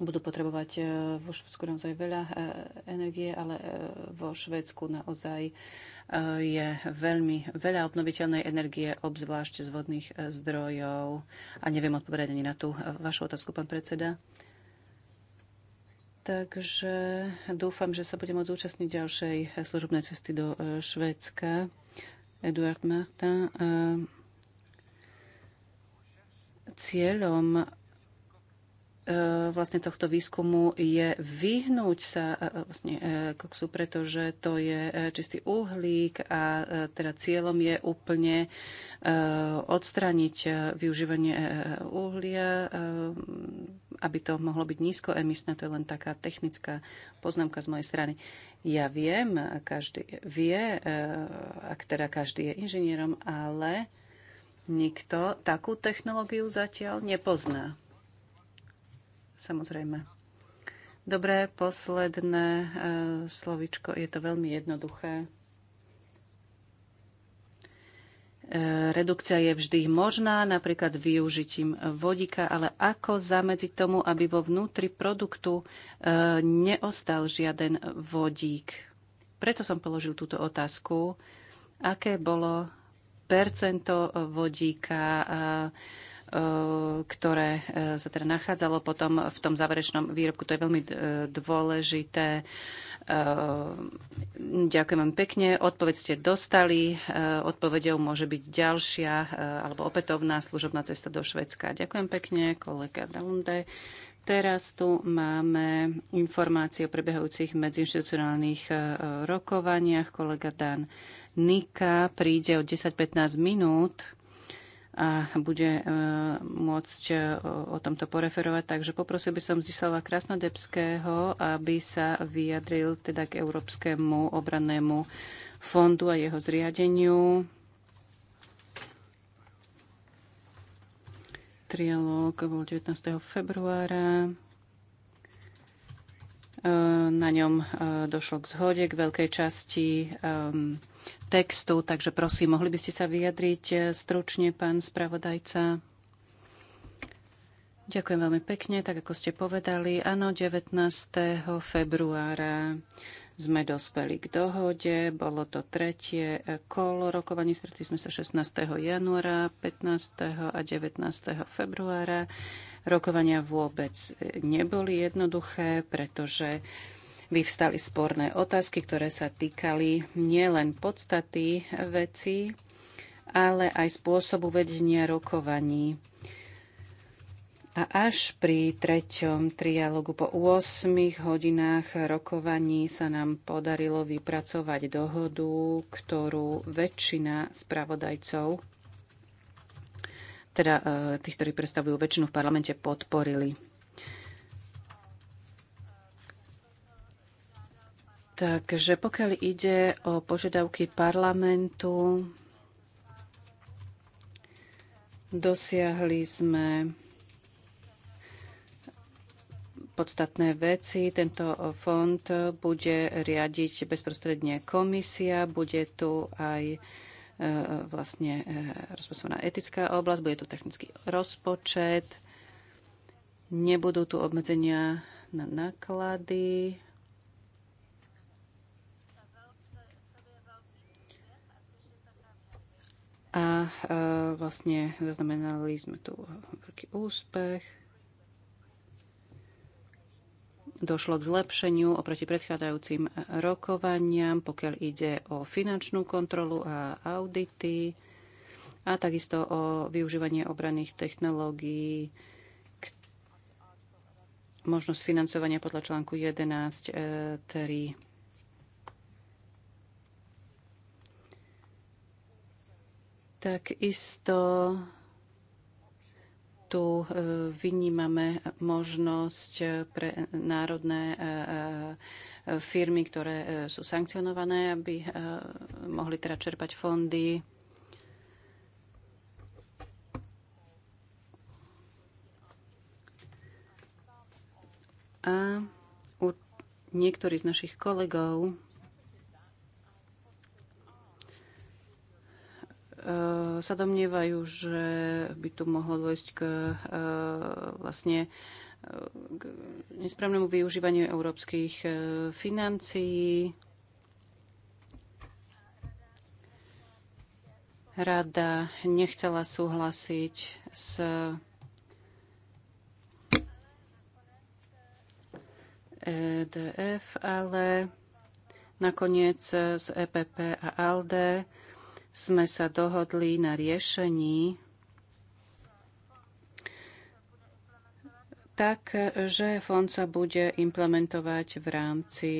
budú potrebovať e, vo Švedsku naozaj veľa e, energie, ale e, vo Švedsku naozaj je veľmi veľa obnoviteľnej energie, obzvlášť z vodných zdrojov. A neviem odpovedať ani na tú vašu otázku, pán predseda. Takže dúfam, že sa budem môcť zúčastniť ďalšej služobnej cesty do Švédska. Eduard Marta. Cieľom E, vlastne tohto výskumu je vyhnúť sa e, e, vlastne koksu, pretože to je čistý uhlík a teda cieľom je úplne odstraniť využívanie uhlia, aby to mohlo byť nízkoemisné. To je len taká technická poznámka z mojej strany. Ja viem, každý vie, ak teda každý je inžinierom, ale nikto takú technológiu zatiaľ nepozná. Samozrejme. Dobré, posledné e, slovičko. Je to veľmi jednoduché. E, redukcia je vždy možná, napríklad využitím vodíka, ale ako zamedziť tomu, aby vo vnútri produktu e, neostal žiaden vodík? Preto som položil túto otázku. Aké bolo percento vodíka, Eh, ktoré eh, sa teda nachádzalo potom v tom záverečnom výrobku. To je veľmi eh, dôležité. Ďakujem vám pekne. Odpoveď ste dostali. Odpovedou môže byť ďalšia alebo opätovná služobná cesta do Švedska. Ďakujem pekne, kolega Dalunde. Teraz tu máme informácie o prebiehajúcich medziinstitucionálnych rokovaniach. Kolega Dan Nika príde o 10-15 minút a bude e, môcť e, o tomto poreferovať. Takže poprosil by som Zislava Krasnodebského, aby sa vyjadril teda k Európskemu obrannému fondu a jeho zriadeniu. Trialóg bol 19. februára. E, na ňom došlo k zhode, k veľkej časti textu, takže prosím, mohli by ste sa vyjadriť e, stručne, pán spravodajca? Ďakujem veľmi pekne, tak ako ste povedali. Áno, 19. februára sme dospeli k dohode. Bolo to tretie kolo rokovaní. Stretli sme sa 16. januára, 15. a 19. februára. Rokovania vôbec e, neboli jednoduché, pretože vyvstali sporné otázky, ktoré sa týkali nielen podstaty veci, ale aj spôsobu vedenia rokovaní. A až pri treťom trialogu po 8 hodinách rokovaní sa nám podarilo vypracovať dohodu, ktorú väčšina spravodajcov, teda eh, tých, ktorí predstavujú väčšinu v parlamente, podporili. Takže pokiaľ ide o požiadavky parlamentu, dosiahli sme podstatné veci. Tento fond bude riadiť bezprostredne komisia, bude tu aj e, vlastne e, rozpočtovaná etická oblasť, bude tu technický rozpočet, nebudú tu obmedzenia na náklady, A e, vlastne zaznamenali sme tu veľký úspech. Došlo k zlepšeniu oproti predchádzajúcim rokovaniam, pokiaľ ide o finančnú kontrolu a audity a takisto o využívanie obranných technológií, možnosť financovania podľa článku 11.3. tak isto tu e, vynímame možnosť e, pre národné e, firmy, ktoré sú sankcionované, aby mohli teda čerpať fondy. A niektorí z našich kolegov Ehm, sa domnievajú, že by tu mohlo dôjsť k ehm, vlastne ehm, k nesprávnemu využívaniu európskych financií. Rada nechcela súhlasiť s EDF, ale nakoniec z EPP a ALDE sme sa dohodli na riešení tak, že fond sa bude implementovať v rámci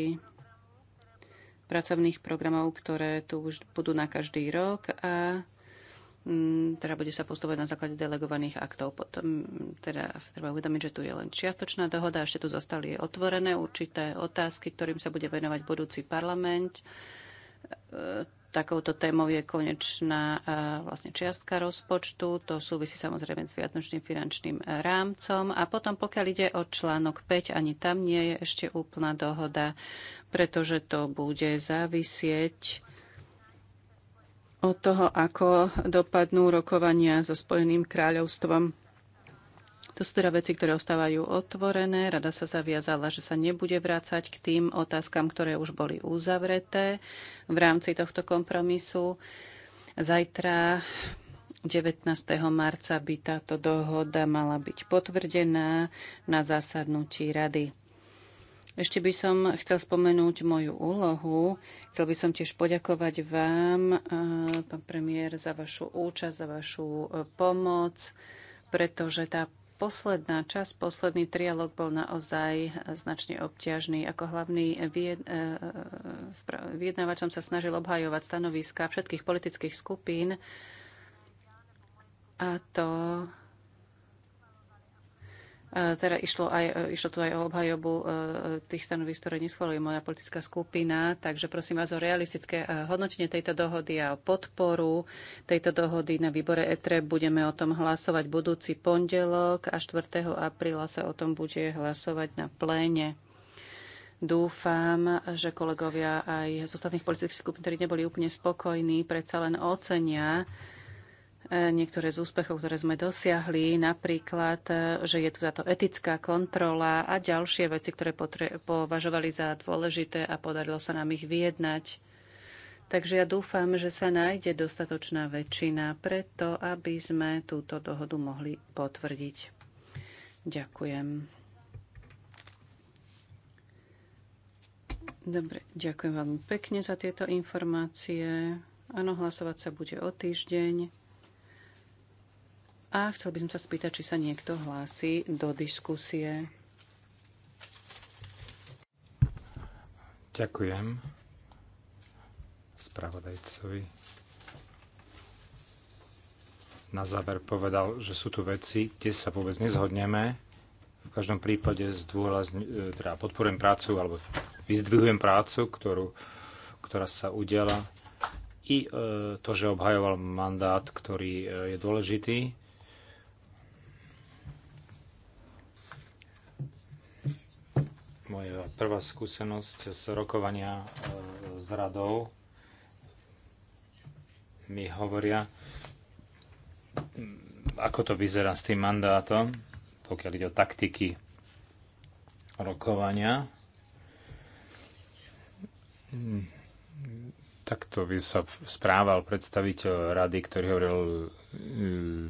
pracovných programov, ktoré tu už budú na každý rok a mm, teda bude sa postovať na základe delegovaných aktov. Potom mm, teda sa treba uvedomiť, že tu je len čiastočná dohoda, ešte tu zostali otvorené určité otázky, ktorým sa bude venovať budúci parlament. E, Takouto témou je konečná e, vlastne čiastka rozpočtu. To súvisí samozrejme s viatnočným finančným e, rámcom. A potom, pokiaľ ide o článok 5, ani tam nie je ešte úplná dohoda, pretože to bude závisieť od toho, ako dopadnú rokovania so Spojeným kráľovstvom to sú teda veci, ktoré ostávajú otvorené. Rada sa zaviazala, že sa nebude vrácať k tým otázkam, ktoré už boli uzavreté v rámci tohto kompromisu. Zajtra 19. marca by táto dohoda mala byť potvrdená na zasadnutí rady. Ešte by som chcel spomenúť moju úlohu. Chcel by som tiež poďakovať vám, eh, pán premiér, za vašu účasť, za vašu eh, pomoc, pretože tá posledná časť, posledný trialog bol naozaj značne obťažný. Ako hlavný e, vyjednávač som sa snažil obhajovať stanoviska všetkých politických skupín a to E, teda išlo, aj, e, išlo tu aj o obhajobu e, tých stanovisk, ktoré neschváluje moja politická skupina, takže prosím vás o realistické hodnotenie tejto dohody a o podporu tejto dohody na výbore ETRE. Budeme o tom hlasovať budúci pondelok a 4. apríla sa o tom bude hlasovať na pléne. Dúfam, že kolegovia aj z ostatných politických skupín, ktorí neboli úplne spokojní, predsa len ocenia niektoré z úspechov, ktoré sme dosiahli, napríklad, e, že je tu táto etická kontrola a ďalšie veci, ktoré považovali za dôležité a podarilo sa nám ich vyjednať. Takže ja dúfam, že sa nájde dostatočná väčšina preto, aby sme túto dohodu mohli potvrdiť. Ďakujem. Dobre, ďakujem vám pekne za tieto informácie. Áno, hlasovať sa bude o týždeň. A chcel by som sa spýtať, či sa niekto hlási do diskusie. Ďakujem spravodajcovi. Na záver povedal, že sú tu veci, kde sa vôbec nezhodneme. V každom prípade teda podporujem prácu alebo vyzdvihujem prácu, ktorú, ktorá sa udiala i e, to, že obhajoval mandát, ktorý e, je dôležitý moja prvá skúsenosť z rokovania e, s radou mi hovoria, mm, ako to vyzerá s tým mandátom, pokiaľ ide o taktiky rokovania. Mm, takto by sa správal predstaviteľ rady, ktorý hovoril, mm,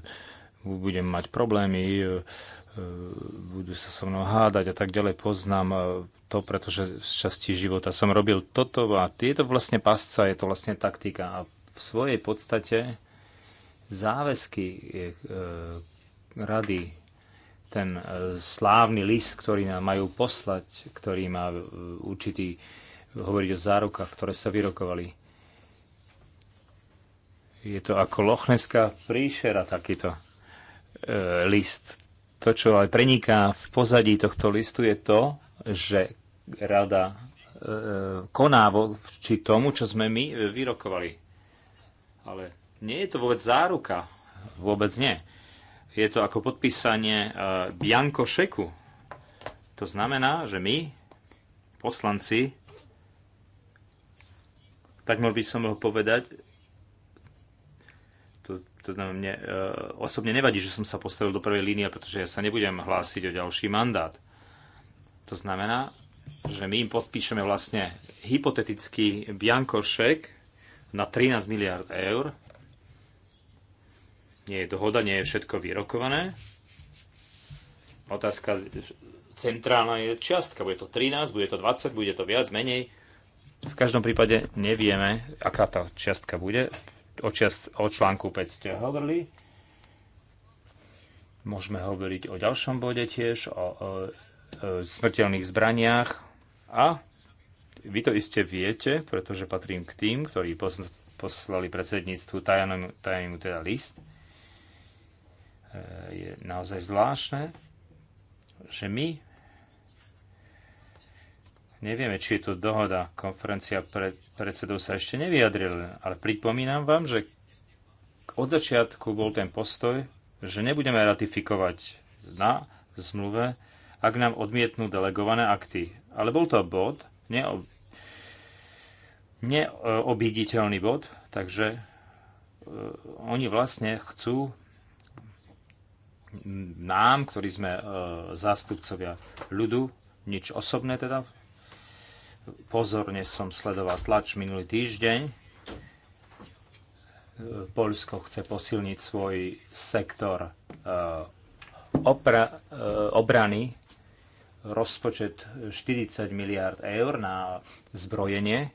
budem mať problémy, E, budú sa so mnou hádať a tak ďalej. Poznám e, to, pretože z časti života som robil toto a je to vlastne pasca, je to vlastne taktika a v svojej podstate záväzky je, e, rady, ten e, slávny list, ktorý nám majú poslať, ktorý má e, určitý hovoriť o zárukách, ktoré sa vyrokovali. Je to ako lochneská príšera takýto e, list to, čo ale preniká v pozadí tohto listu, je to, že rada e, koná voči tomu, čo sme my e, vyrokovali. Ale nie je to vôbec záruka. Vôbec nie. Je to ako podpísanie e, Bianko šeku. To znamená, že my, poslanci, tak by som mohol povedať, to znamená, mne e, osobne nevadí, že som sa postavil do prvej línie, pretože ja sa nebudem hlásiť o ďalší mandát. To znamená, že my im podpíšeme vlastne hypotetický biankošek na 13 miliard eur. Nie je dohoda, nie je všetko vyrokované. Otázka centrálna je čiastka. Bude to 13, bude to 20, bude to viac, menej. V každom prípade nevieme, aká tá čiastka bude o, čiast, o článku 5 ste hovorili. Môžeme hovoriť o ďalšom bode tiež, o, o, o e, smrteľných zbraniach. A vy to iste viete, pretože patrím k tým, ktorí poslali predsedníctvu tajnému, tajnému teda list. E, je naozaj zvláštne, že my Nevieme, či je to dohoda. Konferencia pre, predsedov sa ešte nevyjadrila, ale pripomínam vám, že od začiatku bol ten postoj, že nebudeme ratifikovať na zmluve, ak nám odmietnú delegované akty. Ale bol to bod, neob, neobiditeľný bod, takže e, oni vlastne chcú nám, ktorí sme e, zástupcovia ľudu, nič osobné teda Pozorne som sledoval tlač minulý týždeň. Polsko chce posilniť svoj sektor eh, opra, eh, obrany, rozpočet 40 miliard eur na zbrojenie.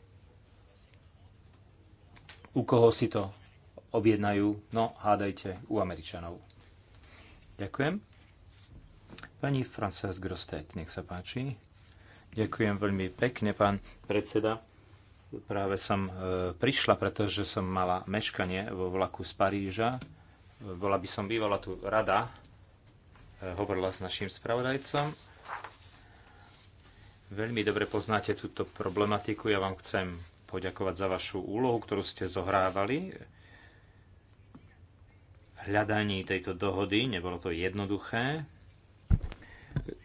U koho si to objednajú? No, hádajte, u Američanov. Ďakujem. Pani Frances Grostet, nech sa páči. Ďakujem veľmi pekne, pán predseda. Práve som e, prišla, pretože som mala meškanie vo vlaku z Paríža. Bola by som bývala tu rada, e, hovorila s našim spravodajcom. Veľmi dobre poznáte túto problematiku. Ja vám chcem poďakovať za vašu úlohu, ktorú ste zohrávali Hľadanie tejto dohody. Nebolo to jednoduché.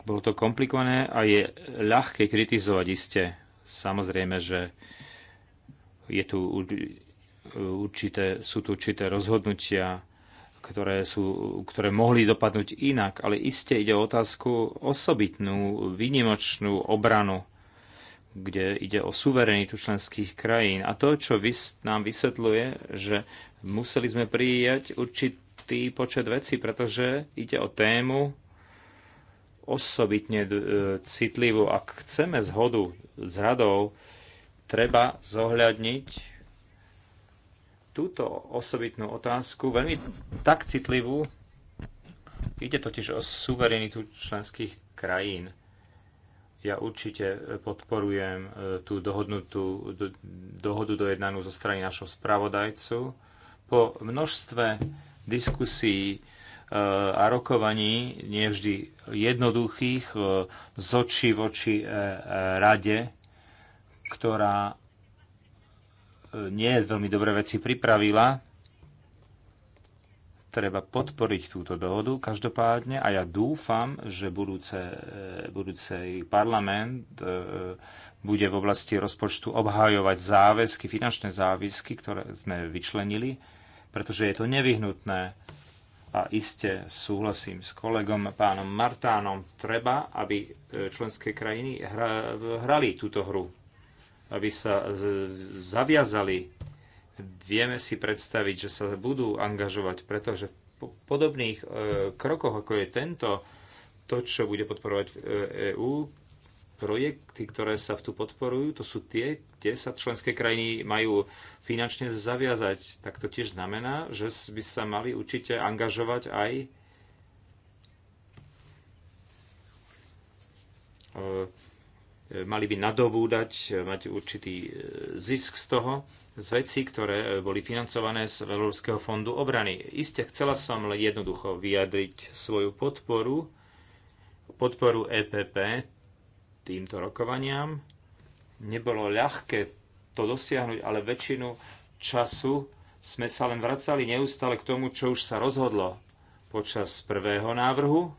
Bolo to komplikované a je ľahké kritizovať iste. Samozrejme, že je tu určité, sú tu určité rozhodnutia, ktoré, sú, ktoré mohli dopadnúť inak, ale iste ide o otázku osobitnú, výnimočnú obranu, kde ide o suverenitu členských krajín. A to, čo vys- nám vysvetľuje, že museli sme prijať určitý počet vecí, pretože ide o tému, osobitne e, citlivú. Ak chceme zhodu s radou, treba zohľadniť túto osobitnú otázku, veľmi tak citlivú. Ide totiž o suverenitu členských krajín. Ja určite podporujem e, tú dohodnutú, do, dohodu dojednanú zo strany našho spravodajcu. Po množstve diskusí a rokovaní nevždy jednoduchých e, z očí v oči e, e, rade, ktorá nie veľmi dobré veci pripravila. Treba podporiť túto dohodu každopádne a ja dúfam, že budúce, budúci parlament bude v oblasti rozpočtu obhajovať záväzky, finančné záväzky, ktoré sme vyčlenili, pretože je to nevyhnutné a iste súhlasím s kolegom pánom Martánom, treba, aby e, členské krajiny hra, hrali túto hru, aby sa zaviazali. Vieme si predstaviť, že sa budú angažovať, pretože v podobných e, krokoch, ako je tento, to, čo bude podporovať EÚ, e Projekty, ktoré sa tu podporujú, to sú tie, kde sa členské krajiny majú finančne zaviazať. Tak to tiež znamená, že by sa mali určite angažovať aj e, mali by nadobúdať, e, mať určitý e, zisk z toho, z vecí, ktoré boli financované z Európskeho fondu obrany. Isté, chcela som len jednoducho vyjadriť svoju podporu, podporu EPP týmto rokovaniam. Nebolo ľahké to dosiahnuť, ale väčšinu času sme sa len vracali neustále k tomu, čo už sa rozhodlo počas prvého návrhu e,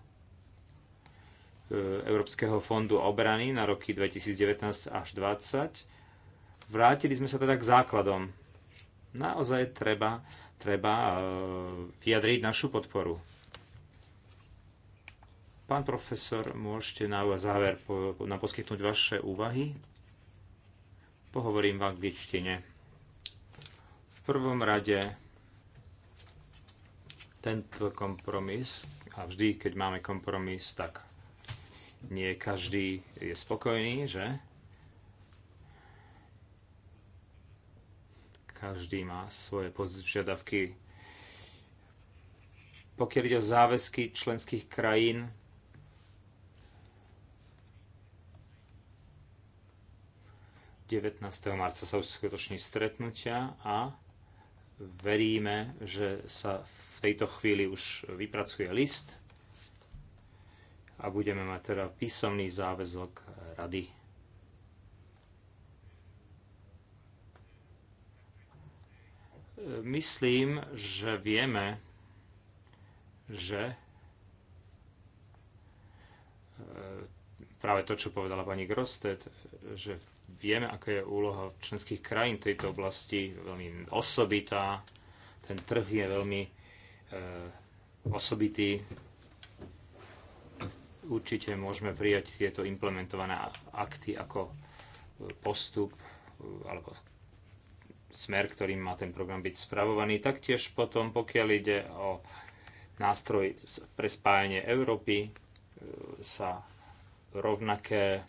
Európskeho fondu obrany na roky 2019 až 2020. Vrátili sme sa teda k základom. Naozaj treba, treba e, vyjadriť našu podporu. Pán profesor, môžete na záver po, na poskytnúť vaše úvahy? Pohovorím v angličtine. V prvom rade tento kompromis, a vždy, keď máme kompromis, tak nie každý je spokojný, že? Každý má svoje požiadavky. Pokiaľ ide o záväzky členských krajín, 19. marca sa uskutoční stretnutia a veríme, že sa v tejto chvíli už vypracuje list a budeme mať teda písomný záväzok rady. Myslím, že vieme, že e, práve to, čo povedala pani Grosted, že v Vieme, aká je úloha členských krajín tejto oblasti, veľmi osobitá. Ten trh je veľmi e, osobitý. Určite môžeme prijať tieto implementované akty ako e, postup e, alebo smer, ktorým má ten program byť spravovaný. Taktiež potom, pokiaľ ide o nástroj pre spájanie Európy, e, sa rovnaké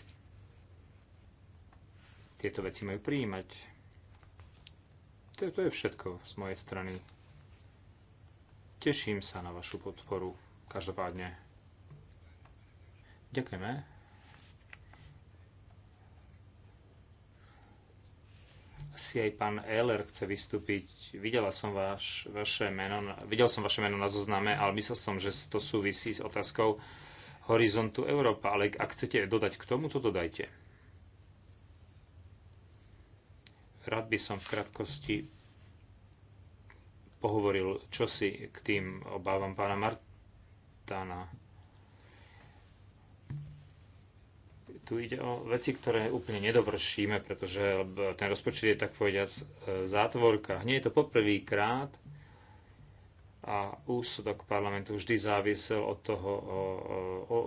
tieto veci majú prijímať. To je všetko z mojej strany. Teším sa na vašu podporu. Každopádne. Ďakujeme. Asi aj pán Eller chce vystúpiť. Videla som vaš, vaše meno, videl som vaše meno na zozname, ale myslel som, že to súvisí s otázkou Horizontu Európa. Ale ak chcete dodať k tomu, to dodajte. Rád by som v krátkosti pohovoril čosi k tým obávam pána Martana. Tu ide o veci, ktoré úplne nedovršíme, pretože ten rozpočet je tak povediac e, zátvorka. Nie je to poprvýkrát a úsudok parlamentu vždy závisel od toho,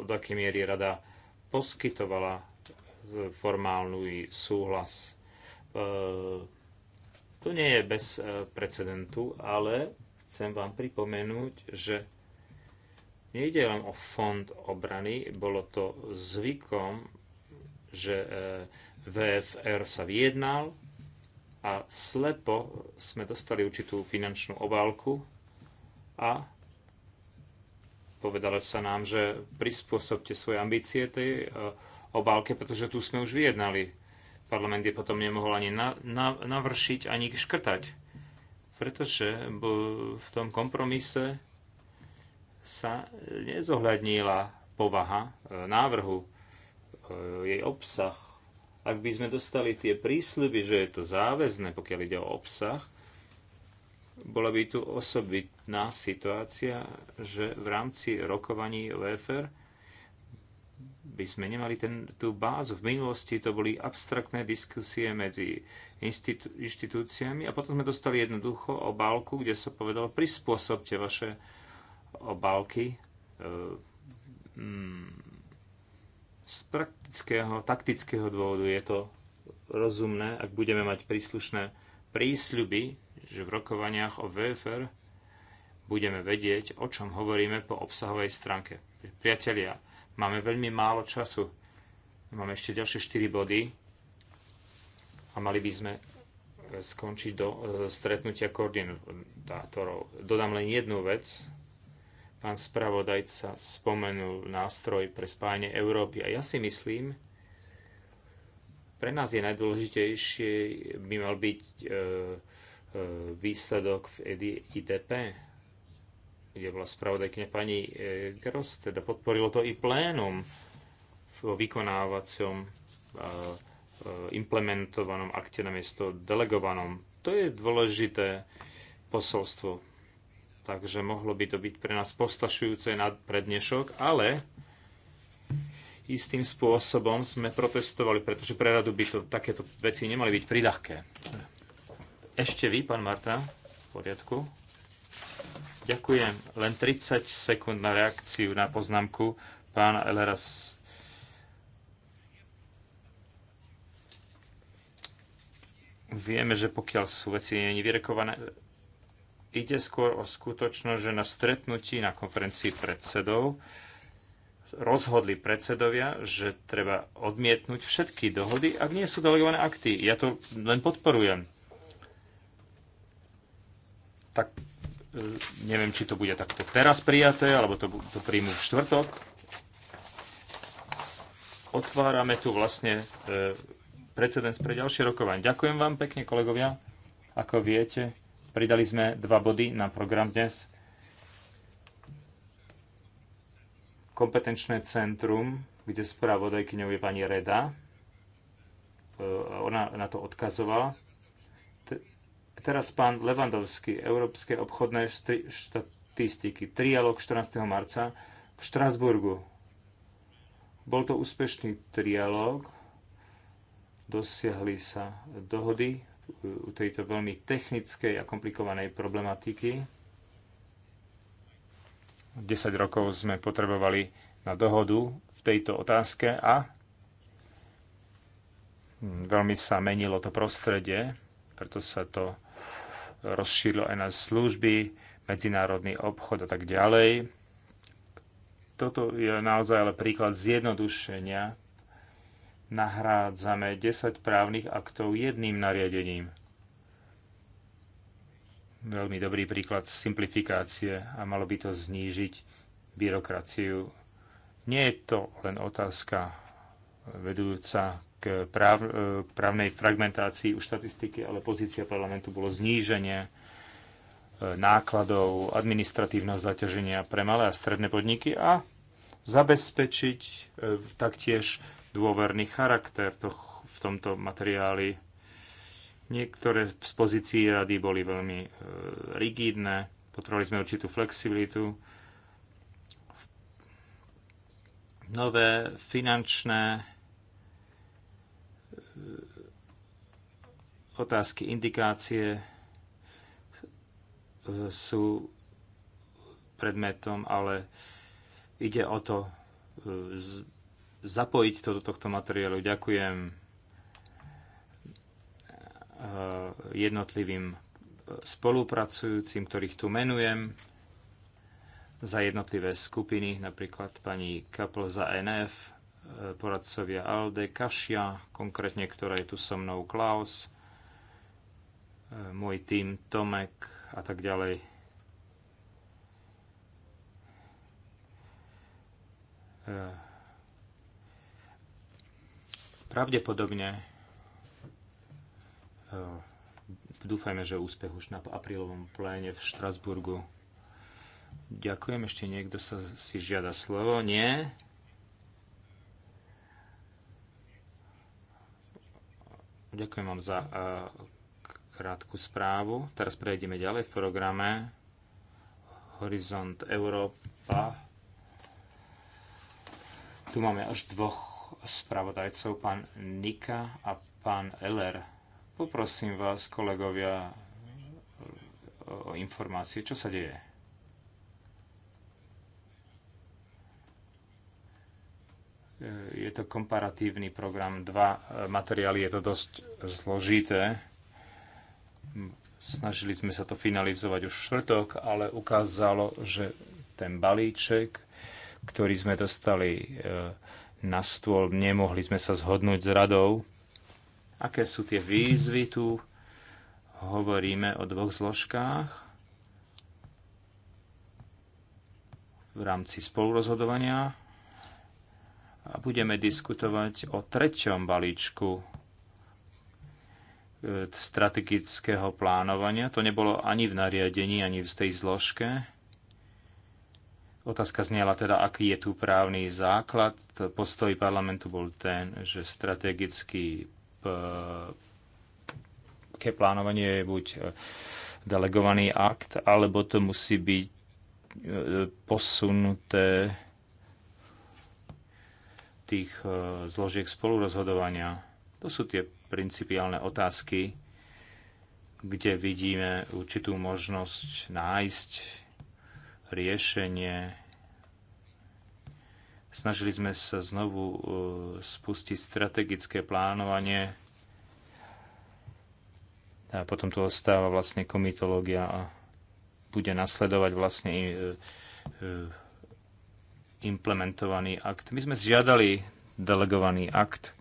do akej miery rada poskytovala formálny súhlas Eh, to nie je bez eh, precedentu, ale chcem vám pripomenúť, že nejde len o fond obrany, bolo to zvykom, že eh, VFR sa vyjednal a slepo sme dostali určitú finančnú obálku a povedalo sa nám, že prispôsobte svoje ambície tej obálke, pretože tu sme už vyjednali Parlament je potom nemohol ani navršiť, ani škrtať. Pretože v tom kompromise sa nezohľadnila povaha e, návrhu, e, jej obsah. Ak by sme dostali tie prísľuby, že je to záväzné, pokiaľ ide o obsah, bola by tu osobitná situácia, že v rámci rokovaní VFR by sme nemali ten, tú bázu. V minulosti to boli abstraktné diskusie medzi institú, inštitúciami a potom sme dostali jednoducho obálku, kde sa povedalo, prispôsobte vaše obálky e, mm, z praktického, taktického dôvodu je to rozumné, ak budeme mať príslušné prísľuby, že v rokovaniach o VFR budeme vedieť, o čom hovoríme po obsahovej stránke. Priatelia, Máme veľmi málo času. Máme ešte ďalšie 4 body a mali by sme e, skončiť do e, stretnutia koordinátorov. Dodám len jednu vec. Pán spravodajca spomenul nástroj pre spájanie Európy a ja si myslím, pre nás je najdôležitejšie by mal byť e, výsledok v IDP kde bola spravodajkňa pani e, Gross, teda podporilo to i plénum v vykonávacom e, e, implementovanom akte namiesto delegovanom. To je dôležité posolstvo. Takže mohlo by to byť pre nás postašujúce na prednešok, ale istým spôsobom sme protestovali, pretože pre radu by to, takéto veci nemali byť pridahké. Ešte vy, pán Marta, v poriadku. Ďakujem. Len 30 sekúnd na reakciu na poznámku pána Eleras. Vieme, že pokiaľ sú veci není vyrekované, ide skôr o skutočnosť, že na stretnutí na konferencii predsedov rozhodli predsedovia, že treba odmietnúť všetky dohody, ak nie sú delegované akty. Ja to len podporujem tak E, neviem, či to bude takto teraz prijaté, alebo to, to príjmu v štvrtok. Otvárame tu vlastne e, precedens pre ďalšie rokovanie. Ďakujem vám pekne, kolegovia. Ako viete, pridali sme dva body na program dnes. Kompetenčné centrum, kde spravodajkyňou je pani Reda. E, ona na to odkazovala Teraz pán Levandovský, Európske obchodné štatistiky, trialog 14. marca v Štrasburgu. Bol to úspešný trialog, dosiahli sa dohody u tejto veľmi technickej a komplikovanej problematiky. 10 rokov sme potrebovali na dohodu v tejto otázke a veľmi sa menilo to prostredie, preto sa to rozšírilo aj na služby, medzinárodný obchod a tak ďalej. Toto je naozaj ale príklad zjednodušenia. Nahrádzame 10 právnych aktov jedným nariadením. Veľmi dobrý príklad simplifikácie a malo by to znížiť byrokraciu. Nie je to len otázka vedúca k práv, e, právnej fragmentácii u štatistiky, ale pozícia parlamentu bolo zníženie e, nákladov administratívneho zaťaženia pre malé a stredné podniky a zabezpečiť e, taktiež dôverný charakter v tomto materiáli. Niektoré z pozícií rady boli veľmi rigidné, potrebovali sme určitú flexibilitu. Nové finančné otázky, indikácie e, sú predmetom, ale ide o to e, zapojiť to do tohto materiálu. Ďakujem e, jednotlivým spolupracujúcim, ktorých tu menujem, za jednotlivé skupiny, napríklad pani Kapl za NF, poradcovia Alde, Kašia, konkrétne, ktorá je tu so mnou, Klaus, e, môj tým Tomek a tak ďalej. E, pravdepodobne e, dúfajme, že úspech už na aprílovom pléne v Štrasburgu. Ďakujem, ešte niekto sa si žiada slovo? Nie? Ďakujem vám za e, krátku správu. Teraz prejdeme ďalej v programe Horizont Európa. Tu máme až dvoch spravodajcov, pán Nika a pán Eller. Poprosím vás, kolegovia, o informácie, čo sa deje. Eh, je to komparatívny program, dva eh, materiály, je to dosť zložité. Snažili sme sa to finalizovať už štvrtok, ale ukázalo, že ten balíček, ktorý sme dostali eh, na stôl, nemohli sme sa zhodnúť s radou. Aké sú tie výzvy tu? Hovoríme o dvoch zložkách v rámci spolurozhodovania a budeme diskutovať o treťom balíčku e, strategického plánovania. To nebolo ani v nariadení, ani v tej zložke. Otázka zniela teda, aký je tu právny základ. Postoj parlamentu bol ten, že strategický e, ke plánovanie je buď e, delegovaný akt, alebo to musí byť posunuté tých e, zložiek spolurozhodovania. To sú tie principiálne otázky, kde vidíme určitú možnosť nájsť riešenie. Snažili sme sa znovu e, spustiť strategické plánovanie. A potom tu ostáva vlastne komitológia a bude nasledovať vlastne e, implementovaný akt. My sme žiadali delegovaný akt.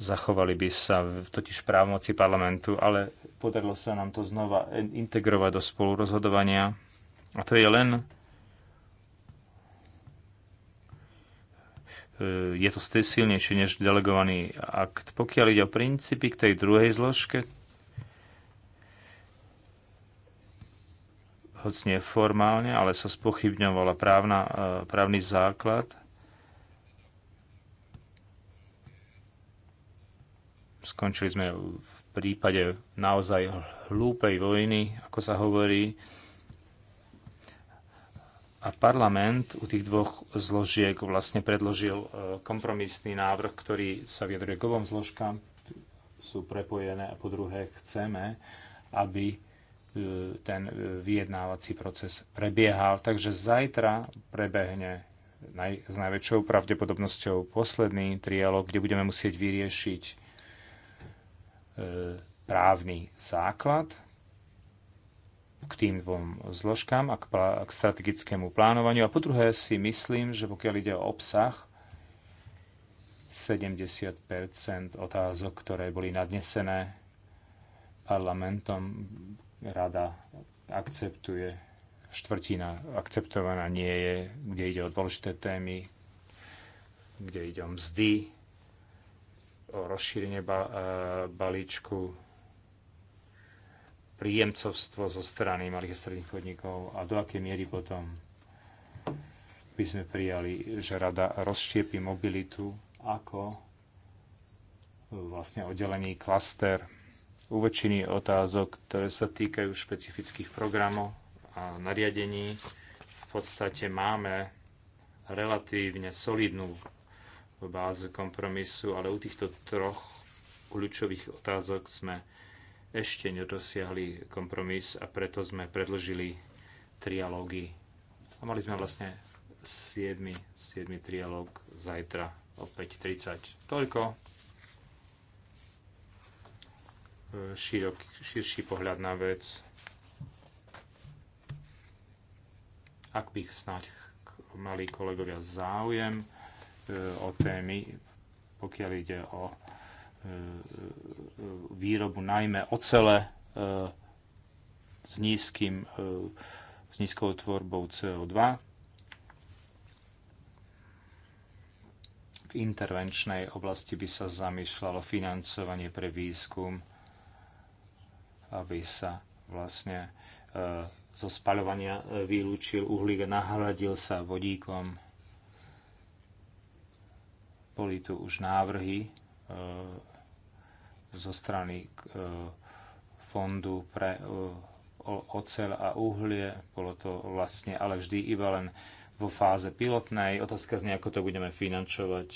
Zachovali by sa totiž právomoci parlamentu, ale podarilo sa nám to znova integrovať do spolurozhodovania. A to je len e, je to silnejšie než delegovaný akt. Pokiaľ ide o princípy k tej druhej zložke, hoc neformálne, ale sa spochybňovala právna, e, právny základ. Skončili sme v prípade naozaj hlúpej vojny, ako sa hovorí. A parlament u tých dvoch zložiek vlastne predložil e, kompromisný návrh, ktorý sa vyjadruje k obom zložkám, sú prepojené a po druhé chceme, aby E, ten e, vyjednávací proces prebiehal. Takže zajtra prebehne naj, s najväčšou pravdepodobnosťou posledný trialog, kde budeme musieť vyriešiť e, právny základ k tým dvom zložkám a k, a k strategickému plánovaniu. A po druhé si myslím, že pokiaľ ide o obsah, 70 otázok, ktoré boli nadnesené parlamentom, rada akceptuje, štvrtina akceptovaná nie je, kde ide o dôležité témy, kde ide o mzdy, o rozšírenie e, balíčku, príjemcovstvo zo strany malých a stredných podnikov a do akej miery potom by sme prijali, že rada rozštiepi mobilitu ako vlastne oddelený klaster u väčšiny otázok, ktoré sa týkajú špecifických programov a nariadení, v podstate máme relatívne solidnú bázu kompromisu, ale u týchto troch kľúčových otázok sme ešte nedosiahli kompromis a preto sme predložili trialógy. A mali sme vlastne 7. 7. trialóg zajtra o 5.30. Toľko širok, širší pohľad na vec. Ak by snáď mali kolegovia záujem e, o témy, pokiaľ ide o e, e, výrobu najmä ocele s, nízkym, s nízkou tvorbou CO2 v intervenčnej oblasti by sa zamýšľalo financovanie pre výskum aby sa vlastne e, zo spaľovania e, vylúčil uhlík a nahradil sa vodíkom. Boli tu už návrhy e, zo strany fondu pre oceľ a uhlie. Bolo to vlastne ale vždy iba len vo fáze pilotnej. Otázka znie, ako to budeme finančovať.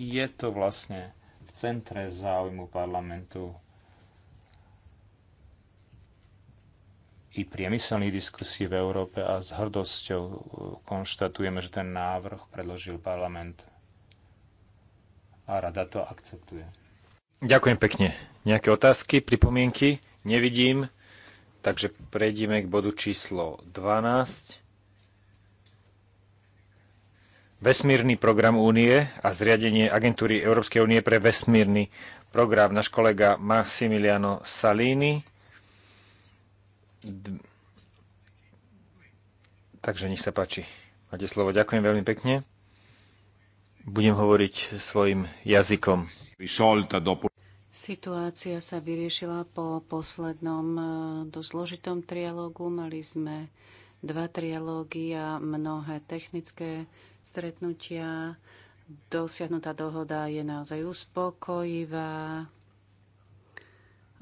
Je to vlastne v centre záujmu parlamentu i priemyselných diskusí v Európe a s hrdosťou uh, konštatujeme, že ten návrh predložil parlament a rada to akceptuje. Ďakujem pekne. Nejaké otázky, pripomienky? Nevidím, takže prejdeme k bodu číslo 12. Vesmírny program únie a zriadenie agentúry Európskej únie pre vesmírny program. Náš kolega Maximiliano Salini Takže nech sa páči. Máte slovo. Ďakujem veľmi pekne. Budem hovoriť svojim jazykom. Situácia sa vyriešila po poslednom e, dosť zložitom trialógu. Mali sme dva trialógy a mnohé technické stretnutia. Dosiahnutá dohoda je naozaj uspokojivá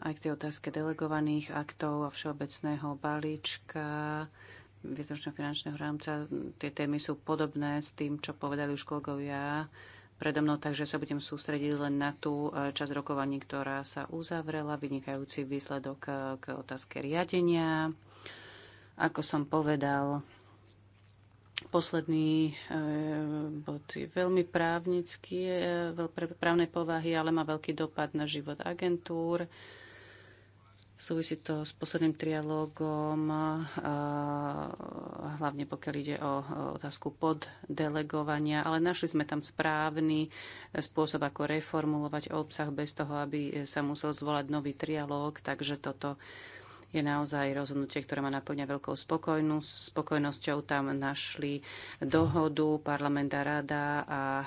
aj k tej otázke delegovaných aktov a všeobecného balíčka význačného finančného rámca. Tie témy sú podobné s tým, čo povedali už kolegovia predo mnou, takže sa budem sústrediť len na tú e, časť rokovaní, ktorá sa uzavrela, vynikajúci výsledok e, k otázke riadenia. Ako som povedal, posledný e, bod je veľmi právnický, právnej povahy, ale má veľký dopad na život agentúr. Súvisí to s posledným trialógom, hlavne pokiaľ ide o otázku poddelegovania, ale našli sme tam správny e, spôsob, ako reformulovať obsah bez toho, aby sa musel zvolať nový trialóg, takže toto je naozaj rozhodnutie, ktoré ma naplňa veľkou spokojnosťou. Tam našli dohodu parlamenta rada a e,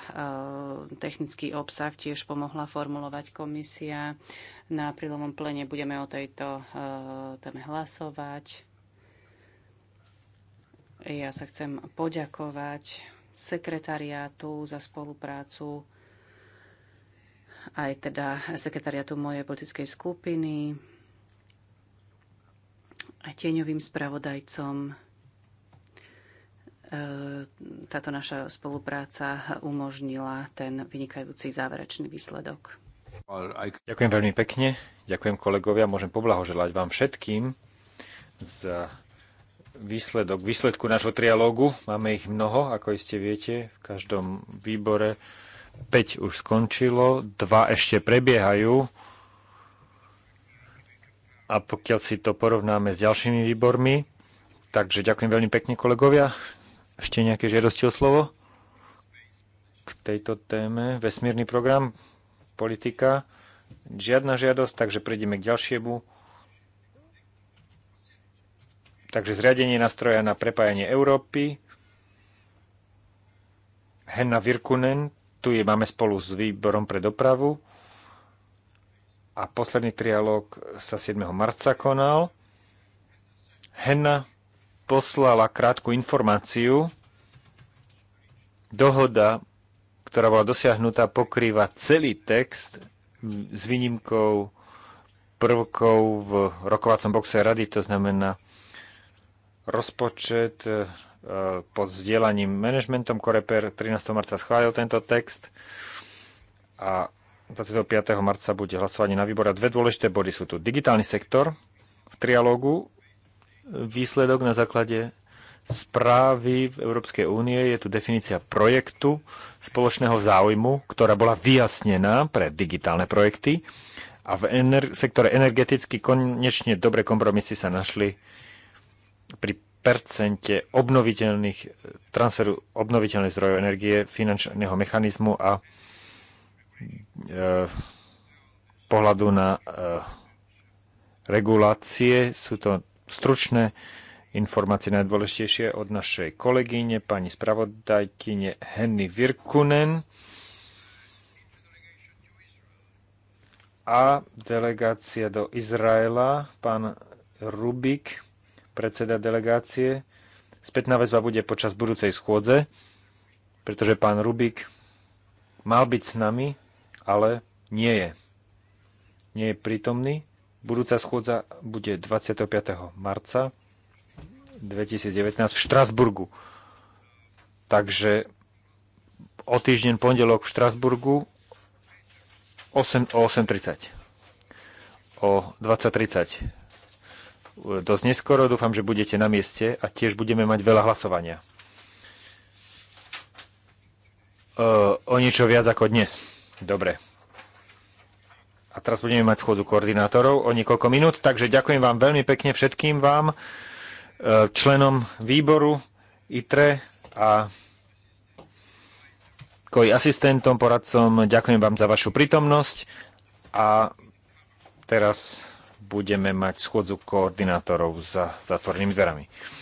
technický obsah tiež pomohla formulovať komisia. Na prílomom plene budeme o tejto e, téme hlasovať. Ja sa chcem poďakovať sekretariátu za spoluprácu aj teda sekretariatu mojej politickej skupiny, a tieňovým spravodajcom. E, táto naša spolupráca umožnila ten vynikajúci záverečný výsledok. Ďakujem veľmi pekne. Ďakujem kolegovia. Môžem poblahoželať vám všetkým za výsledok, výsledku nášho trialógu. Máme ich mnoho, ako iste viete, v každom výbore. 5 už skončilo, 2 ešte prebiehajú a pokiaľ si to porovnáme s ďalšími výbormi, takže ďakujem veľmi pekne kolegovia. Ešte nejaké žiadosti o slovo k tejto téme? Vesmírny program, politika, žiadna žiadosť, takže prejdeme k ďalšiemu. Takže zriadenie nastroja na prepájanie Európy. Henna Virkunen, tu je máme spolu s výborom pre dopravu a posledný trialóg sa 7. marca konal. Henna poslala krátku informáciu. Dohoda, ktorá bola dosiahnutá, pokrýva celý text s výnimkou prvkov v rokovacom boxe rady, to znamená rozpočet eh, pod vzdielaním manažmentom. Koreper 13. marca schválil tento text a 25. marca bude hlasovanie na a Dve dôležité body sú tu. Digitálny sektor v trialógu, výsledok na základe správy v Európskej únie je tu definícia projektu spoločného záujmu, ktorá bola vyjasnená pre digitálne projekty a v ener- sektore energeticky konečne dobré kompromisy sa našli pri percente obnoviteľných transferu obnoviteľných zdrojov energie, finančného mechanizmu a E, pohľadu na e, regulácie. Sú to stručné informácie najdôležitejšie od našej kolegyne, pani spravodajkyne Henny Virkunen a delegácia do Izraela, pán Rubik, predseda delegácie. Spätná väzba bude počas budúcej schôdze, pretože pán Rubik mal byť s nami ale nie je. Nie je prítomný. Budúca schôdza bude 25. marca 2019 v Štrasburgu. Takže o týždeň pondelok v Štrasburgu 8, o 8.30. O 20.30. Dosť neskoro, dúfam, že budete na mieste a tiež budeme mať veľa hlasovania. E, o niečo viac ako dnes. Dobre. A teraz budeme mať schôdzu koordinátorov o niekoľko minút, takže ďakujem vám veľmi pekne všetkým vám, e, členom výboru ITRE a koji asistentom, poradcom. Ďakujem vám za vašu prítomnosť a teraz budeme mať schôdzu koordinátorov za zatvorenými dverami.